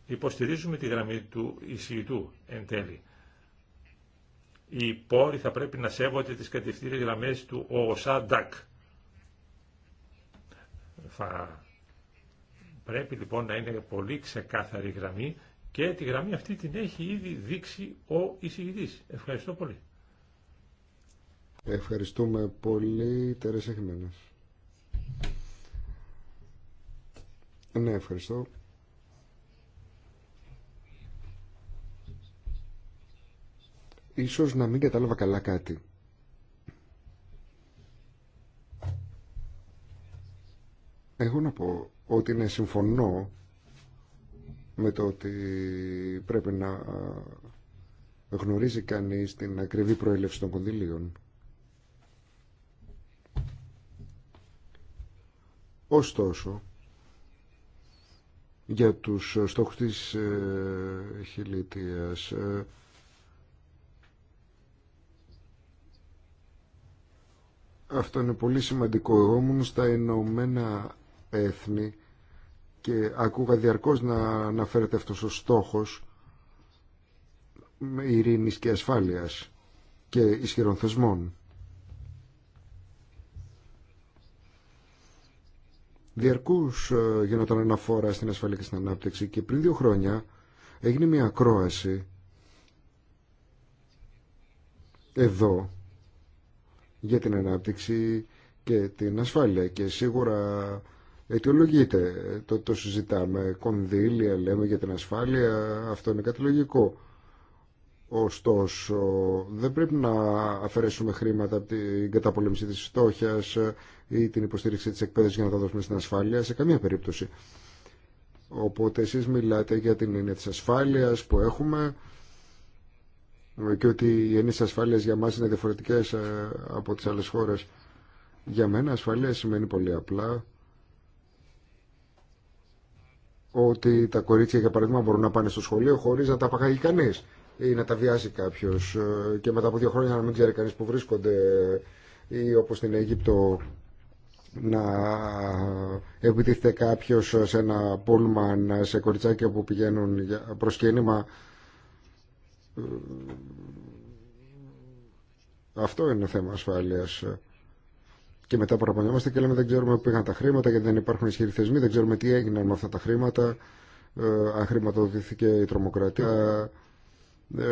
Υποστηρίζουμε τη γραμμή του εισηγητού εν τέλει. Οι πόροι θα πρέπει να σέβονται τις κατευθύνες γραμμές του οοσα θα πρέπει λοιπόν να είναι πολύ ξεκάθαρη γραμμή και τη γραμμή αυτή την έχει ήδη δείξει ο εισηγητής. Ευχαριστώ πολύ. Ευχαριστούμε πολύ, τέρες Ναι, ευχαριστώ. Ίσως να μην κατάλαβα καλά κάτι. Εγώ να πω ότι είναι συμφωνώ με το ότι πρέπει να γνωρίζει κανείς την ακριβή προέλευση των κονδυλίων. Ωστόσο, για τους στόχους της ε, ε, αυτό είναι πολύ σημαντικό. Εγώ ήμουν στα Ηνωμένα έθνη και ακούγα διαρκώς να αναφέρεται αυτός ο στόχος ειρήνης και ασφάλειας και ισχυρών θεσμών. Διαρκώς ε, γινόταν αναφορά στην ασφάλεια και στην ανάπτυξη και πριν δύο χρόνια έγινε μια ακρόαση εδώ για την ανάπτυξη και την ασφάλεια και σίγουρα αιτιολογείται. Το, το συζητάμε. Κονδύλια λέμε για την ασφάλεια. Αυτό είναι κάτι λογικό. Ωστόσο, δεν πρέπει να αφαιρέσουμε χρήματα από την καταπολέμηση της φτώχειας ή την υποστήριξη της εκπαίδευσης για να τα δώσουμε στην ασφάλεια σε καμία περίπτωση. Οπότε εσείς μιλάτε για την έννοια της ασφάλειας που έχουμε και ότι οι έννοιες ασφάλειας για μας είναι διαφορετικές ε, από τις άλλες χώρες. Για μένα ασφάλεια σημαίνει πολύ απλά ότι τα κορίτσια για παράδειγμα μπορούν να πάνε στο σχολείο χωρίς να τα απαγάγει κανείς ή να τα βιάσει κάποιος ε, και μετά από δύο χρόνια να μην ξέρει κανείς που βρίσκονται ή όπως στην Αίγυπτο να επιτίθεται κάποιος σε ένα πούλμαν σε κοριτσάκια που πηγαίνουν για προσκύνημα. Ε, αυτό είναι θέμα ασφάλειας και μετά παραπονιόμαστε και λέμε δεν ξέρουμε πού πήγαν τα χρήματα γιατί δεν υπάρχουν ισχυροί θεσμοί, δεν ξέρουμε τι έγιναν με αυτά τα χρήματα, ε, αν χρηματοδοτήθηκε η τρομοκρατία. Ε,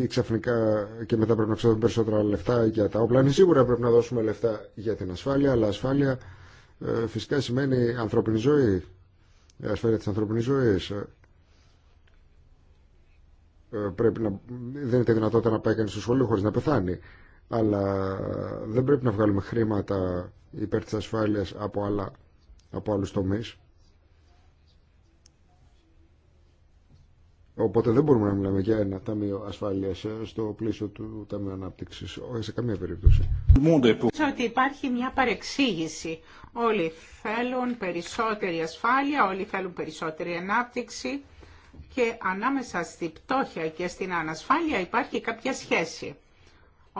ή ξαφνικά και μετά πρέπει να ξέρουμε περισσότερα λεφτά για τα όπλα. Είναι σίγουρα πρέπει να δώσουμε λεφτά για την ασφάλεια, αλλά ασφάλεια ε, φυσικά σημαίνει ανθρώπινη ζωή. Η ασφάλεια της ανθρώπινης ζωής. Ε, ε, πρέπει να, δεν είναι δυνατότητα να πάει κανείς στο σχολείο να πεθάνει αλλά δεν πρέπει να βγάλουμε χρήματα υπέρ της ασφάλειας από, άλλα, από άλλους τομείς. Οπότε δεν μπορούμε να μιλάμε για ένα ταμείο ασφάλεια ε, στο πλαίσιο του Ταμείου Ανάπτυξη, ε, σε καμία περίπτωση. Νομίζω ότι υπάρχει μια παρεξήγηση. Όλοι θέλουν περισσότερη ασφάλεια, όλοι θέλουν περισσότερη ανάπτυξη και ανάμεσα στη πτώχεια και στην ανασφάλεια υπάρχει κάποια σχέση.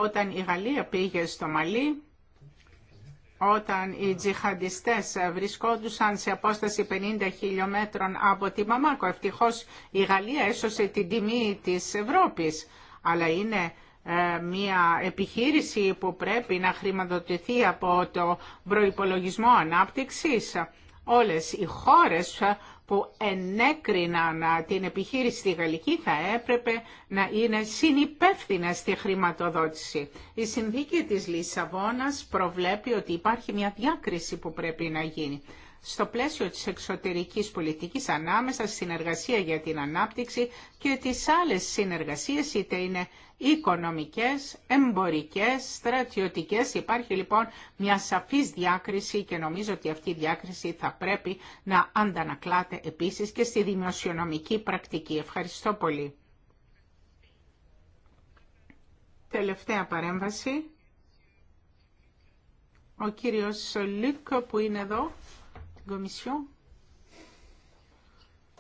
Όταν η Γαλλία πήγε στο Μαλί, όταν οι τζιχαντιστές βρισκόντουσαν σε απόσταση 50 χιλιόμετρων από τη Μαμάκο. Ευτυχώς η Γαλλία έσωσε την τιμή της Ευρώπης, αλλά είναι ε, μια επιχείρηση που πρέπει να χρηματοδοτηθεί από το προϋπολογισμό ανάπτυξης. Όλες οι χώρες που ενέκριναν την επιχείρηση στη Γαλλική θα έπρεπε να είναι συνυπεύθυνα στη χρηματοδότηση. Η Συνδίκη της Λισαβόνας προβλέπει ότι υπάρχει μια διάκριση που πρέπει να γίνει. Στο πλαίσιο της εξωτερικής πολιτικής ανάμεσα συνεργασία για την ανάπτυξη και τις άλλες συνεργασίες, είτε είναι οικονομικές, εμπορικές, στρατιωτικές. Υπάρχει λοιπόν μια σαφής διάκριση και νομίζω ότι αυτή η διάκριση θα πρέπει να αντανακλάται επίσης και στη δημοσιονομική πρακτική. Ευχαριστώ πολύ. Τελευταία παρέμβαση. Ο κύριος Λίκ που είναι εδώ, την Κομισιόν.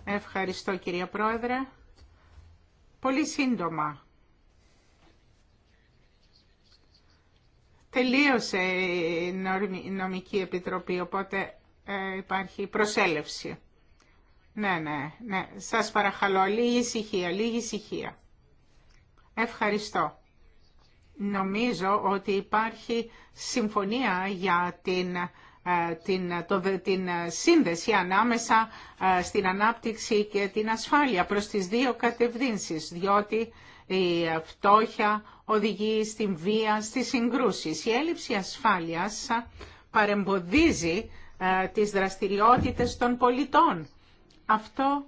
Ευχαριστώ κυρία Πρόεδρε. Πολύ σύντομα τελείωσε η νομική επιτροπή, οπότε ε, υπάρχει προσέλευση. Ναι, ναι, ναι. Σας παρακαλώ, λίγη ησυχία, λίγη ησυχία. Ευχαριστώ. Νομίζω ότι υπάρχει συμφωνία για την, ε, την, την σύνδεση ανάμεσα ε, στην ανάπτυξη και την ασφάλεια προς τις δύο κατευθύνσεις, διότι η φτώχεια οδηγεί στην βία, στις συγκρούσεις. Η έλλειψη ασφάλειας παρεμποδίζει ε, τις δραστηριότητες των πολιτών. Αυτό,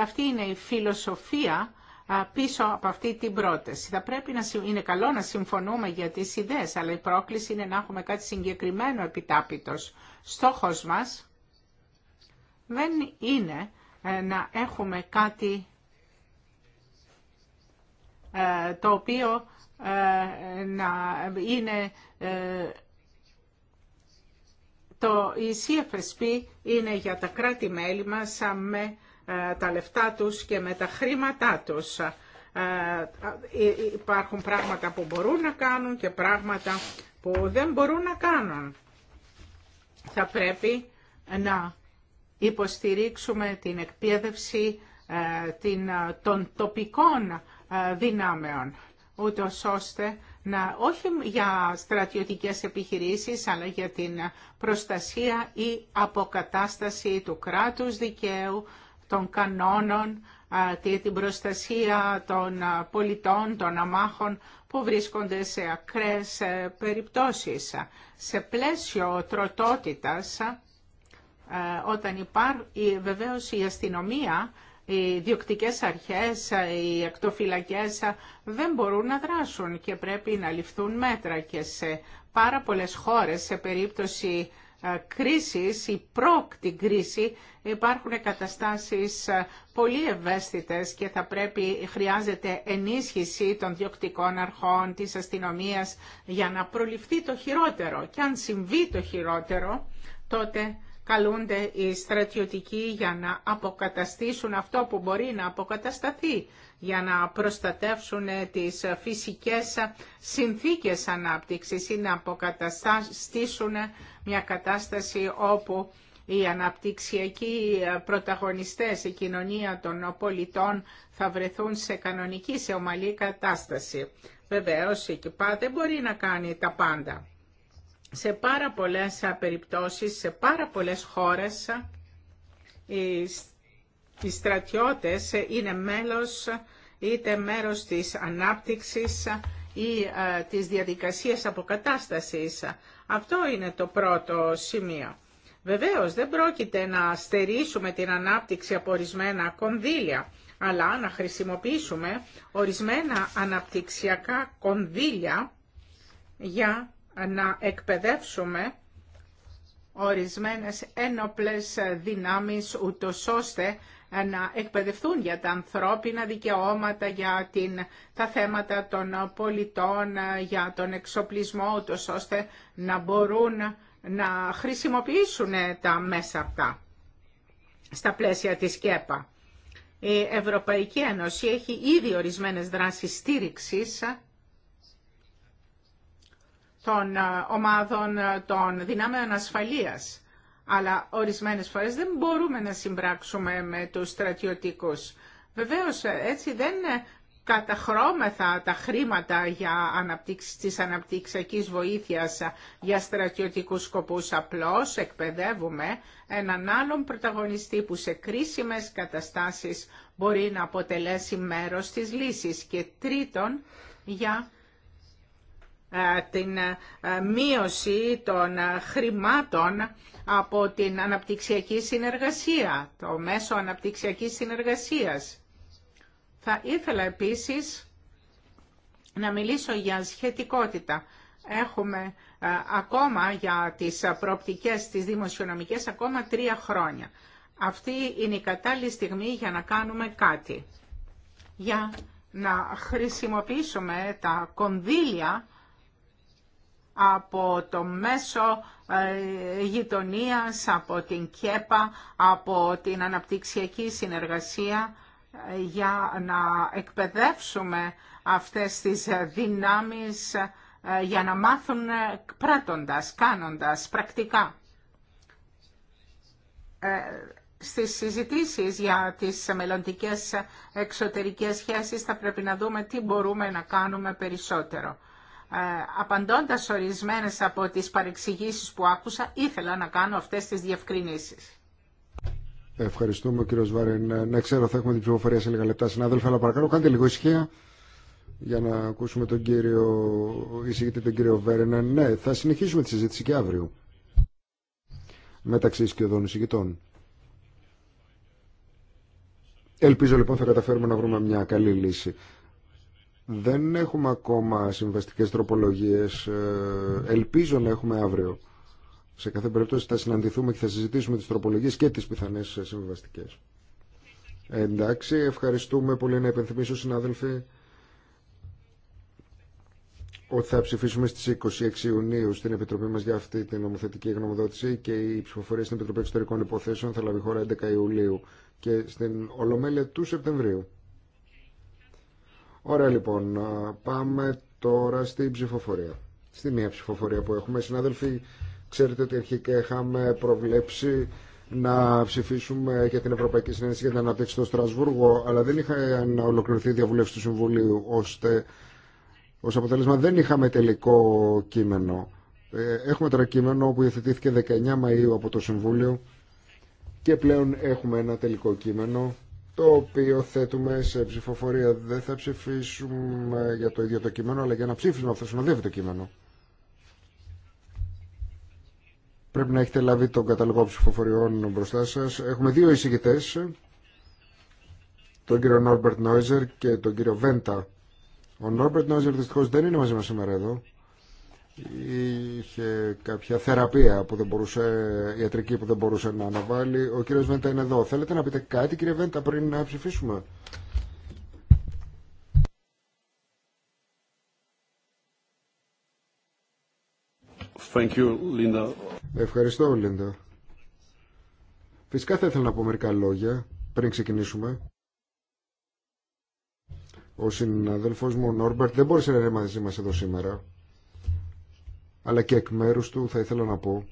αυτή είναι η φιλοσοφία ε, πίσω από αυτή την πρόταση. Θα πρέπει να, είναι καλό να συμφωνούμε για τις ιδέες, αλλά η πρόκληση είναι να έχουμε κάτι συγκεκριμένο επιτάπητος. Στόχος μας δεν είναι ε, να έχουμε κάτι ε, το οποίο ε, να είναι ε, το CFSP είναι για τα κράτη-μέλη μας με τα λεφτά τους και με τα χρήματά τους. Υπάρχουν πράγματα που μπορούν να κάνουν και πράγματα που δεν μπορούν να κάνουν. Θα πρέπει να υποστηρίξουμε την εκπαίδευση των τοπικών ε, δυνάμεων, ούτω ώστε να, όχι για στρατιωτικές επιχειρήσεις, αλλά για την προστασία ή αποκατάσταση του κράτους δικαίου, των κανόνων, ε, την προστασία των ε, πολιτών, των αμάχων που βρίσκονται σε ακραίες περιπτώσεις. Σε πλαίσιο τροτότητας, όταν υπάρχει βεβαίως η αστυνομία οι διοκτικές αρχές, οι ακτοφυλακές δεν μπορούν να δράσουν και πρέπει να ληφθούν μέτρα και σε πάρα πολλές χώρες σε περίπτωση κρίσης ή πρόκτη κρίση υπάρχουν καταστάσεις πολύ ευαίσθητες και θα πρέπει, χρειάζεται ενίσχυση των διοκτικών αρχών, της αστυνομίας για να προληφθεί το χειρότερο. Και αν συμβεί το χειρότερο, τότε καλούνται οι στρατιωτικοί για να αποκαταστήσουν αυτό που μπορεί να αποκατασταθεί, για να προστατεύσουν τις φυσικές συνθήκες ανάπτυξης ή να αποκαταστήσουν μια κατάσταση όπου οι αναπτυξιακοί πρωταγωνιστές, η κοινωνία των πολιτών θα βρεθούν σε κανονική, σε ομαλή κατάσταση. Βεβαίως η ΚΠΑ δεν μπορεί να κάνει τα πάντα σε πάρα πολλές περιπτώσεις, σε πάρα πολλές χώρες, οι στρατιώτες ε, είναι μέλος είτε μέρος της ανάπτυξης ή της διαδικασίας αποκατάστασης. Αυτό είναι το πρώτο σημείο. Βεβαίως δεν πρόκειται να στερήσουμε την ανάπτυξη από ορισμένα κονδύλια, αλλά να χρησιμοποιήσουμε ορισμένα αναπτυξιακά κονδύλια για να εκπαιδεύσουμε ορισμένες ένοπλες δυνάμεις ούτως ώστε να εκπαιδευτούν για τα ανθρώπινα δικαιώματα, για την, τα θέματα των πολιτών, για τον εξοπλισμό, ούτως ώστε να μπορούν να χρησιμοποιήσουν τα μέσα αυτά στα πλαίσια της ΚΕΠΑ. Η Ευρωπαϊκή Ένωση έχει ήδη ορισμένες δράσεις στήριξης των ε, ομάδων ε, των δυνάμεων ασφαλείας. Αλλά ορισμένες φορές δεν μπορούμε να συμπράξουμε με τους στρατιωτικούς. Βεβαίως ε, έτσι δεν καταχρώμεθα τα χρήματα για αναπτύξη, της αναπτυξιακής βοήθειας για στρατιωτικούς σκοπούς. Απλώς εκπαιδεύουμε έναν άλλον πρωταγωνιστή που σε κρίσιμες καταστάσεις μπορεί να αποτελέσει μέρος της λύσης. Και τρίτον, για ε, την ε, μείωση των ε, χρημάτων από την αναπτυξιακή συνεργασία, το μέσο αναπτυξιακής συνεργασίας. Θα ήθελα επίσης να μιλήσω για σχετικότητα. Έχουμε ακόμα για τις προοπτικές, τις δημοσιονομικές, ακόμα τρία χρόνια. Αυτή είναι η κατάλληλη στιγμή για να κάνουμε κάτι. Για να χρησιμοποιήσουμε τα κονδύλια από το μέσο ε, γειτονίας, από την ΚΕΠΑ, από την αναπτυξιακή συνεργασία ε, για να εκπαιδεύσουμε αυτές τις δυνάμεις ε, για να μάθουν πράττοντας, κάνοντας, πρακτικά. Στις συζητήσεις για τις μελλοντικές εξωτερικές σχέσεις θα πρέπει να δούμε τι μπορούμε να κάνουμε περισσότερο. Ε, απαντώντας ορισμένες από τις παρεξηγήσεις που άκουσα, ήθελα να κάνω αυτές τις διευκρινήσεις. Ευχαριστούμε κύριο Βάρεν. Να ξέρω θα έχουμε την ψηφοφορία σε λίγα λεπτά συνάδελφα, αλλά παρακαλώ κάντε λίγο ισχύα για να ακούσουμε τον κύριο εισηγητή τον κύριο Βέρενα. Ε, ναι, θα συνεχίσουμε τη συζήτηση και αύριο μεταξύ σκιωδών εισηγητών. Ελπίζω λοιπόν θα καταφέρουμε να βρούμε μια καλή λύση. Δεν έχουμε ακόμα συμβαστικές τροπολογίες. Ε, ελπίζω να έχουμε αύριο. Σε κάθε περίπτωση θα συναντηθούμε και θα συζητήσουμε τις τροπολογίες και τις πιθανές συμβαστικές. Εντάξει, ευχαριστούμε πολύ να επενθυμίσω συνάδελφοι ότι θα ψηφίσουμε στις 26 Ιουνίου στην Επιτροπή μας για αυτή την νομοθετική γνωμοδότηση και η ψηφοφορία στην Επιτροπή Εξωτερικών Υποθέσεων θα λάβει χώρα 11 Ιουλίου και στην Ολομέλεια του Σεπτεμβρίου. Ωραία λοιπόν, πάμε τώρα στην ψηφοφορία. Στη μία ψηφοφορία που έχουμε. Συνάδελφοι, ξέρετε ότι αρχικά είχαμε προβλέψει να ψηφίσουμε για την Ευρωπαϊκή Συνέντευξη για την Αναπτύξη στο Στρασβούργο, αλλά δεν να ολοκληρωθεί η διαβουλεύση του Συμβουλίου, ώστε ως αποτέλεσμα δεν είχαμε τελικό κείμενο. Ε, έχουμε τώρα κείμενο που υιοθετήθηκε 19 Μαΐου από το Συμβούλιο και πλέον έχουμε ένα τελικό κείμενο το οποίο θέτουμε σε ψηφοφορία. Δεν θα ψηφίσουμε για το ίδιο το κείμενο, αλλά για ένα ψήφισμα αυτό θα συνοδεύει το κείμενο. Πρέπει να έχετε λάβει τον καταλογό ψηφοφοριών μπροστά σας. Έχουμε δύο εισηγητές, τον κύριο Νόρμπερτ Νόιζερ και τον κύριο Βέντα. Ο Νόρμπερτ Νόιζερ δυστυχώ δεν είναι μαζί μας σήμερα εδώ είχε κάποια θεραπεία που δεν μπορούσε, ιατρική που δεν μπορούσε να αναβάλει. Ο κύριος Βέντα είναι εδώ. Θέλετε να πείτε κάτι κύριε Βέντα πριν να ψηφίσουμε. Thank you, Linda. Ευχαριστώ Λίντα. Φυσικά θα ήθελα να πω μερικά λόγια πριν ξεκινήσουμε. Ο συναδελφός μου ο Νόρμπερτ δεν μπορούσε να είναι μαζί μας εδώ σήμερα αλλά και εκ μέρους του θα ήθελα να πω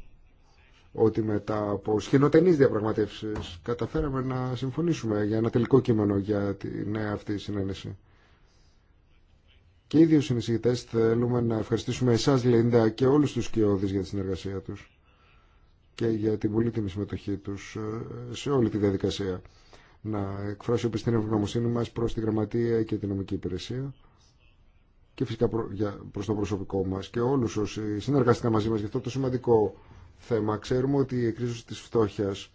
ότι μετά από σχηνοτενείς διαπραγματεύσεις καταφέραμε να συμφωνήσουμε για ένα τελικό κείμενο για τη νέα αυτή συνένεση. Και οι δύο συνεισηγητές θέλουμε να ευχαριστήσουμε εσάς Λίντα και όλους τους κοιόδης για τη συνεργασία τους και για την πολύτιμη συμμετοχή τους σε όλη τη διαδικασία. Να εκφράσω επίσης την ευγνωμοσύνη μας προς τη Γραμματεία και την Νομική Υπηρεσία και φυσικά προ, για, προς το προσωπικό μας και όλους όσοι συνεργάστηκαν μαζί μας για αυτό το σημαντικό θέμα. Ξέρουμε ότι η εκρίζωση της φτώχειας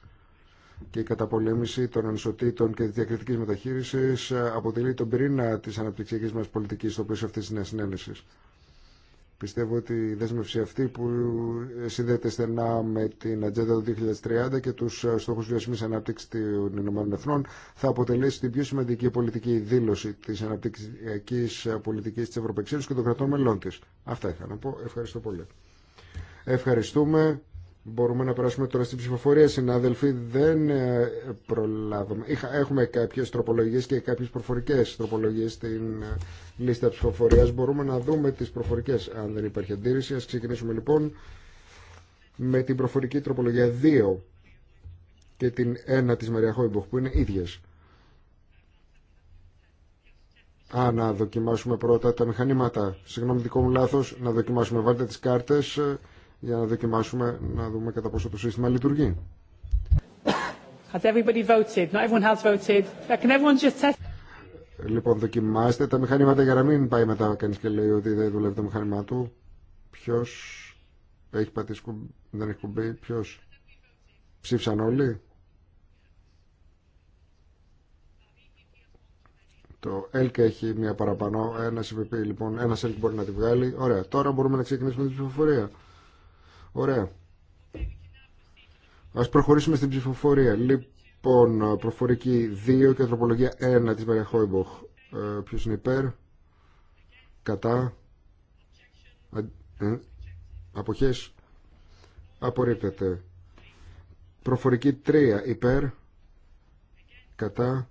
και η καταπολέμηση των ανισοτήτων και τη διακριτικής μεταχείρισης αποτελεί τον πυρήνα της αναπτυξιακής μας πολιτικής, στο πλαίσιο αυτή τη νέα Πιστεύω ότι η δέσμευση αυτή που συνδέεται στενά με την Ατζέντα του 2030 και τους στόχους βιασμής ανάπτυξης των Ηνωμένων Εθνών θα αποτελέσει την πιο σημαντική πολιτική δήλωση της αναπτυξιακής πολιτικής της Ευρωπαϊκής και των κρατών μελών της. Αυτά είχα να πω. Ευχαριστώ πολύ. Ευχαριστούμε. Μπορούμε να περάσουμε τώρα στην ψηφοφορία, συνάδελφοι. Δεν ε, προλάβουμε. Έχουμε κάποιες τροπολογίες και κάποιες προφορικές τροπολογίες στην ε, λίστα ψηφοφορίας. Μπορούμε να δούμε τις προφορικές, αν δεν υπάρχει αντίρρηση. Ας ξεκινήσουμε λοιπόν με την προφορική τροπολογία 2 και την 1 της Μαρία Χόιμποχ, που είναι ίδιες. Α, να δοκιμάσουμε πρώτα τα μηχανήματα. Συγγνώμη, δικό μου λάθος. Να δοκιμάσουμε. Βάλτε τις κάρτες για να δοκιμάσουμε να δούμε κατά πόσο το σύστημα λειτουργεί. Has everybody voted? Not everyone has voted. Can everyone just test? Λοιπόν, δοκιμάστε τα μηχανήματα για να μην πάει μετά κανεί και λέει ότι δεν δουλεύει το μηχανήμα του. Ποιο έχει πατήσει κουμπί, δεν έχει κουμπί, ποιος. Ψήφισαν όλοι. Το ΕΛΚ έχει μία παραπάνω, ένα CVP λοιπόν, ένα ΕΛΚ μπορεί να τη βγάλει. Ωραία, τώρα μπορούμε να ξεκινήσουμε την ψηφοφορία. Ωραία. Ας προχωρήσουμε στην ψηφοφορία. Λοιπόν, προφορική 2 και τροπολογία 1 της Μαρία Χόιμποχ. Ε, ποιος είναι υπέρ, κατά, α, ε, αποχές, απορρίπτεται. Προφορική 3 υπέρ, κατά,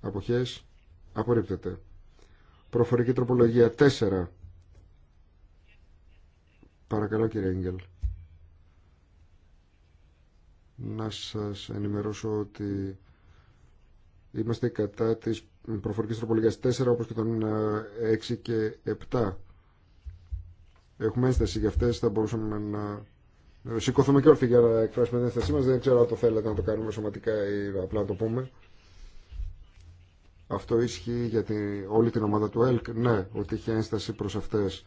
αποχές, απορρίπτεται. Προφορική τροπολογία 4 Παρακαλώ κύριε Έγγελ. Να σας ενημερώσω ότι είμαστε κατά της προφορικής τροπολογίας 4 όπως και των 6 ε, και 7. Έχουμε ένσταση για αυτές, θα μπορούσαμε να σηκωθούμε και όρθιοι για να εκφράσουμε την ένστασή μας. Δεν ξέρω αν το θέλετε να το κάνουμε σωματικά ή απλά να το πούμε. Αυτό ισχύει για την, όλη την ομάδα του ΕΛΚ, ναι, ότι είχε ένσταση προς αυτές.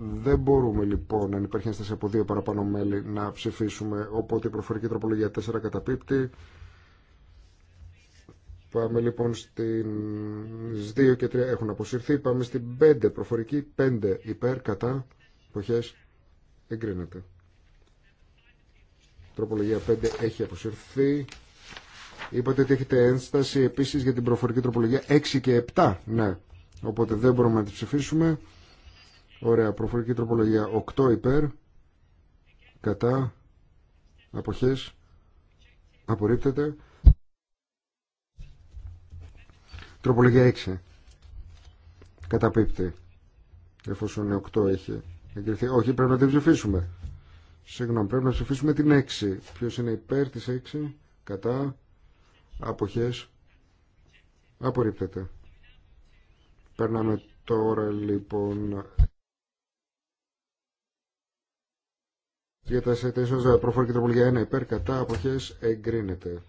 Δεν μπορούμε λοιπόν, αν υπάρχει ένσταση από δύο παραπάνω μέλη, να ψηφίσουμε. Οπότε η προφορική τροπολογία 4 καταπίπτει. Πάμε λοιπόν στην 2 και 3 έχουν αποσυρθεί. Πάμε στην 5 προφορική. 5 υπέρ, κατά, εποχέ. Εγκρίνεται. Τροπολογία 5 έχει αποσυρθεί. Είπατε ότι έχετε ένσταση επίση για την προφορική τροπολογία 6 και 7. Ναι. Οπότε δεν μπορούμε να τη ψηφίσουμε. Ωραία, προφορική τροπολογία 8 υπέρ, κατά, αποχές, απορρίπτεται. Τροπολογία 6, καταπίπτει, εφόσον 8 έχει εγκριθεί. Όχι, πρέπει να την ψηφίσουμε. Συγγνώμη, πρέπει να ψηφίσουμε την 6. Ποιος είναι υπέρ της 6, κατά, αποχές, απορρίπτεται. Περνάμε τώρα λοιπόν Για τα προφόρη ε, προφορική τροπολογία 1 υπέρ κατά αποχές εγκρίνεται.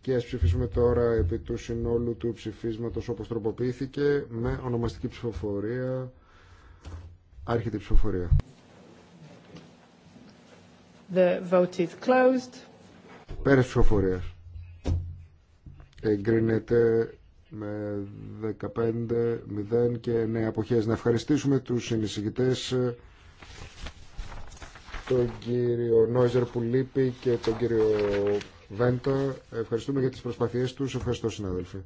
Και ας ψηφίσουμε τώρα επί του συνόλου του ψηφίσματος όπως τροποποιήθηκε με ονομαστική ψηφοφορία, η ψηφοφορία. The vote is closed. Πέρας Εγκρίνεται με 15, 0 και 9 αποχές. Να ευχαριστήσουμε τους συνεισηγητές τον κύριο Νόιζερ που λείπει και τον κύριο Βέντα. Ευχαριστούμε για τις προσπαθίες τους. Ευχαριστώ συνάδελφοι.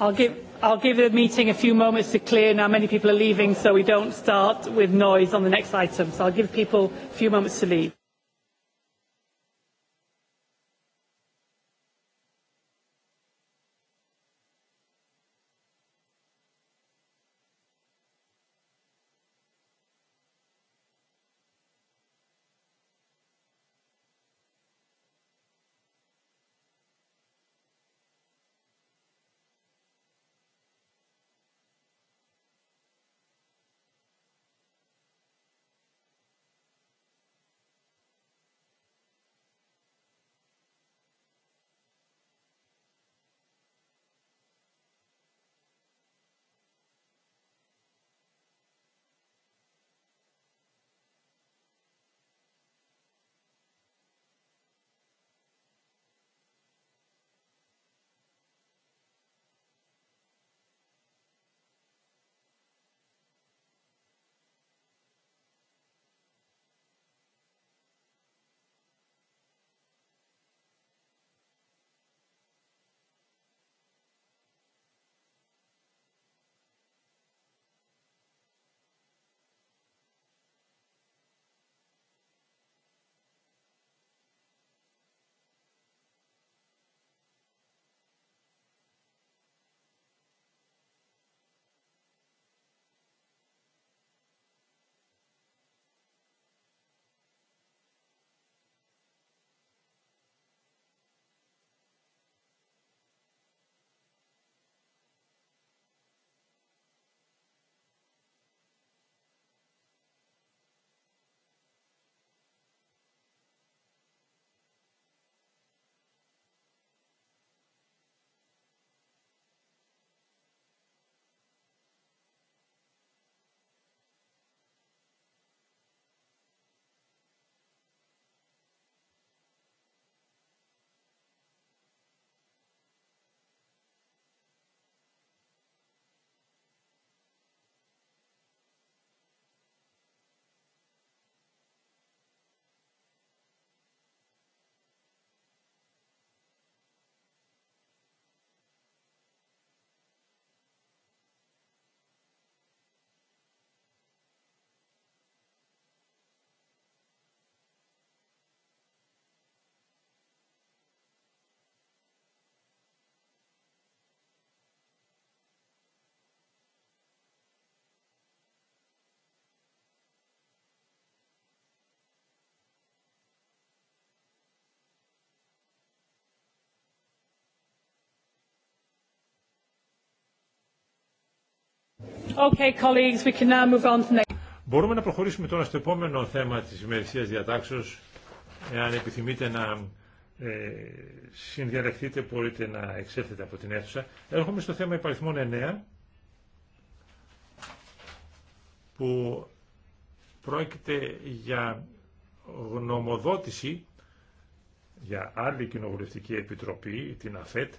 I'll give, I'll give the meeting a few moments to clear now. Many people are leaving, so we don't start with noise on the next item. So I'll give people a few moments to leave. Okay, colleagues, we can now move on to next. Μπορούμε να προχωρήσουμε τώρα στο επόμενο θέμα της ημερησίας διατάξεως. Εάν επιθυμείτε να ε, συνδιαλεχθείτε, μπορείτε να εξέλθετε από την αίθουσα. Έρχομαι στο θέμα υπαριθμών 9, που πρόκειται για γνωμοδότηση για άλλη κοινοβουλευτική επιτροπή, την ΑΦΕΤ,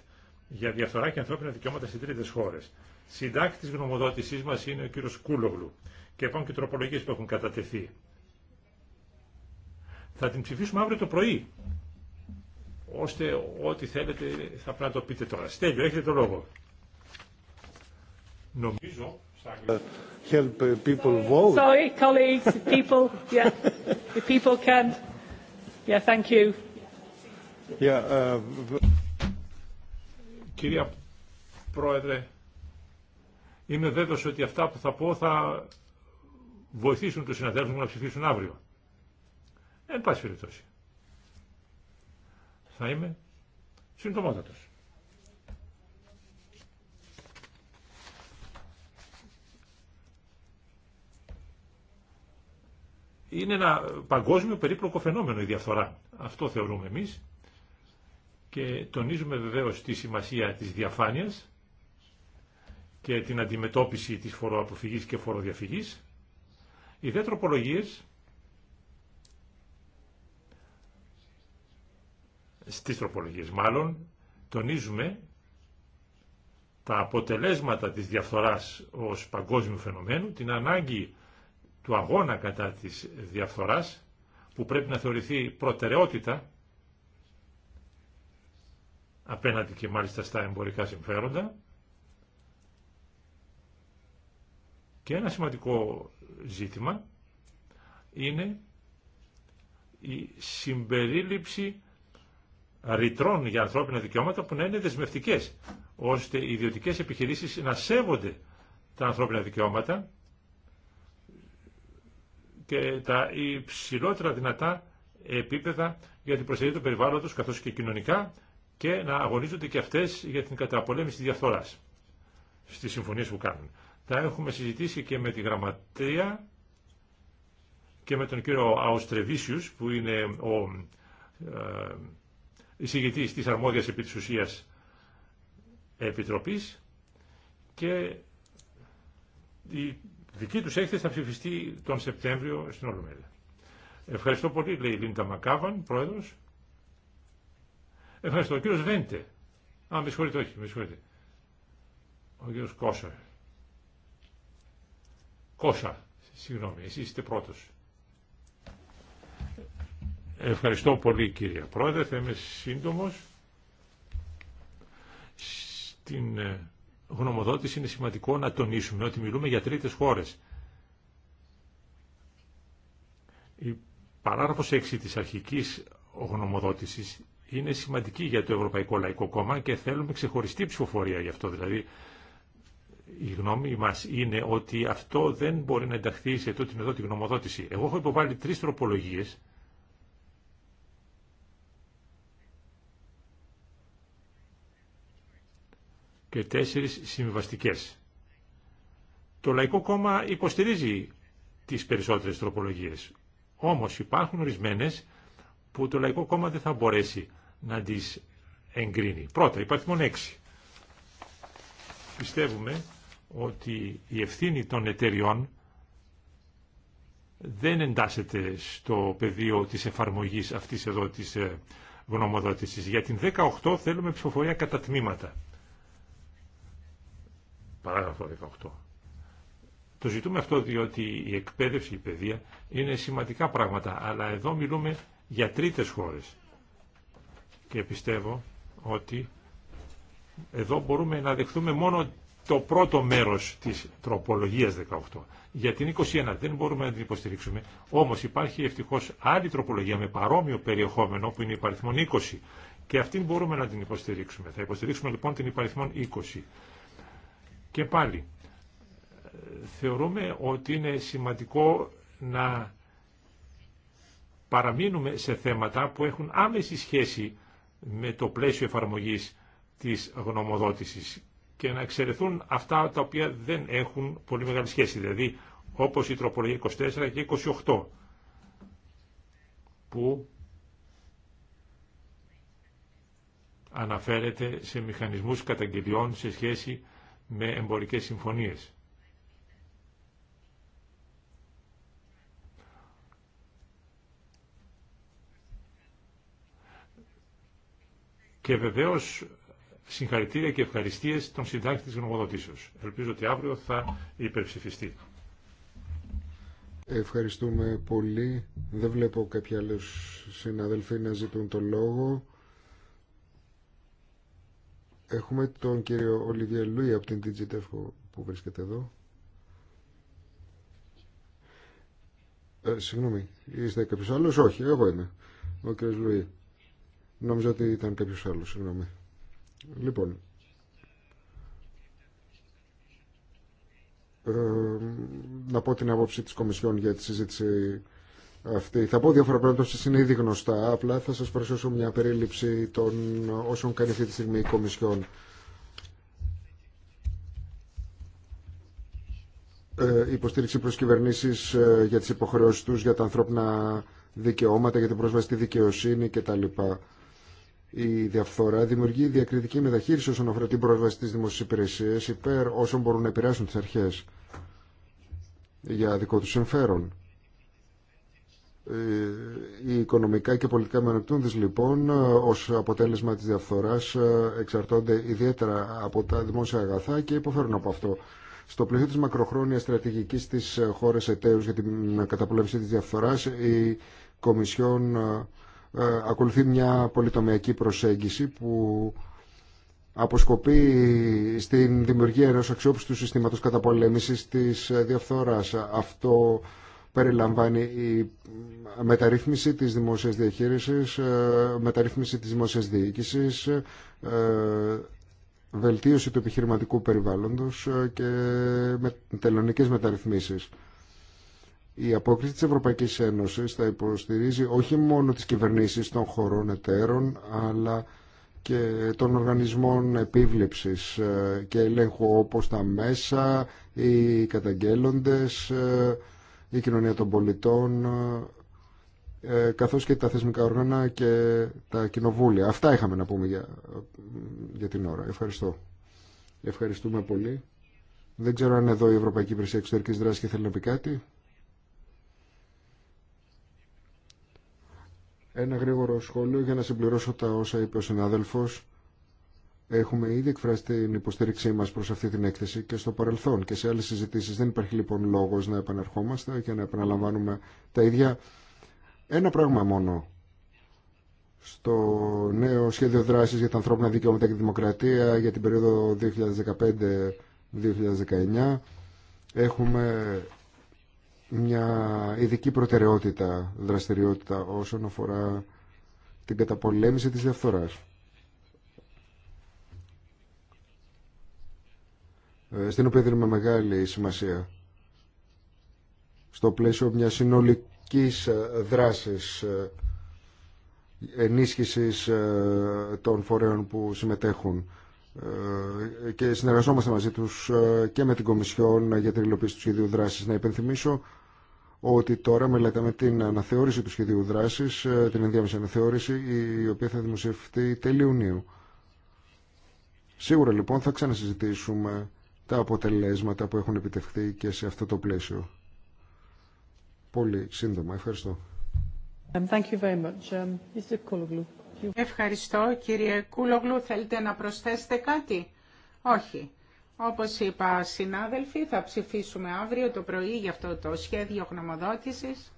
για διαφθορά και ανθρώπινα δικαιώματα σε τρίτες χώρες. Συντάκτης γνωμοδότησής μας είναι ο κύριος Κούλογλου και υπάρχουν και τροπολογίες που έχουν κατατεθεί. Θα την ψηφίσουμε αύριο το πρωί, ώστε ό,τι θέλετε θα πρέπει να το πείτε τώρα. Στέλιο, έχετε το λόγο. Νομίζω... Uh, uh, Sorry, colleagues, people, yeah, people can. Yeah, thank you. Yeah, uh... Πρόεδρε, Είμαι βέβαιος ότι αυτά που θα πω θα βοηθήσουν τους συναδέλφους μου να ψηφίσουν αύριο. Εν πάση περιπτώσει. Θα είμαι συντομότατος. Είναι ένα παγκόσμιο περίπλοκο φαινόμενο η διαφθορά. Αυτό θεωρούμε εμείς και τονίζουμε βεβαίως τη σημασία της διαφάνειας και την αντιμετώπιση της φοροαποφυγής και φοροδιαφυγής. Οι δε τροπολογίες στις τροπολογίες μάλλον τονίζουμε τα αποτελέσματα της διαφθοράς ως παγκόσμιου φαινομένου, την ανάγκη του αγώνα κατά της διαφθοράς που πρέπει να θεωρηθεί προτεραιότητα απέναντι και μάλιστα στα εμπορικά συμφέροντα Και ένα σημαντικό ζήτημα είναι η συμπερίληψη ρητρών για ανθρώπινα δικαιώματα που να είναι δεσμευτικές, ώστε οι ιδιωτικές επιχειρήσεις να σέβονται τα ανθρώπινα δικαιώματα και τα υψηλότερα δυνατά επίπεδα για την προστασία του περιβάλλοντος καθώς και κοινωνικά και να αγωνίζονται και αυτές για την καταπολέμηση διαφθοράς στις συμφωνίες που κάνουν. Τα έχουμε συζητήσει και με τη Γραμματεία και με τον κύριο Αουστρεβίσιους που είναι ο ε, εισηγητής της αρμόδιας επί της ουσίας επιτροπής και η δική τους έκθεση θα ψηφιστεί τον Σεπτέμβριο στην Ολομέλεια. Ευχαριστώ πολύ, λέει η Λίντα Μακάβαν, πρόεδρος. Ευχαριστώ. Ο κύριος Βέντε. Α, με συγχωρείτε, όχι, με συγχωρείτε. Ο κύριος Κόσορ. Κόσα, συγγνώμη, εσείς είστε πρώτος. Ευχαριστώ πολύ κύριε Πρόεδρε, θα είμαι σύντομος. Στην ε, γνωμοδότηση είναι σημαντικό να τονίσουμε ότι μιλούμε για τρίτες χώρες. Η παράγραφος 6 της αρχικής γνωμοδότησης είναι σημαντική για το Ευρωπαϊκό Λαϊκό Κόμμα και θέλουμε ξεχωριστή ψηφοφορία γι' αυτό. Δηλαδή η γνώμη μα είναι ότι αυτό δεν μπορεί να ενταχθεί σε τούτη εδώ τη γνωμοδότηση. Εγώ έχω υποβάλει τρει τροπολογίες και τέσσερις συμβαστικές. Το Λαϊκό Κόμμα υποστηρίζει τις περισσότερες τροπολογίες. Όμως υπάρχουν ορισμένε που το Λαϊκό Κόμμα δεν θα μπορέσει να τις εγκρίνει. Πρώτα, υπάρχει μόνο έξι. Πιστεύουμε ότι η ευθύνη των εταιριών δεν εντάσσεται στο πεδίο της εφαρμογής αυτής εδώ της ε, γνωμοδότησης. Για την 18 θέλουμε ψηφοφορία κατά τμήματα. Παράγραφο 18. Το ζητούμε αυτό διότι η εκπαίδευση, η παιδεία είναι σημαντικά πράγματα, αλλά εδώ μιλούμε για τρίτες χώρες. Και πιστεύω ότι εδώ μπορούμε να δεχθούμε μόνο το πρώτο μέρος της τροπολογίας 18. Για την 21 δεν μπορούμε να την υποστηρίξουμε, όμως υπάρχει ευτυχώς άλλη τροπολογία με παρόμοιο περιεχόμενο που είναι η υπαριθμόν 20 και αυτήν μπορούμε να την υποστηρίξουμε. Θα υποστηρίξουμε λοιπόν την υπαριθμόν 20. Και πάλι, θεωρούμε ότι είναι σημαντικό να παραμείνουμε σε θέματα που έχουν άμεση σχέση με το πλαίσιο εφαρμογής της γνωμοδότησης και να εξαιρεθούν αυτά τα οποία δεν έχουν πολύ μεγάλη σχέση, δηλαδή όπως η τροπολογία 24 και 28 που αναφέρεται σε μηχανισμούς καταγγελιών σε σχέση με εμπορικές συμφωνίες. Και βεβαίως συγχαρητήρια και ευχαριστίες των συντάκτη της γνωμοδοτήσεως. Ελπίζω ότι αύριο θα υπερψηφιστεί. Ευχαριστούμε πολύ. Δεν βλέπω κάποιοι άλλου συναδελφοί να ζητούν το λόγο. Έχουμε τον κύριο Ολιβιέ Λούι από την Digitefco που βρίσκεται εδώ. Ε, συγγνώμη, είστε κάποιος άλλος. Όχι, εγώ είμαι. Ο κύριος Λουί. Νόμιζα ότι ήταν κάποιος άλλος, συγγνώμη. Λοιπόν, ε, να πω την άποψη της Κομισιόν για τη συζήτηση αυτή. Θα πω διάφορα πράγματα που είναι ήδη γνωστά, απλά θα σας παρουσιάσω μια περίληψη των όσων κάνει αυτή τη στιγμή η Κομισιόν. Ε, υποστήριξη προς κυβερνήσεις ε, για τις υποχρεώσεις τους, για τα ανθρώπινα δικαιώματα, για την πρόσβαση στη δικαιοσύνη κτλ. Η διαφθορά δημιουργεί διακριτική μεταχείριση όσον αφορά την πρόσβαση στις δημοσίες υπηρεσίες υπέρ όσων μπορούν να επηρεάσουν τις αρχές για δικό τους συμφέρον. Ε, οι οικονομικά και πολιτικά μενεκτούντες λοιπόν ως αποτέλεσμα της διαφθοράς ε, εξαρτώνται ιδιαίτερα από τα δημόσια αγαθά και υποφέρουν από αυτό. Στο πλαίσιο της μακροχρόνιας στρατηγικής τη ε, χώρες εταίρους για την καταπολέμηση της διαφθοράς η Κομισιόν ε, ακολουθεί μια πολυτομιακή προσέγγιση που αποσκοπεί στην δημιουργία ενός αξιόπιστου συστήματος καταπολέμησης της διαφθοράς. Αυτό περιλαμβάνει η μεταρρύθμιση της δημόσιας διαχείρισης, ε, μεταρρύθμιση της δημόσιας διοίκησης, ε, βελτίωση του επιχειρηματικού περιβάλλοντος και τελωνικές μεταρρυθμίσεις η απόκριση της Ευρωπαϊκής Ένωσης θα υποστηρίζει όχι μόνο τις κυβερνήσεις των χωρών εταίρων, αλλά και των οργανισμών επίβλεψης ε, και ελέγχου όπως τα μέσα, οι καταγγέλλοντες, ε, η κοινωνία των πολιτών, ε, καθώς και τα θεσμικά όργανα και τα κοινοβούλια. Αυτά είχαμε να πούμε για, για την ώρα. Ευχαριστώ. Ευχαριστούμε πολύ. Δεν ξέρω αν εδώ η Ευρωπαϊκή Υπηρεσία Εξωτερικής Δράσης και θέλει να πει κάτι. Ένα γρήγορο σχόλιο για να συμπληρώσω τα όσα είπε ο συνάδελφο. Έχουμε ήδη εκφράσει την υποστήριξή μα προς αυτή την έκθεση και στο παρελθόν και σε άλλε συζητήσει. Δεν υπάρχει λοιπόν λόγος να επανερχόμαστε και να επαναλαμβάνουμε τα ίδια. Ένα πράγμα μόνο στο νέο σχέδιο δράσης για τα ανθρώπινα δικαιώματα και τη δημοκρατία για την περίοδο 2015-2019 έχουμε μια ειδική προτεραιότητα, δραστηριότητα όσον αφορά την καταπολέμηση της διαφθοράς. Ε, στην οποία δίνουμε μεγάλη σημασία στο πλαίσιο μια συνολικής ε, δράσης ε, ενίσχυσης των φορέων που συμμετέχουν και συνεργαζόμαστε μαζί τους και με την Κομισιόν για την υλοποίηση του σχεδίου δράσης. Να υπενθυμίσω ότι τώρα μελετάμε την αναθεώρηση του σχεδίου δράσης, ε, την ενδιάμεση αναθεώρηση, η οποία θα δημοσιευτεί τέλη Ιουνίου. Σίγουρα λοιπόν θα ξανασυζητήσουμε τα αποτελέσματα που έχουν επιτευχθεί και σε αυτό το πλαίσιο. Πολύ σύντομα. Ευχαριστώ. Um, thank you very much. Um, Ευχαριστώ. Κύριε Κούλογλου, θέλετε να προσθέσετε κάτι? Όχι. Όπως είπα συνάδελφοι, θα ψηφίσουμε αύριο το πρωί για αυτό το σχέδιο γνωμοδότησης.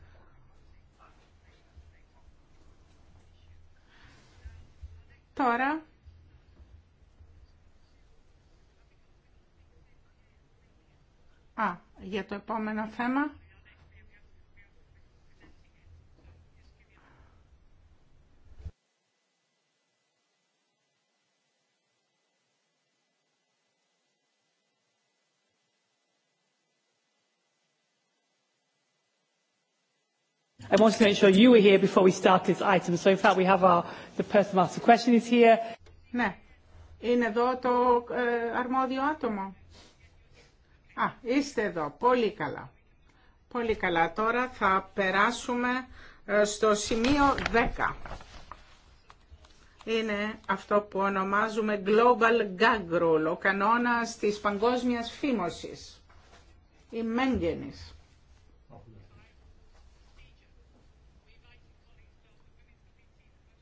Τώρα, α, για το επόμενο θέμα. Ναι, είναι εδώ το ε, αρμόδιο άτομο. Α, είστε εδώ. Πολύ καλά. Πολύ καλά. Τώρα θα περάσουμε ε, στο σημείο 10. Είναι αυτό που ονομάζουμε Global Gag Rule, ο κανόνας της παγκόσμιας φήμωσης, η Μέγγενης.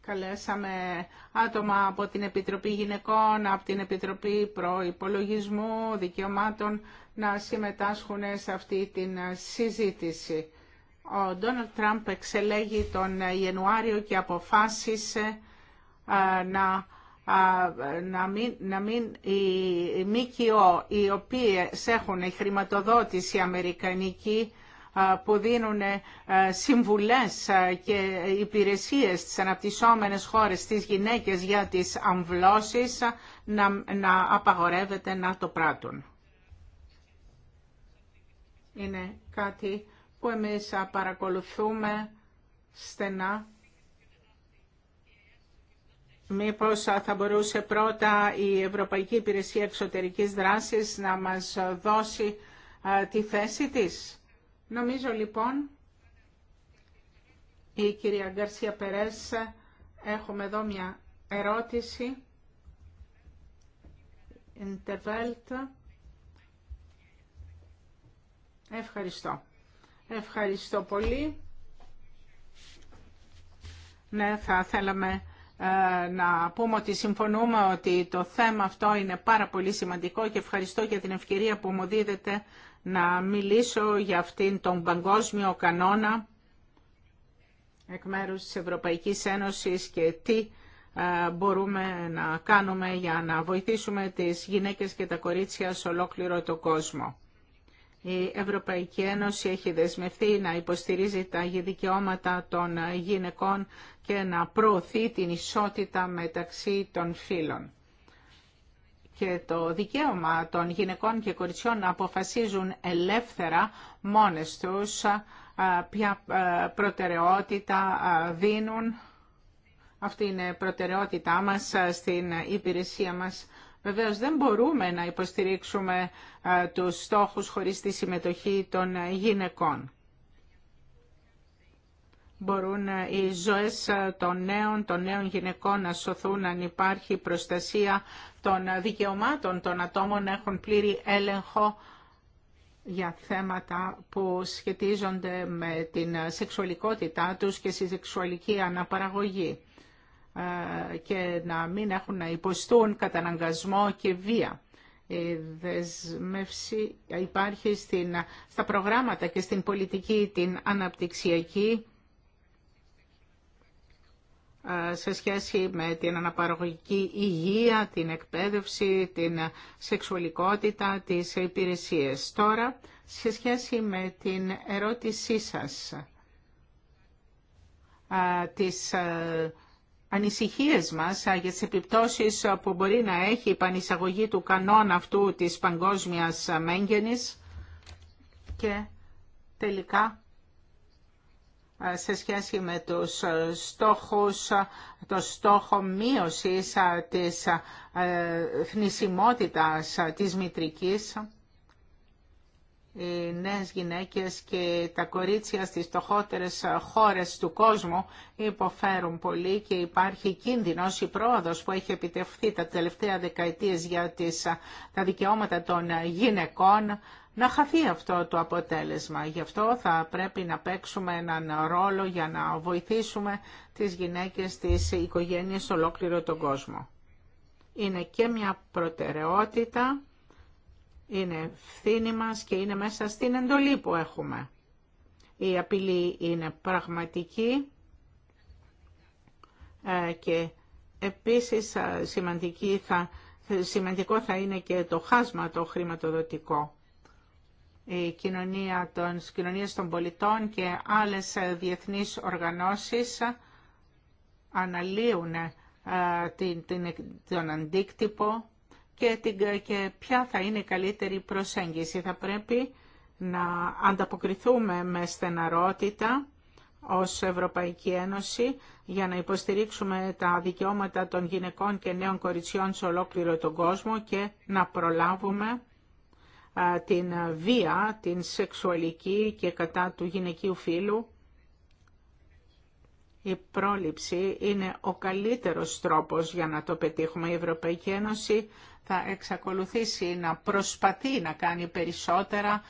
Καλέσαμε άτομα από την Επιτροπή Γυναικών, από την Επιτροπή Προϋπολογισμού, Δικαιωμάτων να συμμετάσχουν σε αυτή την συζήτηση. Ο Ντόναλτ Τραμπ εξελέγει τον Ιανουάριο και αποφάσισε να, να, μην, να μην οι, οι ΜΚΟ οι οποίες έχουν χρηματοδότηση αμερικανική που δίνουν ε, συμβουλές ε, και υπηρεσίες στις αναπτυσσόμενες χώρες στις γυναίκες για τις αμβλώσεις ε, να, να απαγορεύεται να το πράττουν. Είναι κάτι που εμείς παρακολουθούμε στενά. Μήπως θα μπορούσε πρώτα η Ευρωπαϊκή Υπηρεσία Εξωτερικής Δράσης να μας δώσει τη θέση της Νομίζω λοιπόν η κυρία Γκαρσία Περές έχουμε εδώ μια ερώτηση. Ευχαριστώ. Ευχαριστώ πολύ. Ναι, θα θέλαμε ε, να πούμε ότι συμφωνούμε ότι το θέμα αυτό είναι πάρα πολύ σημαντικό και ευχαριστώ για την ευκαιρία που μου δίδεται να μιλήσω για αυτήν τον παγκόσμιο κανόνα εκ μέρους της Ευρωπαϊκής Ένωσης και τι ε, μπορούμε να κάνουμε για να βοηθήσουμε τις γυναίκες και τα κορίτσια σε ολόκληρο το κόσμο. Η Ευρωπαϊκή Ένωση έχει δεσμευτεί να υποστηρίζει τα δικαιώματα των γυναικών και να προωθεί την ισότητα μεταξύ των φύλων και το δικαίωμα των γυναικών και κοριτσιών να αποφασίζουν ελεύθερα μόνες τους ποια προτεραιότητα δίνουν. Αυτή είναι προτεραιότητά μας στην υπηρεσία μας. Βεβαίως δεν μπορούμε να υποστηρίξουμε τους στόχους χωρίς τη συμμετοχή των γυναικών μπορούν ε, οι ζωές ε, των νέων, των νέων γυναικών να σωθούν αν υπάρχει προστασία των ε, δικαιωμάτων των ατόμων να έχουν πλήρη έλεγχο για θέματα που σχετίζονται με την σεξουαλικότητά τους και στη σεξουαλική αναπαραγωγή και να μην έχουν να υποστούν καταναγκασμό και βία. Η δεσμεύση υπάρχει στα προγράμματα και στην πολιτική την αναπτυξιακή σε σχέση με την αναπαραγωγική υγεία, την εκπαίδευση, την σεξουαλικότητα, τις υπηρεσίες. Τώρα, σε σχέση με την ερώτησή σας, τις ανησυχίες μας για τις επιπτώσεις που μπορεί να έχει η πανεισαγωγή του κανόνα αυτού της παγκόσμιας μέγενης και τελικά σε σχέση με τους στόχους, το στόχο μείωσης της ε, θνησιμότητας της μητρικής. Οι νέες γυναίκες και τα κορίτσια στις στοχότερες χώρες του κόσμου υποφέρουν πολύ και υπάρχει κίνδυνος η πρόοδος που έχει επιτευχθεί τα τελευταία δεκαετίες για τις, τα δικαιώματα των γυναικών να χαθεί αυτό το αποτέλεσμα. Γι' αυτό θα πρέπει να παίξουμε έναν ρόλο για να βοηθήσουμε τις γυναίκες, τις οικογένειες σε ολόκληρο τον κόσμο. Είναι και μια προτεραιότητα, είναι ευθύνη μας και είναι μέσα στην εντολή που έχουμε. Η απειλή είναι πραγματική ε, και επίσης ε, σημαντική θα, σημαντικό θα είναι και το χάσμα το χρηματοδοτικό η κοινωνία των, κοινωνίες των πολιτών και άλλες ε, διεθνείς οργανώσεις αναλύουν ε, την, την, τον αντίκτυπο και, την, ε, και ποια θα είναι η καλύτερη προσέγγιση. Θα πρέπει να ανταποκριθούμε με στεναρότητα ως Ευρωπαϊκή Ένωση για να υποστηρίξουμε τα δικαιώματα των γυναικών και νέων κοριτσιών σε ολόκληρο τον κόσμο και να προλάβουμε την βία, την σεξουαλική και κατά του γυναικείου φύλου, η πρόληψη είναι ο καλύτερος τρόπος για να το πετύχουμε. Η Ευρωπαϊκή Ένωση θα εξακολουθήσει να προσπαθεί να κάνει περισσότερα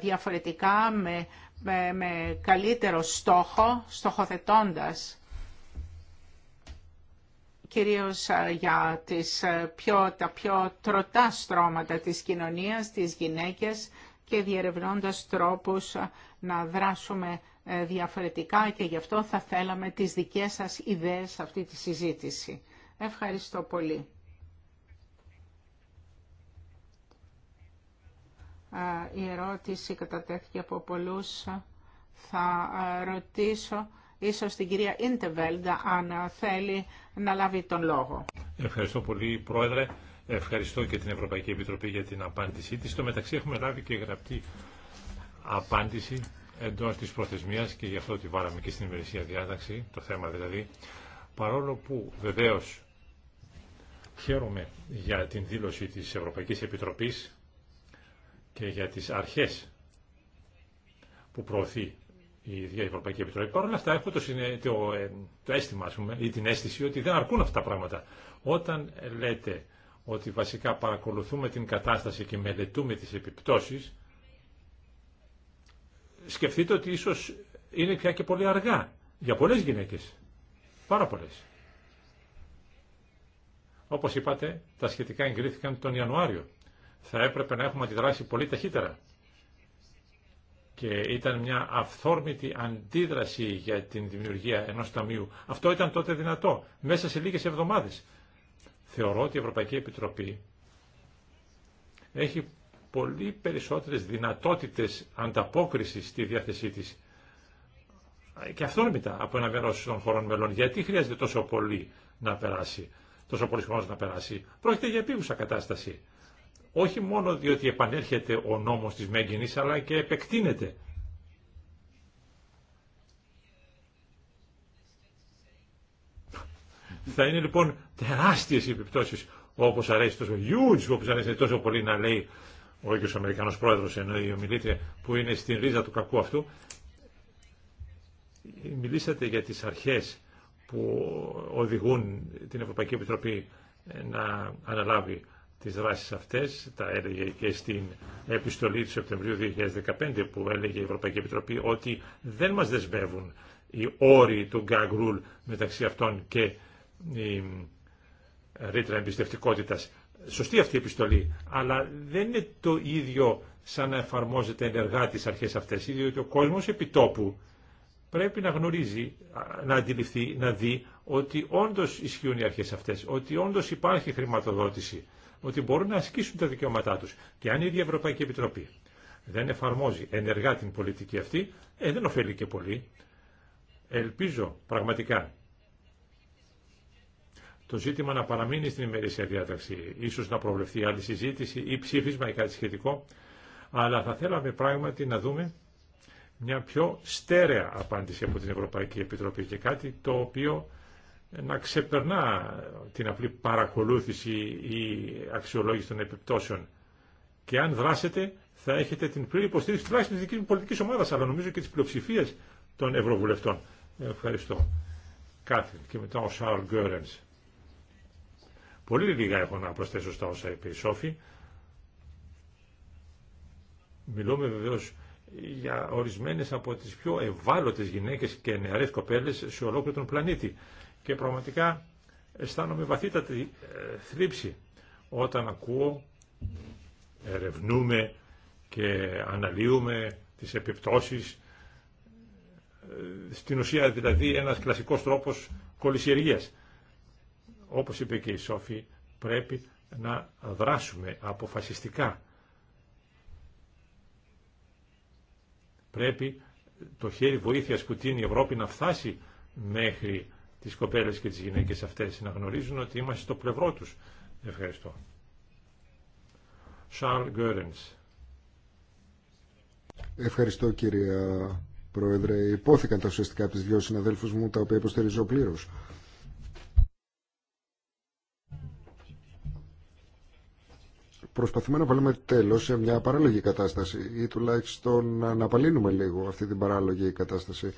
διαφορετικά με, με, με καλύτερο στόχο, στοχοθετώντας κυρίως για τις πιο, τα πιο τροτά στρώματα της κοινωνίας, τις γυναίκες και διερευνώντας τρόπους να δράσουμε ε, διαφορετικά και γι' αυτό θα θέλαμε τις δικές σας ιδέες σε αυτή τη συζήτηση. Ευχαριστώ πολύ. Η ερώτηση κατατέθηκε από πολλούς. Θα ρωτήσω Ίσως την κυρία Ιντεβέλντα αν θέλει να λάβει τον λόγο. Ευχαριστώ πολύ Πρόεδρε. Ευχαριστώ και την Ευρωπαϊκή Επιτροπή για την απάντησή της. Στο μεταξύ έχουμε λάβει και γραπτή απάντηση εντός της προθεσμίας και γι' αυτό τη βάλαμε και στην ημερησία διάταξη, το θέμα δηλαδή. Παρόλο που βεβαίως χαίρομαι για την δήλωση της Ευρωπαϊκής Επιτροπής και για τις αρχές που προωθεί η ίδια η Ευρωπαϊκή Επιτροπή. Παρ' όλα αυτά έχω το, το, ε, το αίσθημα ή την αίσθηση ότι δεν αρκούν αυτά τα πράγματα. Όταν λέτε ότι βασικά παρακολουθούμε την κατάσταση και μελετούμε τις επιπτώσεις, σκεφτείτε ότι ίσως είναι πια και πολύ αργά για πολλές γυναίκες. Πάρα πολλές. Όπως είπατε, τα σχετικά εγκρίθηκαν τον Ιανουάριο. Θα έπρεπε να έχουμε αντιδράσει πολύ ταχύτερα και ήταν μια αυθόρμητη αντίδραση για την δημιουργία ενός ταμείου. Αυτό ήταν τότε δυνατό, μέσα σε λίγες εβδομάδες. Θεωρώ ότι η Ευρωπαϊκή Επιτροπή έχει πολύ περισσότερες δυνατότητες ανταπόκρισης στη διάθεσή της και αυθόρμητα από ένα μέρος των χωρών μελών. Γιατί χρειάζεται τόσο πολύ να περάσει, τόσο πολύ χρόνο να περάσει. Πρόκειται για επίγουσα κατάσταση όχι μόνο διότι επανέρχεται ο νόμος της Μέγενης, αλλά και επεκτείνεται. Θα είναι λοιπόν τεράστιες οι επιπτώσεις, όπως αρέσει τόσο huge, όπως αρέσει τόσο πολύ να λέει ο ίδιος ο Αμερικανός πρόεδρος, ενώ η ομιλήτρια που είναι στην ρίζα του κακού αυτού. Μιλήσατε για τις αρχές που οδηγούν την Ευρωπαϊκή Επιτροπή ε, να αναλάβει τις δράσεις αυτές, τα έλεγε και στην επιστολή του Σεπτεμβρίου 2015 που έλεγε η Ευρωπαϊκή Επιτροπή ότι δεν μας δεσμεύουν οι όροι του gag rule μεταξύ αυτών και η ρήτρα εμπιστευτικότητα. Σωστή αυτή η επιστολή, αλλά δεν είναι το ίδιο σαν να εφαρμόζεται ενεργά τις αρχές αυτές, διότι ο κόσμος επιτόπου πρέπει να γνωρίζει, να αντιληφθεί, να δει ότι όντως ισχύουν οι αρχές αυτές, ότι όντως υπάρχει χρηματοδότηση ότι μπορούν να ασκήσουν τα δικαιώματά τους. Και αν η ίδια Ευρωπαϊκή Επιτροπή δεν εφαρμόζει ενεργά την πολιτική αυτή, ε, δεν ωφελεί και πολύ. Ελπίζω πραγματικά το ζήτημα να παραμείνει στην ημερήσια διάταξη, ίσως να προβλεφθεί άλλη συζήτηση ή ψήφισμα ή κάτι σχετικό, αλλά θα θέλαμε πράγματι να δούμε μια πιο στέρεα απάντηση από την Ευρωπαϊκή Επιτροπή και κάτι το οποίο να ξεπερνά την απλή παρακολούθηση ή αξιολόγηση των επιπτώσεων. Και αν δράσετε, θα έχετε την πλήρη υποστήριξη τουλάχιστον τη δική μου πολιτική ομάδα, αλλά νομίζω και τη πλειοψηφία των Ευρωβουλευτών. Ευχαριστώ. Κάτι και μετά ο Σάρλ Γκέρεν. Πολύ λίγα έχω να προσθέσω στα όσα είπε η Σόφη. Μιλούμε βεβαίω για ορισμένες από τις πιο ευάλωτες γυναίκες και νεαρές κοπέλες σε ολόκληρο τον πλανήτη και πραγματικά αισθάνομαι βαθύτατη ε, θλίψη όταν ακούω, ερευνούμε και αναλύουμε τις επιπτώσεις ε, στην ουσία δηλαδή ένας κλασικός τρόπος κολυσιεργίας. Όπως είπε και η Σόφη, πρέπει να δράσουμε αποφασιστικά. Πρέπει το χέρι βοήθειας που τίνει η Ευρώπη να φτάσει μέχρι τις κοπέλες και τις γυναίκες αυτές να γνωρίζουν ότι είμαστε στο πλευρό τους. Ευχαριστώ. Ευχαριστώ κύριε Πρόεδρε. Υπόθηκαν τα ουσιαστικά από τις δυο συναδέλφους μου τα οποία υποστηρίζω πλήρω. Προσπαθούμε να βάλουμε τέλο σε μια παράλογη κατάσταση ή τουλάχιστον να αναπαλύνουμε λίγο αυτή την παράλογη κατάσταση.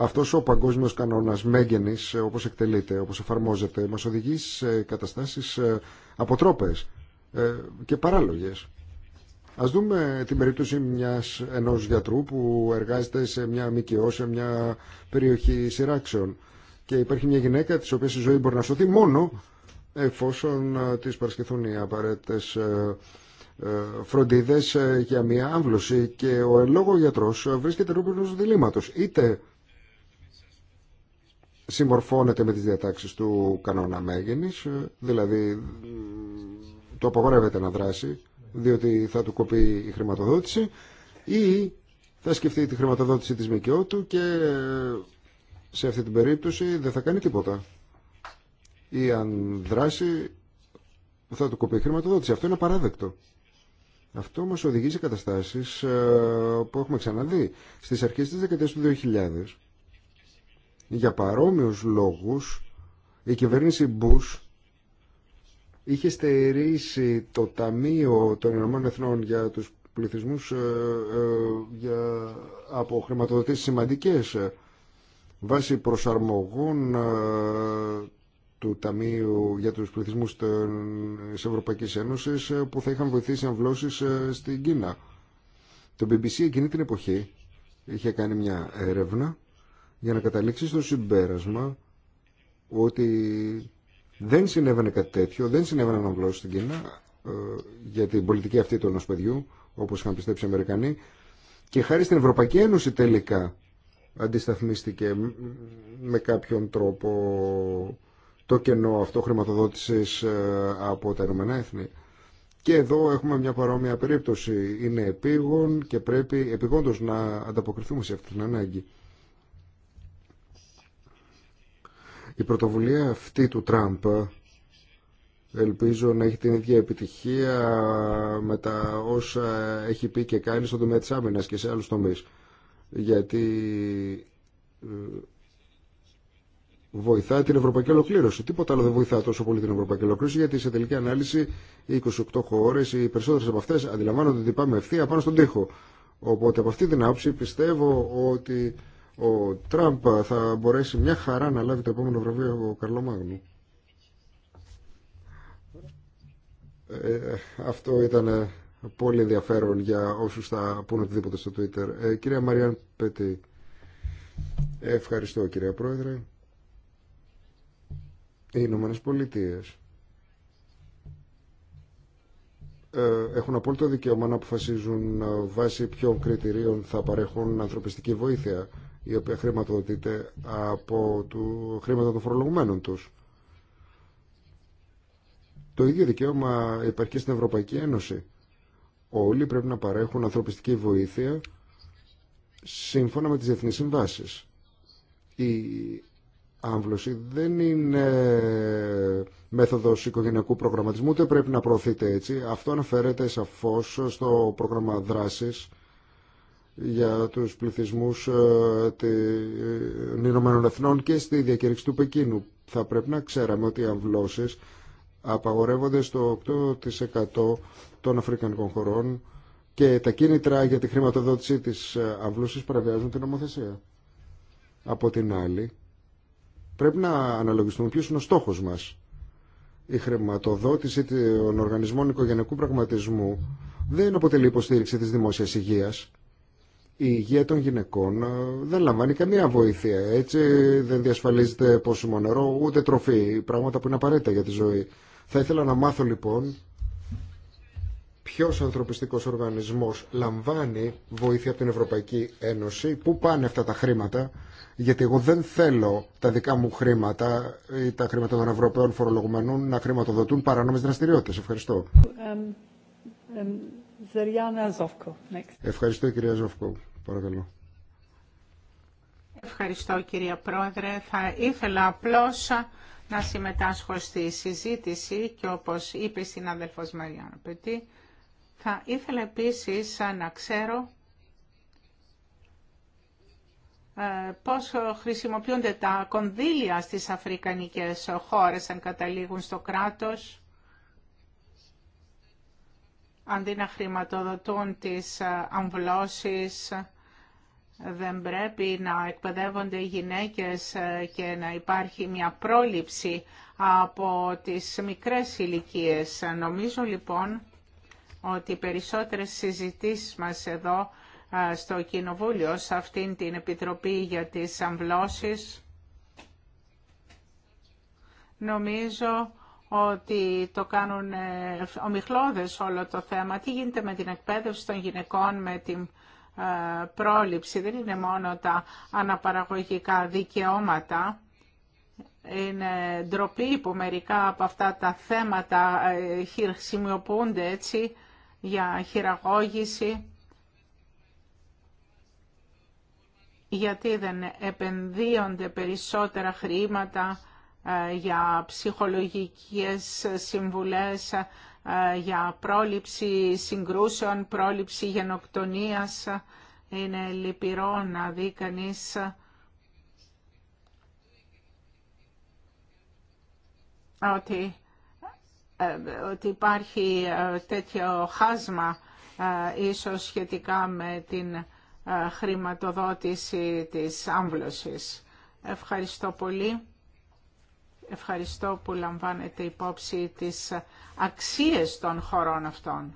Αυτό ο παγκόσμιος κανόνας μέγενη, ε, όπως εκτελείται, όπως εφαρμόζεται, μα οδηγεί σε καταστάσεις ε, αποτρόπε ε, και παράλογες. Ας δούμε την περίπτωση μιας, ενός γιατρού που εργάζεται σε μια ΜΚΟ, σε μια περιοχή σειράξεων και υπάρχει μια γυναίκα τη οποία η ζωή μπορεί να σωθεί μόνο εφόσον τη παρασκευθούν οι απαραίτητε φροντίδε για μια άμβλωση και ο λόγο γιατρό βρίσκεται ενώπιον διλήμματο. Είτε συμμορφώνεται με τις διατάξεις του κανόνα μέγενης, δηλαδή το απαγορεύεται να δράσει, διότι θα του κοπεί η χρηματοδότηση ή θα σκεφτεί τη χρηματοδότηση της ΜΚΟ του και σε αυτή την περίπτωση δεν θα κάνει τίποτα. Ή αν δράσει θα του κοπεί η χρηματοδότηση. Αυτό είναι παράδεκτο. Αυτό μας οδηγεί σε καταστάσεις ε, που έχουμε ξαναδεί. Στις αρχές της δεκαετίας του 2000 για παρόμοιους λόγους η κυβέρνηση Μπούς είχε στερήσει το Ταμείο των Ηνωμένων Εθνών για τους πληθυσμούς ε, ε, για, από χρηματοδοτήσεις σημαντικές ε, βάσει προσαρμογών του Ταμείου για τους πληθυσμούς της Ευρωπαϊκής Ένωσης που θα είχαν βοηθήσει αμβλώσεις στην Κίνα. Το BBC εκείνη την εποχή είχε κάνει μια έρευνα για να καταλήξει στο συμπέρασμα ότι δεν συνέβαινε κάτι τέτοιο, δεν συνέβαιναν αμβλώσεις στην Κίνα ε, για την πολιτική αυτή του ενός παιδιού, όπως είχαν πιστέψει οι Αμερικανοί, και χάρη στην Ευρωπαϊκή Ένωση τελικά αντισταθμίστηκε με κάποιον τρόπο το κενό αυτό χρηματοδότησης ε, από τα Ηνωμένα Έθνη. Και εδώ έχουμε μια παρόμοια περίπτωση. Είναι επίγον και πρέπει επίγοντος να ανταποκριθούμε σε αυτή την ανάγκη. Η πρωτοβουλία αυτή του Τραμπ ελπίζω να έχει την ίδια επιτυχία με τα όσα έχει πει και κάνει στον τομέα της άμυνας και σε άλλους τομείς. Γιατί ε, βοηθά την ευρωπαϊκή ολοκλήρωση. Τίποτα άλλο δεν βοηθά τόσο πολύ την ευρωπαϊκή ολοκλήρωση, γιατί σε τελική ανάλυση οι 28 χώρε, οι περισσότερε από αυτέ, αντιλαμβάνονται ότι πάμε ευθεία πάνω στον τοίχο. Οπότε από αυτή την άποψη πιστεύω ότι ο Τραμπ θα μπορέσει μια χαρά να λάβει το επόμενο βραβείο ο Καρλομάγνου. Ε, αυτό ήταν ε, πολύ ενδιαφέρον για όσους θα πούνε οτιδήποτε στο Twitter. Ε, κυρία Μαριάν Πέτη, ευχαριστώ κυρία Πρόεδρε. Οι Ηνωμένε Πολιτείε ε, έχουν απόλυτο δικαίωμα να αποφασίζουν βάσει ποιων κριτηρίων θα παρέχουν ανθρωπιστική βοήθεια η οποία χρηματοδοτείται από του χρήματα των φορολογουμένων τους. Το ίδιο δικαίωμα υπάρχει στην Ευρωπαϊκή Ένωση. Όλοι πρέπει να παρέχουν ανθρωπιστική βοήθεια σύμφωνα με τις διεθνείς συμβάσεις. Η άμβλωση δεν είναι μέθοδος οικογενειακού προγραμματισμού, ούτε πρέπει να προωθείται έτσι. Αυτό αναφέρεται σαφώς στο πρόγραμμα δράσης για τους πληθυσμούς ε, ε, των Ηνωμένων Εθνών και στη διακήρυξη του Πεκίνου. Θα πρέπει να ξέραμε ότι οι αμβλώσεις απαγορεύονται στο 8% των Αφρικανικών χωρών και τα κίνητρα για τη χρηματοδότησή της ε, αμβλώσης παραβιάζουν την νομοθεσία. Από την άλλη, πρέπει να αναλογιστούμε ποιος είναι ο στόχος μας. Η χρηματοδότηση των οργανισμών οικογενειακού πραγματισμού δεν αποτελεί υποστήριξη της δημόσιας υγείας η υγεία των γυναικών ε, δεν λαμβάνει καμία βοήθεια. Έτσι δεν διασφαλίζεται πόσιμο νερό ούτε τροφή, πράγματα που είναι απαραίτητα για τη ζωή. Θα ήθελα να μάθω λοιπόν ποιος ανθρωπιστικός οργανισμός λαμβάνει βοήθεια από την Ευρωπαϊκή Ένωση, πού πάνε αυτά τα χρήματα, γιατί εγώ δεν θέλω τα δικά μου χρήματα ή τα χρήματα των Ευρωπαίων φορολογουμένων να χρηματοδοτούν παράνομες δραστηριότητες. Ευχαριστώ. Ευχαριστώ κυρία Ζοφκό. Παρακαλώ. Ευχαριστώ κυρία Πρόεδρε. Θα ήθελα απλώς να συμμετάσχω στη συζήτηση και όπως είπε στην συνάδελφος Μαριάννα Πετή, θα ήθελα επίσης να ξέρω ε, πώς χρησιμοποιούνται τα κονδύλια στις αφρικανικές χώρες αν καταλήγουν στο κράτος αντί να χρηματοδοτούν τις ε, αμβλώσεις, δεν πρέπει να εκπαιδεύονται οι γυναίκες ε, και να υπάρχει μια πρόληψη από τις μικρές ηλικίε. Νομίζω λοιπόν ότι οι περισσότερες συζητήσεις μας εδώ ε, στο Κοινοβούλιο, σε αυτήν την Επιτροπή για τις Αμβλώσεις, νομίζω ότι το κάνουν ε, ομιχλώδες όλο το θέμα. Τι γίνεται με την εκπαίδευση των γυναικών, με την ε, πρόληψη. Δεν είναι μόνο τα αναπαραγωγικά δικαιώματα. Είναι ντροπή που μερικά από αυτά τα θέματα ε, χρησιμοποιούνται έτσι για χειραγώγηση. Γιατί δεν επενδύονται περισσότερα χρήματα ε, για ψυχολογικές συμβουλές, ε, για πρόληψη συγκρούσεων, πρόληψη γενοκτονίας. Είναι λυπηρό να δει κανείς ε, ότι, ότι υπάρχει τέτοιο χάσμα ίσως σχετικά με την χρηματοδότηση της άμβλωσης. Ευχαριστώ πολύ. Ευχαριστώ που λαμβάνετε υπόψη τις αξίες των χωρών αυτών,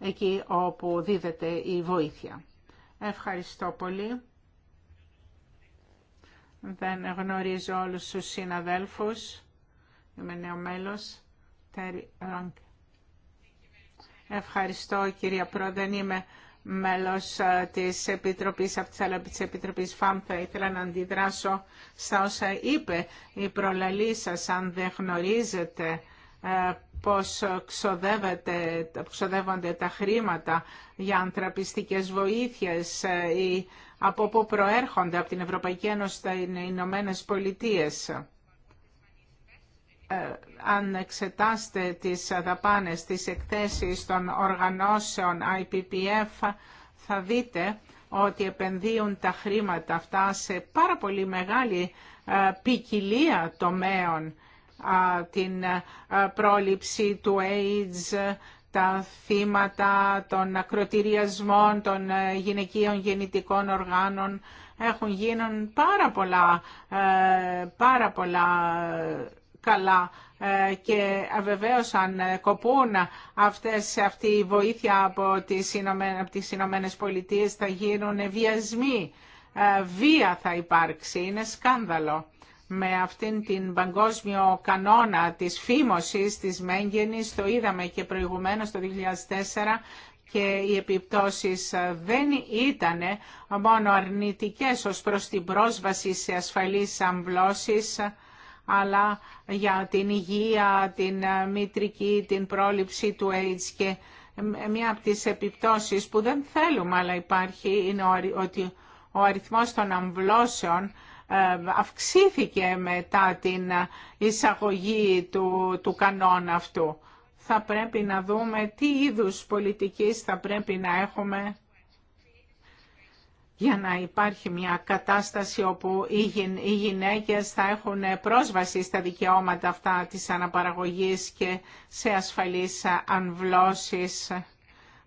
εκεί όπου δίδεται η βοήθεια. Ευχαριστώ πολύ. Δεν γνωρίζω όλους τους συναδέλφους. Είμαι νέο μέλος. Ευχαριστώ κυρία Πρόεδρε μέλος ε, της Επιτροπής, της Επιτροπής ΦΑΜ, θα ήθελα να αντιδράσω στα όσα είπε η προλαλή σας, αν δεν γνωρίζετε ε, πώς ξοδεύονται τα χρήματα για ανθρωπιστικές βοήθειες ε, ή από πού προέρχονται από την Ευρωπαϊκή Ένωση τα Ηνωμένε Πολιτείες. Ε, αν εξετάσετε τις δαπάνες, τις εκθέσεις των οργανώσεων IPPF, θα δείτε ότι επενδύουν τα χρήματα αυτά σε πάρα πολύ μεγάλη ε, ποικιλία τομέων, την ε, πρόληψη του AIDS, τα θύματα των ακροτηριασμών των γυναικείων γεννητικών οργάνων. Έχουν γίνει πάρα πολλά, πάρα πολλά καλά ε, και βεβαίως αν ε, κοπούν αυτές, αυτή η βοήθεια από τις, Ηνωμένε, από τις θα γίνουν βιασμοί. Ε, βία θα υπάρξει, είναι σκάνδαλο. Με αυτήν την παγκόσμιο κανόνα της φήμωσης, της Μέγγενης, το είδαμε και προηγουμένως το 2004, και οι επιπτώσεις δεν ήταν μόνο αρνητικές ως προς την πρόσβαση σε ασφαλείς αμβλώσεις, αλλά για την υγεία, την ε, μητρική, την πρόληψη του AIDS και ε, ε, μία από τις επιπτώσεις που δεν θέλουμε αλλά υπάρχει είναι ότι ο αριθμός των αμβλώσεων αυξήθηκε μετά την εισαγωγή του, του κανόνα αυτού. Θα πρέπει να δούμε τι είδους πολιτικής θα πρέπει να έχουμε για να υπάρχει μια κατάσταση όπου οι γυναίκες θα έχουν πρόσβαση στα δικαιώματα αυτά της αναπαραγωγής και σε ασφαλείς ανβλώσεις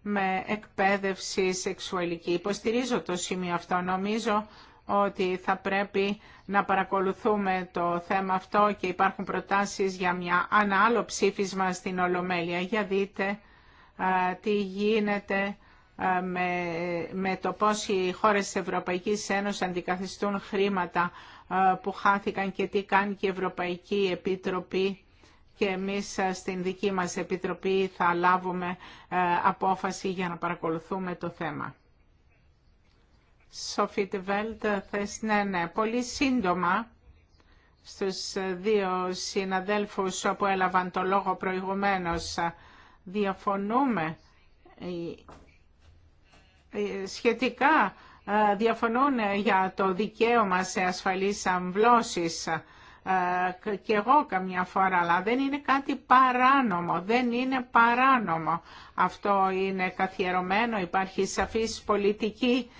με εκπαίδευση σεξουαλική. Υποστηρίζω το σημείο αυτό. Νομίζω ότι θα πρέπει να παρακολουθούμε το θέμα αυτό και υπάρχουν προτάσεις για μια, ανάλοψήφισμα ψήφισμα στην Ολομέλεια. Για δείτε τι γίνεται με, το πώς οι χώρες της Ευρωπαϊκής Ένωσης αντικαθιστούν χρήματα που χάθηκαν και τι κάνει και η Ευρωπαϊκή Επίτροπη και εμείς στην δική μας Επιτροπή θα λάβουμε απόφαση για να παρακολουθούμε το θέμα. Σοφίτ Βέλτ, ε, θες, ναι, ναι, πολύ σύντομα στους ε, δύο συναδέλφους που έλαβαν το λόγο προηγουμένως. Διαφωνούμε ε, σχετικά ε, διαφωνούν για το δικαίωμα σε ασφαλείς αμβλώσεις ε, και εγώ καμιά φορά, αλλά δεν είναι κάτι παράνομο, δεν είναι παράνομο. Αυτό είναι καθιερωμένο, υπάρχει σαφής πολιτική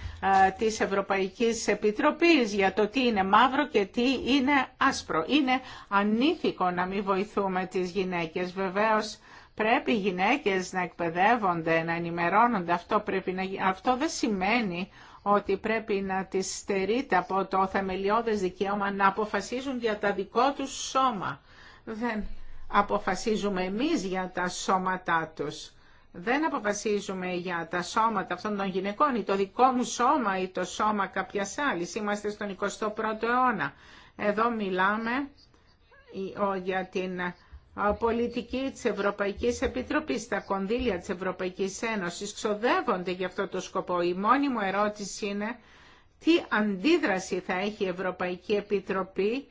της Ευρωπαϊκής Επιτροπής για το τι είναι μαύρο και τι είναι άσπρο. Είναι ανήθικο να μην βοηθούμε τις γυναίκες. Βεβαίως Πρέπει οι γυναίκες να εκπαιδεύονται, να ενημερώνονται. Αυτό, πρέπει να... Αυτό δεν σημαίνει ότι πρέπει να τις στερείται από το θεμελιώδες δικαίωμα να αποφασίζουν για τα δικό τους σώμα. Δεν αποφασίζουμε εμείς για τα σώματά τους. Δεν αποφασίζουμε για τα σώματα αυτών των γυναικών ή το δικό μου σώμα ή το σώμα κάποιας άλλης. Είμαστε στον 21ο αιώνα. Εδώ μιλάμε για την πολιτικοί της Ευρωπαϊκής Επιτροπής, τα κονδύλια της Ευρωπαϊκής Ένωσης ξοδεύονται για αυτό το σκοπό. Η μόνη μου ερώτηση είναι τι αντίδραση θα έχει η Ευρωπαϊκή Επιτροπή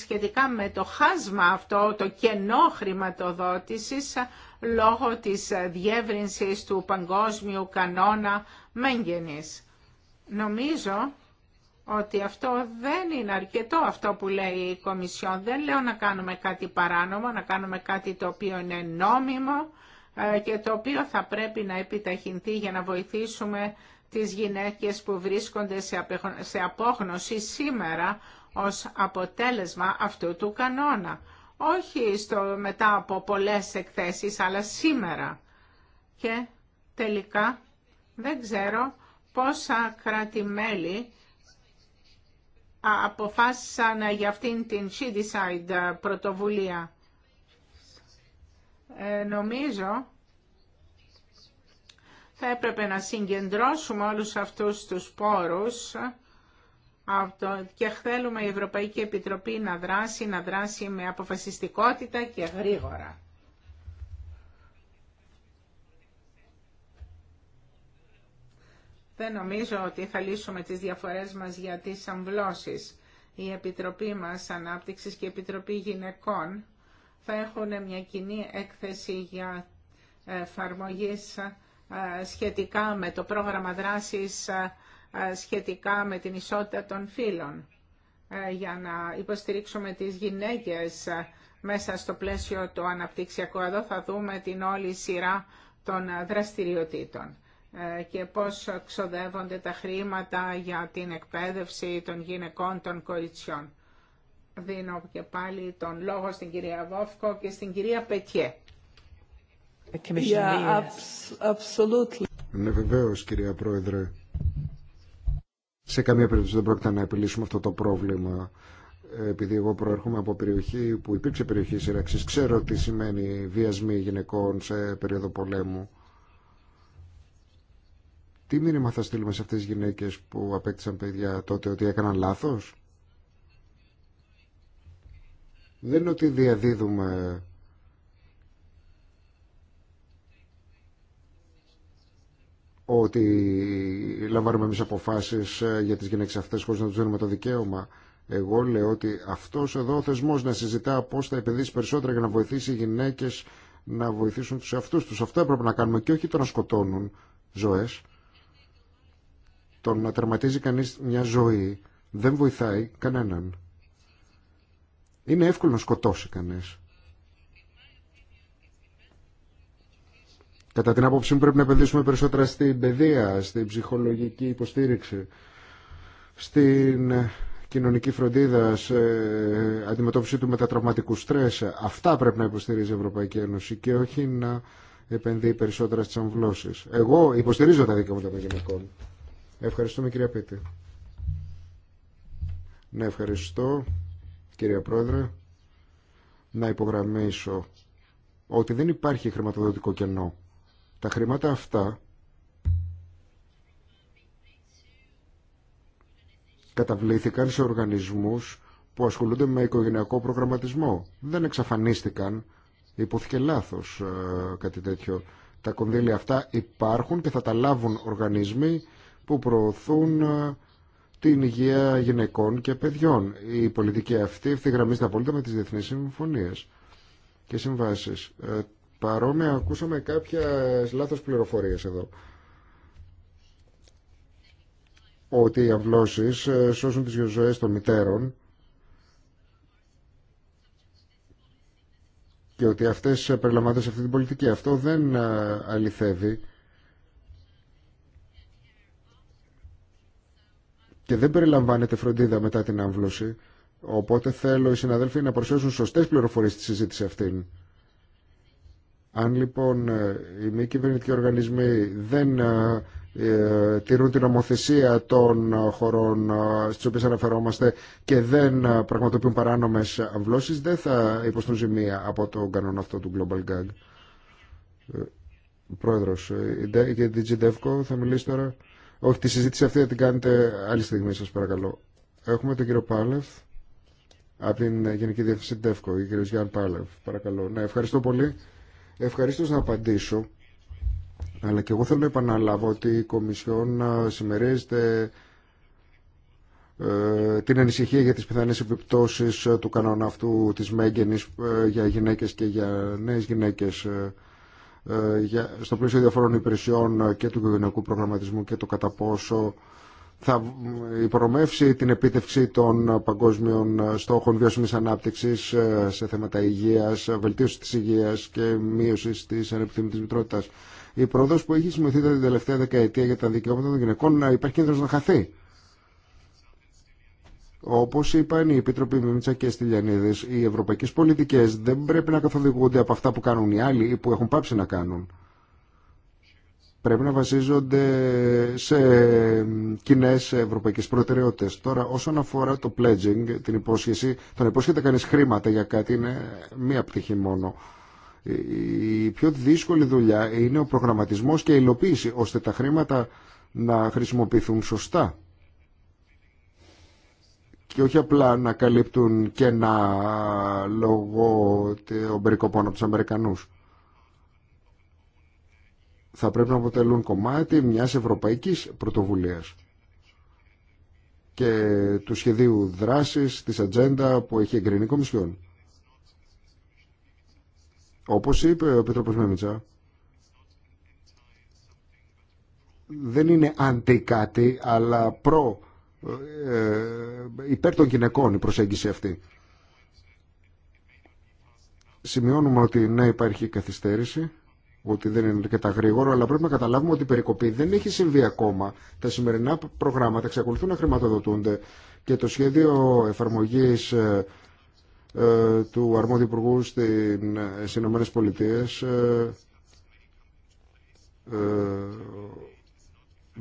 σχετικά με το χάσμα αυτό, το κενό χρηματοδότησης λόγω της διεύρυνσης του παγκόσμιου κανόνα Μέγγενης. Νομίζω ότι αυτό δεν είναι αρκετό αυτό που λέει η Κομισιόν. Δεν λέω να κάνουμε κάτι παράνομο, να κάνουμε κάτι το οποίο είναι νόμιμο ε, και το οποίο θα πρέπει να επιταχυνθεί για να βοηθήσουμε τις γυναίκες που βρίσκονται σε απόγνωση σήμερα ως αποτέλεσμα αυτού του κανόνα. Όχι στο, μετά από πολλές εκθέσεις, αλλά σήμερα. Και τελικά δεν ξέρω πόσα κράτη-μέλη αποφάσισαν για αυτήν την She πρωτοβουλία. Ε, νομίζω θα έπρεπε να συγκεντρώσουμε όλους αυτούς τους πόρους και θέλουμε η Ευρωπαϊκή Επιτροπή να δράσει, να δράσει με αποφασιστικότητα και γρήγορα. Δεν νομίζω ότι θα λύσουμε τις διαφορές μας για τις αμβλώσεις. Η Επιτροπή μας Ανάπτυξης και η Επιτροπή Γυναικών θα έχουν μια κοινή έκθεση για εφαρμογής ε, σχετικά με το πρόγραμμα δράσης ε, ε, σχετικά με την ισότητα των φύλων για να υποστηρίξουμε τις γυναίκες μέσα στο πλαίσιο του αναπτυξιακό. Εδώ θα δούμε την όλη σειρά των δραστηριοτήτων. Ε, και πώς ξοδεύονται τα χρήματα για την εκπαίδευση των γυναικών των κοριτσιών. Δίνω και πάλι τον λόγο στην κυρία Βόφκο και στην κυρία Πετιέ. Ε, ναι, βεβαίω, κυρία Πρόεδρε. Σε καμία περίπτωση δεν πρόκειται να επιλύσουμε αυτό το πρόβλημα. Επειδή εγώ προέρχομαι από περιοχή που υπήρξε περιοχή σύραξη, ξέρω τι σημαίνει βιασμοί γυναικών σε περίοδο πολέμου τι μήνυμα θα στείλουμε σε αυτές τις γυναίκες που απέκτησαν παιδιά τότε ότι έκαναν λάθος. Δεν είναι ότι διαδίδουμε ότι λαμβάνουμε εμεί αποφάσεις ε, για τις γυναίκες αυτές χωρίς να τους δίνουμε το δικαίωμα. Εγώ λέω ότι αυτός εδώ ο θεσμός να συζητά πώς θα επενδύσει περισσότερα για να βοηθήσει οι γυναίκες να βοηθήσουν τους αυτούς τους. Αυτό έπρεπε να κάνουμε και όχι το να σκοτώνουν ζωές να τραυματίζει κανείς μια ζωή δεν βοηθάει κανέναν. Είναι εύκολο να σκοτώσει κανείς. Κατά την άποψή μου πρέπει να επενδύσουμε περισσότερα στην παιδεία, στην ψυχολογική υποστήριξη, στην ε, κοινωνική φροντίδα, σε ε, αντιμετώπιση του μετατραυματικού στρες. Αυτά πρέπει να υποστηρίζει η Ευρωπαϊκή Ένωση και όχι να επενδύει περισσότερα στις αμβλώσεις. Εγώ υποστηρίζω τα δικαιώματα των γυναικών. Ευχαριστούμε κυρία Πίτη. Να ευχαριστώ κυρία Πρόεδρε. Να υπογραμμίσω ότι δεν υπάρχει χρηματοδοτικό κενό. Τα χρήματα αυτά καταβλήθηκαν σε οργανισμούς που ασχολούνται με οικογενειακό προγραμματισμό. Δεν εξαφανίστηκαν, υπόθηκε λάθο ε, κάτι τέτοιο. Τα κονδύλια αυτά υπάρχουν και θα τα λάβουν οργανισμοί που προωθούν ε, την υγεία γυναικών και παιδιών. Η πολιτική αυτή ευθυγραμμίζεται απόλυτα με τις διεθνείς συμφωνίες και συμβάσεις. Ε, παρόμοια ακούσαμε κάποια λάθος πληροφορίες εδώ. Ότι οι αυλώσεις ε, σώσουν τις ζωές των μητέρων και ότι αυτές περιλαμβάνονται σε αυτή την πολιτική. Αυτό δεν αληθεύει. και δεν περιλαμβάνεται φροντίδα μετά την άμβλωση. Οπότε θέλω οι συναδέλφοι να προσθέσουν σωστές πληροφορίες στη συζήτηση αυτήν. Αν λοιπόν οι μη κυβερνητικοί οργανισμοί δεν τηρούν την ομοθεσία των χωρών στις οποίες αναφερόμαστε και δεν πραγματοποιούν παράνομες αμβλώσεις, δεν θα υποστούν ζημία από τον κανόνα αυτό του Global Gag. πρόεδρος, η DigiDevco θα μιλήσει τώρα. Όχι, τη συζήτηση αυτή θα την κάνετε άλλη στιγμή, σα παρακαλώ. Έχουμε τον κύριο Πάλεφ από την Γενική Διεύθυνση ΤΕΦΚΟ, ο κύριο Γιάννη Πάλεφ, παρακαλώ. Ναι, ευχαριστώ πολύ. Ευχαριστώ να απαντήσω. Αλλά και εγώ θέλω να επαναλάβω ότι η Κομισιόν ε, συμμερίζεται ε, την ανησυχία για τις πιθανές επιπτώσεις ε, του κανόνα αυτού της Μέγγενης για γυναίκες και για νέες γυναίκες ε, στο πλαίσιο διαφορών υπηρεσιών ε, και του κοινωνικού προγραμματισμού και το κατά πόσο θα ε, υπονομεύσει την επίτευξη των παγκόσμιων στόχων βιώσιμης ανάπτυξης σε θέματα υγείας, βελτίωση της υγείας και μείωση της ανεπιθυμητής μητρότητας. Η πρόοδος που έχει σημειωθεί την τελευταία δεκαετία για τα δικαιώματα των γυναικών υπάρχει κίνδυνος να χαθεί. Όπω είπαν οι Επίτροποι Μιμίτσα και Στυλιανίδη, οι ευρωπαϊκέ πολιτικέ δεν πρέπει να καθοδηγούνται από αυτά που κάνουν οι άλλοι ή που έχουν πάψει να κάνουν. Πρέπει να βασίζονται σε κοινέ ευρωπαϊκέ προτεραιότητε. Τώρα, όσον αφορά το pledging, την υπόσχεση, το να υπόσχεται κανεί χρήματα για κάτι είναι μία πτυχή μόνο. Η πιο δύσκολη δουλειά είναι ο προγραμματισμό και η υλοποίηση, ώστε τα χρήματα να χρησιμοποιηθούν σωστά και όχι απλά να καλύπτουν κενά λόγω του περικοπών από τους Αμερικανούς. Θα πρέπει να αποτελούν κομμάτι μιας ευρωπαϊκής πρωτοβουλίας και του σχεδίου δράσης της ατζέντα που έχει εγκρίνει η Κομισιόν. Όπως είπε ο Επίτροπος Μέμιτσα, δεν είναι αντί κάτι, αλλά προ ε, υπέρ των γυναικών η προσέγγιση αυτή. Σημειώνουμε ότι ναι υπάρχει καθυστέρηση, ότι δεν είναι αρκετά γρήγορο, αλλά πρέπει να καταλάβουμε ότι η περικοπή δεν έχει συμβεί ακόμα. Τα σημερινά προγράμματα εξακολουθούν να χρηματοδοτούνται και το σχέδιο εφαρμογής ε, ε, του αρμόδιου υπουργού στις Ηνωμένες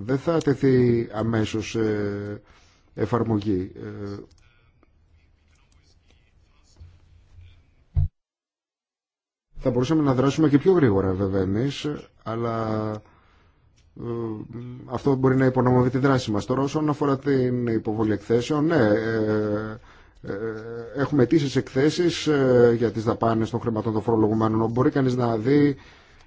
δεν θα τεθεί αμέσως εφαρμογή. Ε, θα μπορούσαμε να δράσουμε και πιο γρήγορα βέβαια εμείς, αλλά ε, αυτό μπορεί να υπονομεύει τη δράση μας. Τώρα όσον αφορά την υποβολή εκθέσεων, ναι, ε, ε, έχουμε αιτήσεις εκθέσεις για τις δαπάνες των χρηματών των φορολογουμένων. Μπορεί κανείς να δει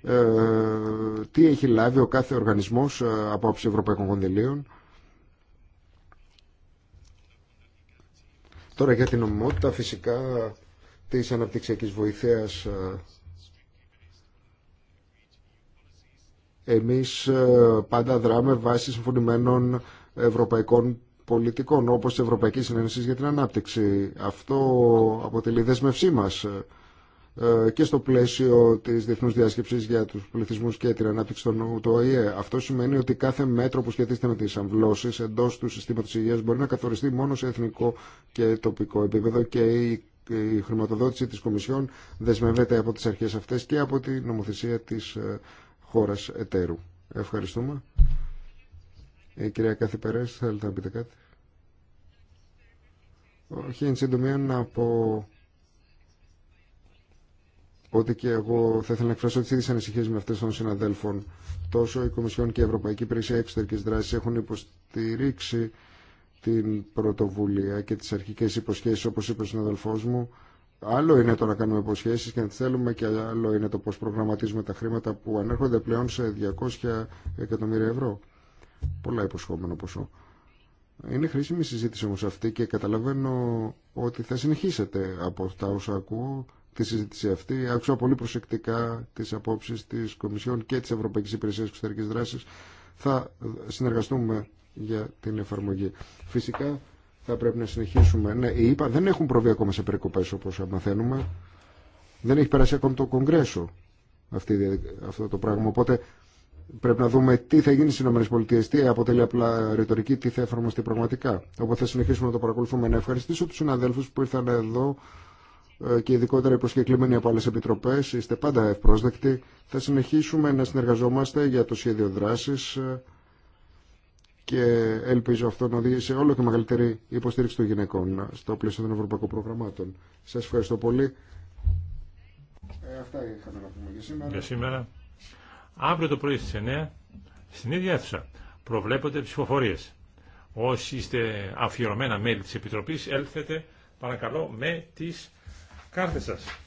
ε, τι έχει λάβει ο κάθε οργανισμός ε, από άψη Ευρωπαϊκών Κονδυλίων. Τώρα για την νομιμότητα φυσικά της αναπτυξιακής βοηθείας ε, εμείς πάντα δράμε βάσει συμφωνημένων ευρωπαϊκών πολιτικών όπως της Ευρωπαϊκής Συνένωσης για την Ανάπτυξη. Αυτό αποτελεί δεσμευσή μας ε, και στο πλαίσιο τη διεθνού διάσκεψη για του πληθυσμού και την ανάπτυξη των ΟΗΕ. Αυτό σημαίνει ότι κάθε μέτρο που σχετίζεται με τι αμβλώσει εντό του συστήματο υγεία μπορεί να καθοριστεί μόνο σε εθνικό και τοπικό επίπεδο και η χρηματοδότηση της Κομισιόν δεσμεύεται από τις αρχές αυτές και από τη νομοθεσία της ε, χώρας εταίρου. Ευχαριστούμε. Η ε, κυρία Κάθη Περές, θέλετε να πείτε κάτι. Όχι, εν συντομία να ότι και εγώ θα ήθελα να εκφράσω τι ίδιε ανησυχίε με αυτέ των συναδέλφων. Τόσο η Κομισιόν και η Ευρωπαϊκή Υπηρεσία Εξωτερική Δράση έχουν υποστηρίξει την πρωτοβουλία και τι αρχικέ υποσχέσει, όπω είπε ο συναδελφό μου. Άλλο είναι το να κάνουμε υποσχέσει και να τι θέλουμε, και άλλο είναι το πώ προγραμματίζουμε τα χρήματα που ανέρχονται πλέον σε 200 εκατομμύρια ευρώ. Πολλά υποσχόμενο ποσό. Είναι χρήσιμη συζήτηση όμω αυτή και καταλαβαίνω ότι θα συνεχίσετε από αυτά όσα ακούω τη συζήτηση αυτή. Άκουσα πολύ προσεκτικά τι απόψει τη Κομισιόν και τη Ευρωπαϊκή Υπηρεσία Εξωτερική Δράση Θα συνεργαστούμε για την εφαρμογή. Φυσικά θα πρέπει να συνεχίσουμε. Ναι, οι ΙΠΑ δεν έχουν προβεί ακόμα σε περικοπέ όπω μαθαίνουμε. Δεν έχει περάσει ακόμα το Κογκρέσο αυτή, αυτό το πράγμα. Οπότε πρέπει να δούμε τι θα γίνει στι ΗΠΑ, τι αποτελεί απλά ρητορική, τι θα εφαρμοστεί πραγματικά. Οπότε θα συνεχίσουμε να το παρακολουθούμε. Να ευχαριστήσω του συναδέλφου που ήρθαν εδώ ε, και ειδικότερα οι προσκεκλημένοι από άλλε επιτροπέ. Είστε πάντα ευπρόσδεκτοι. Θα συνεχίσουμε να συνεργαζόμαστε για το σχέδιο δράση ε, και ελπίζω αυτό να οδηγήσει σε όλο και μεγαλύτερη υποστήριξη των γυναικών ε, στο πλαίσιο των ευρωπαϊκών προγραμμάτων. Σα ευχαριστώ πολύ. αυτά είχαμε να πούμε για σήμερα. Για σήμερα. Αύριο το πρωί στι 9 στην ίδια αίθουσα προβλέπονται ψηφοφορίε. Όσοι είστε αφιερωμένα μέλη τη Επιτροπή, έλθετε παρακαλώ με τις κάρτες σας.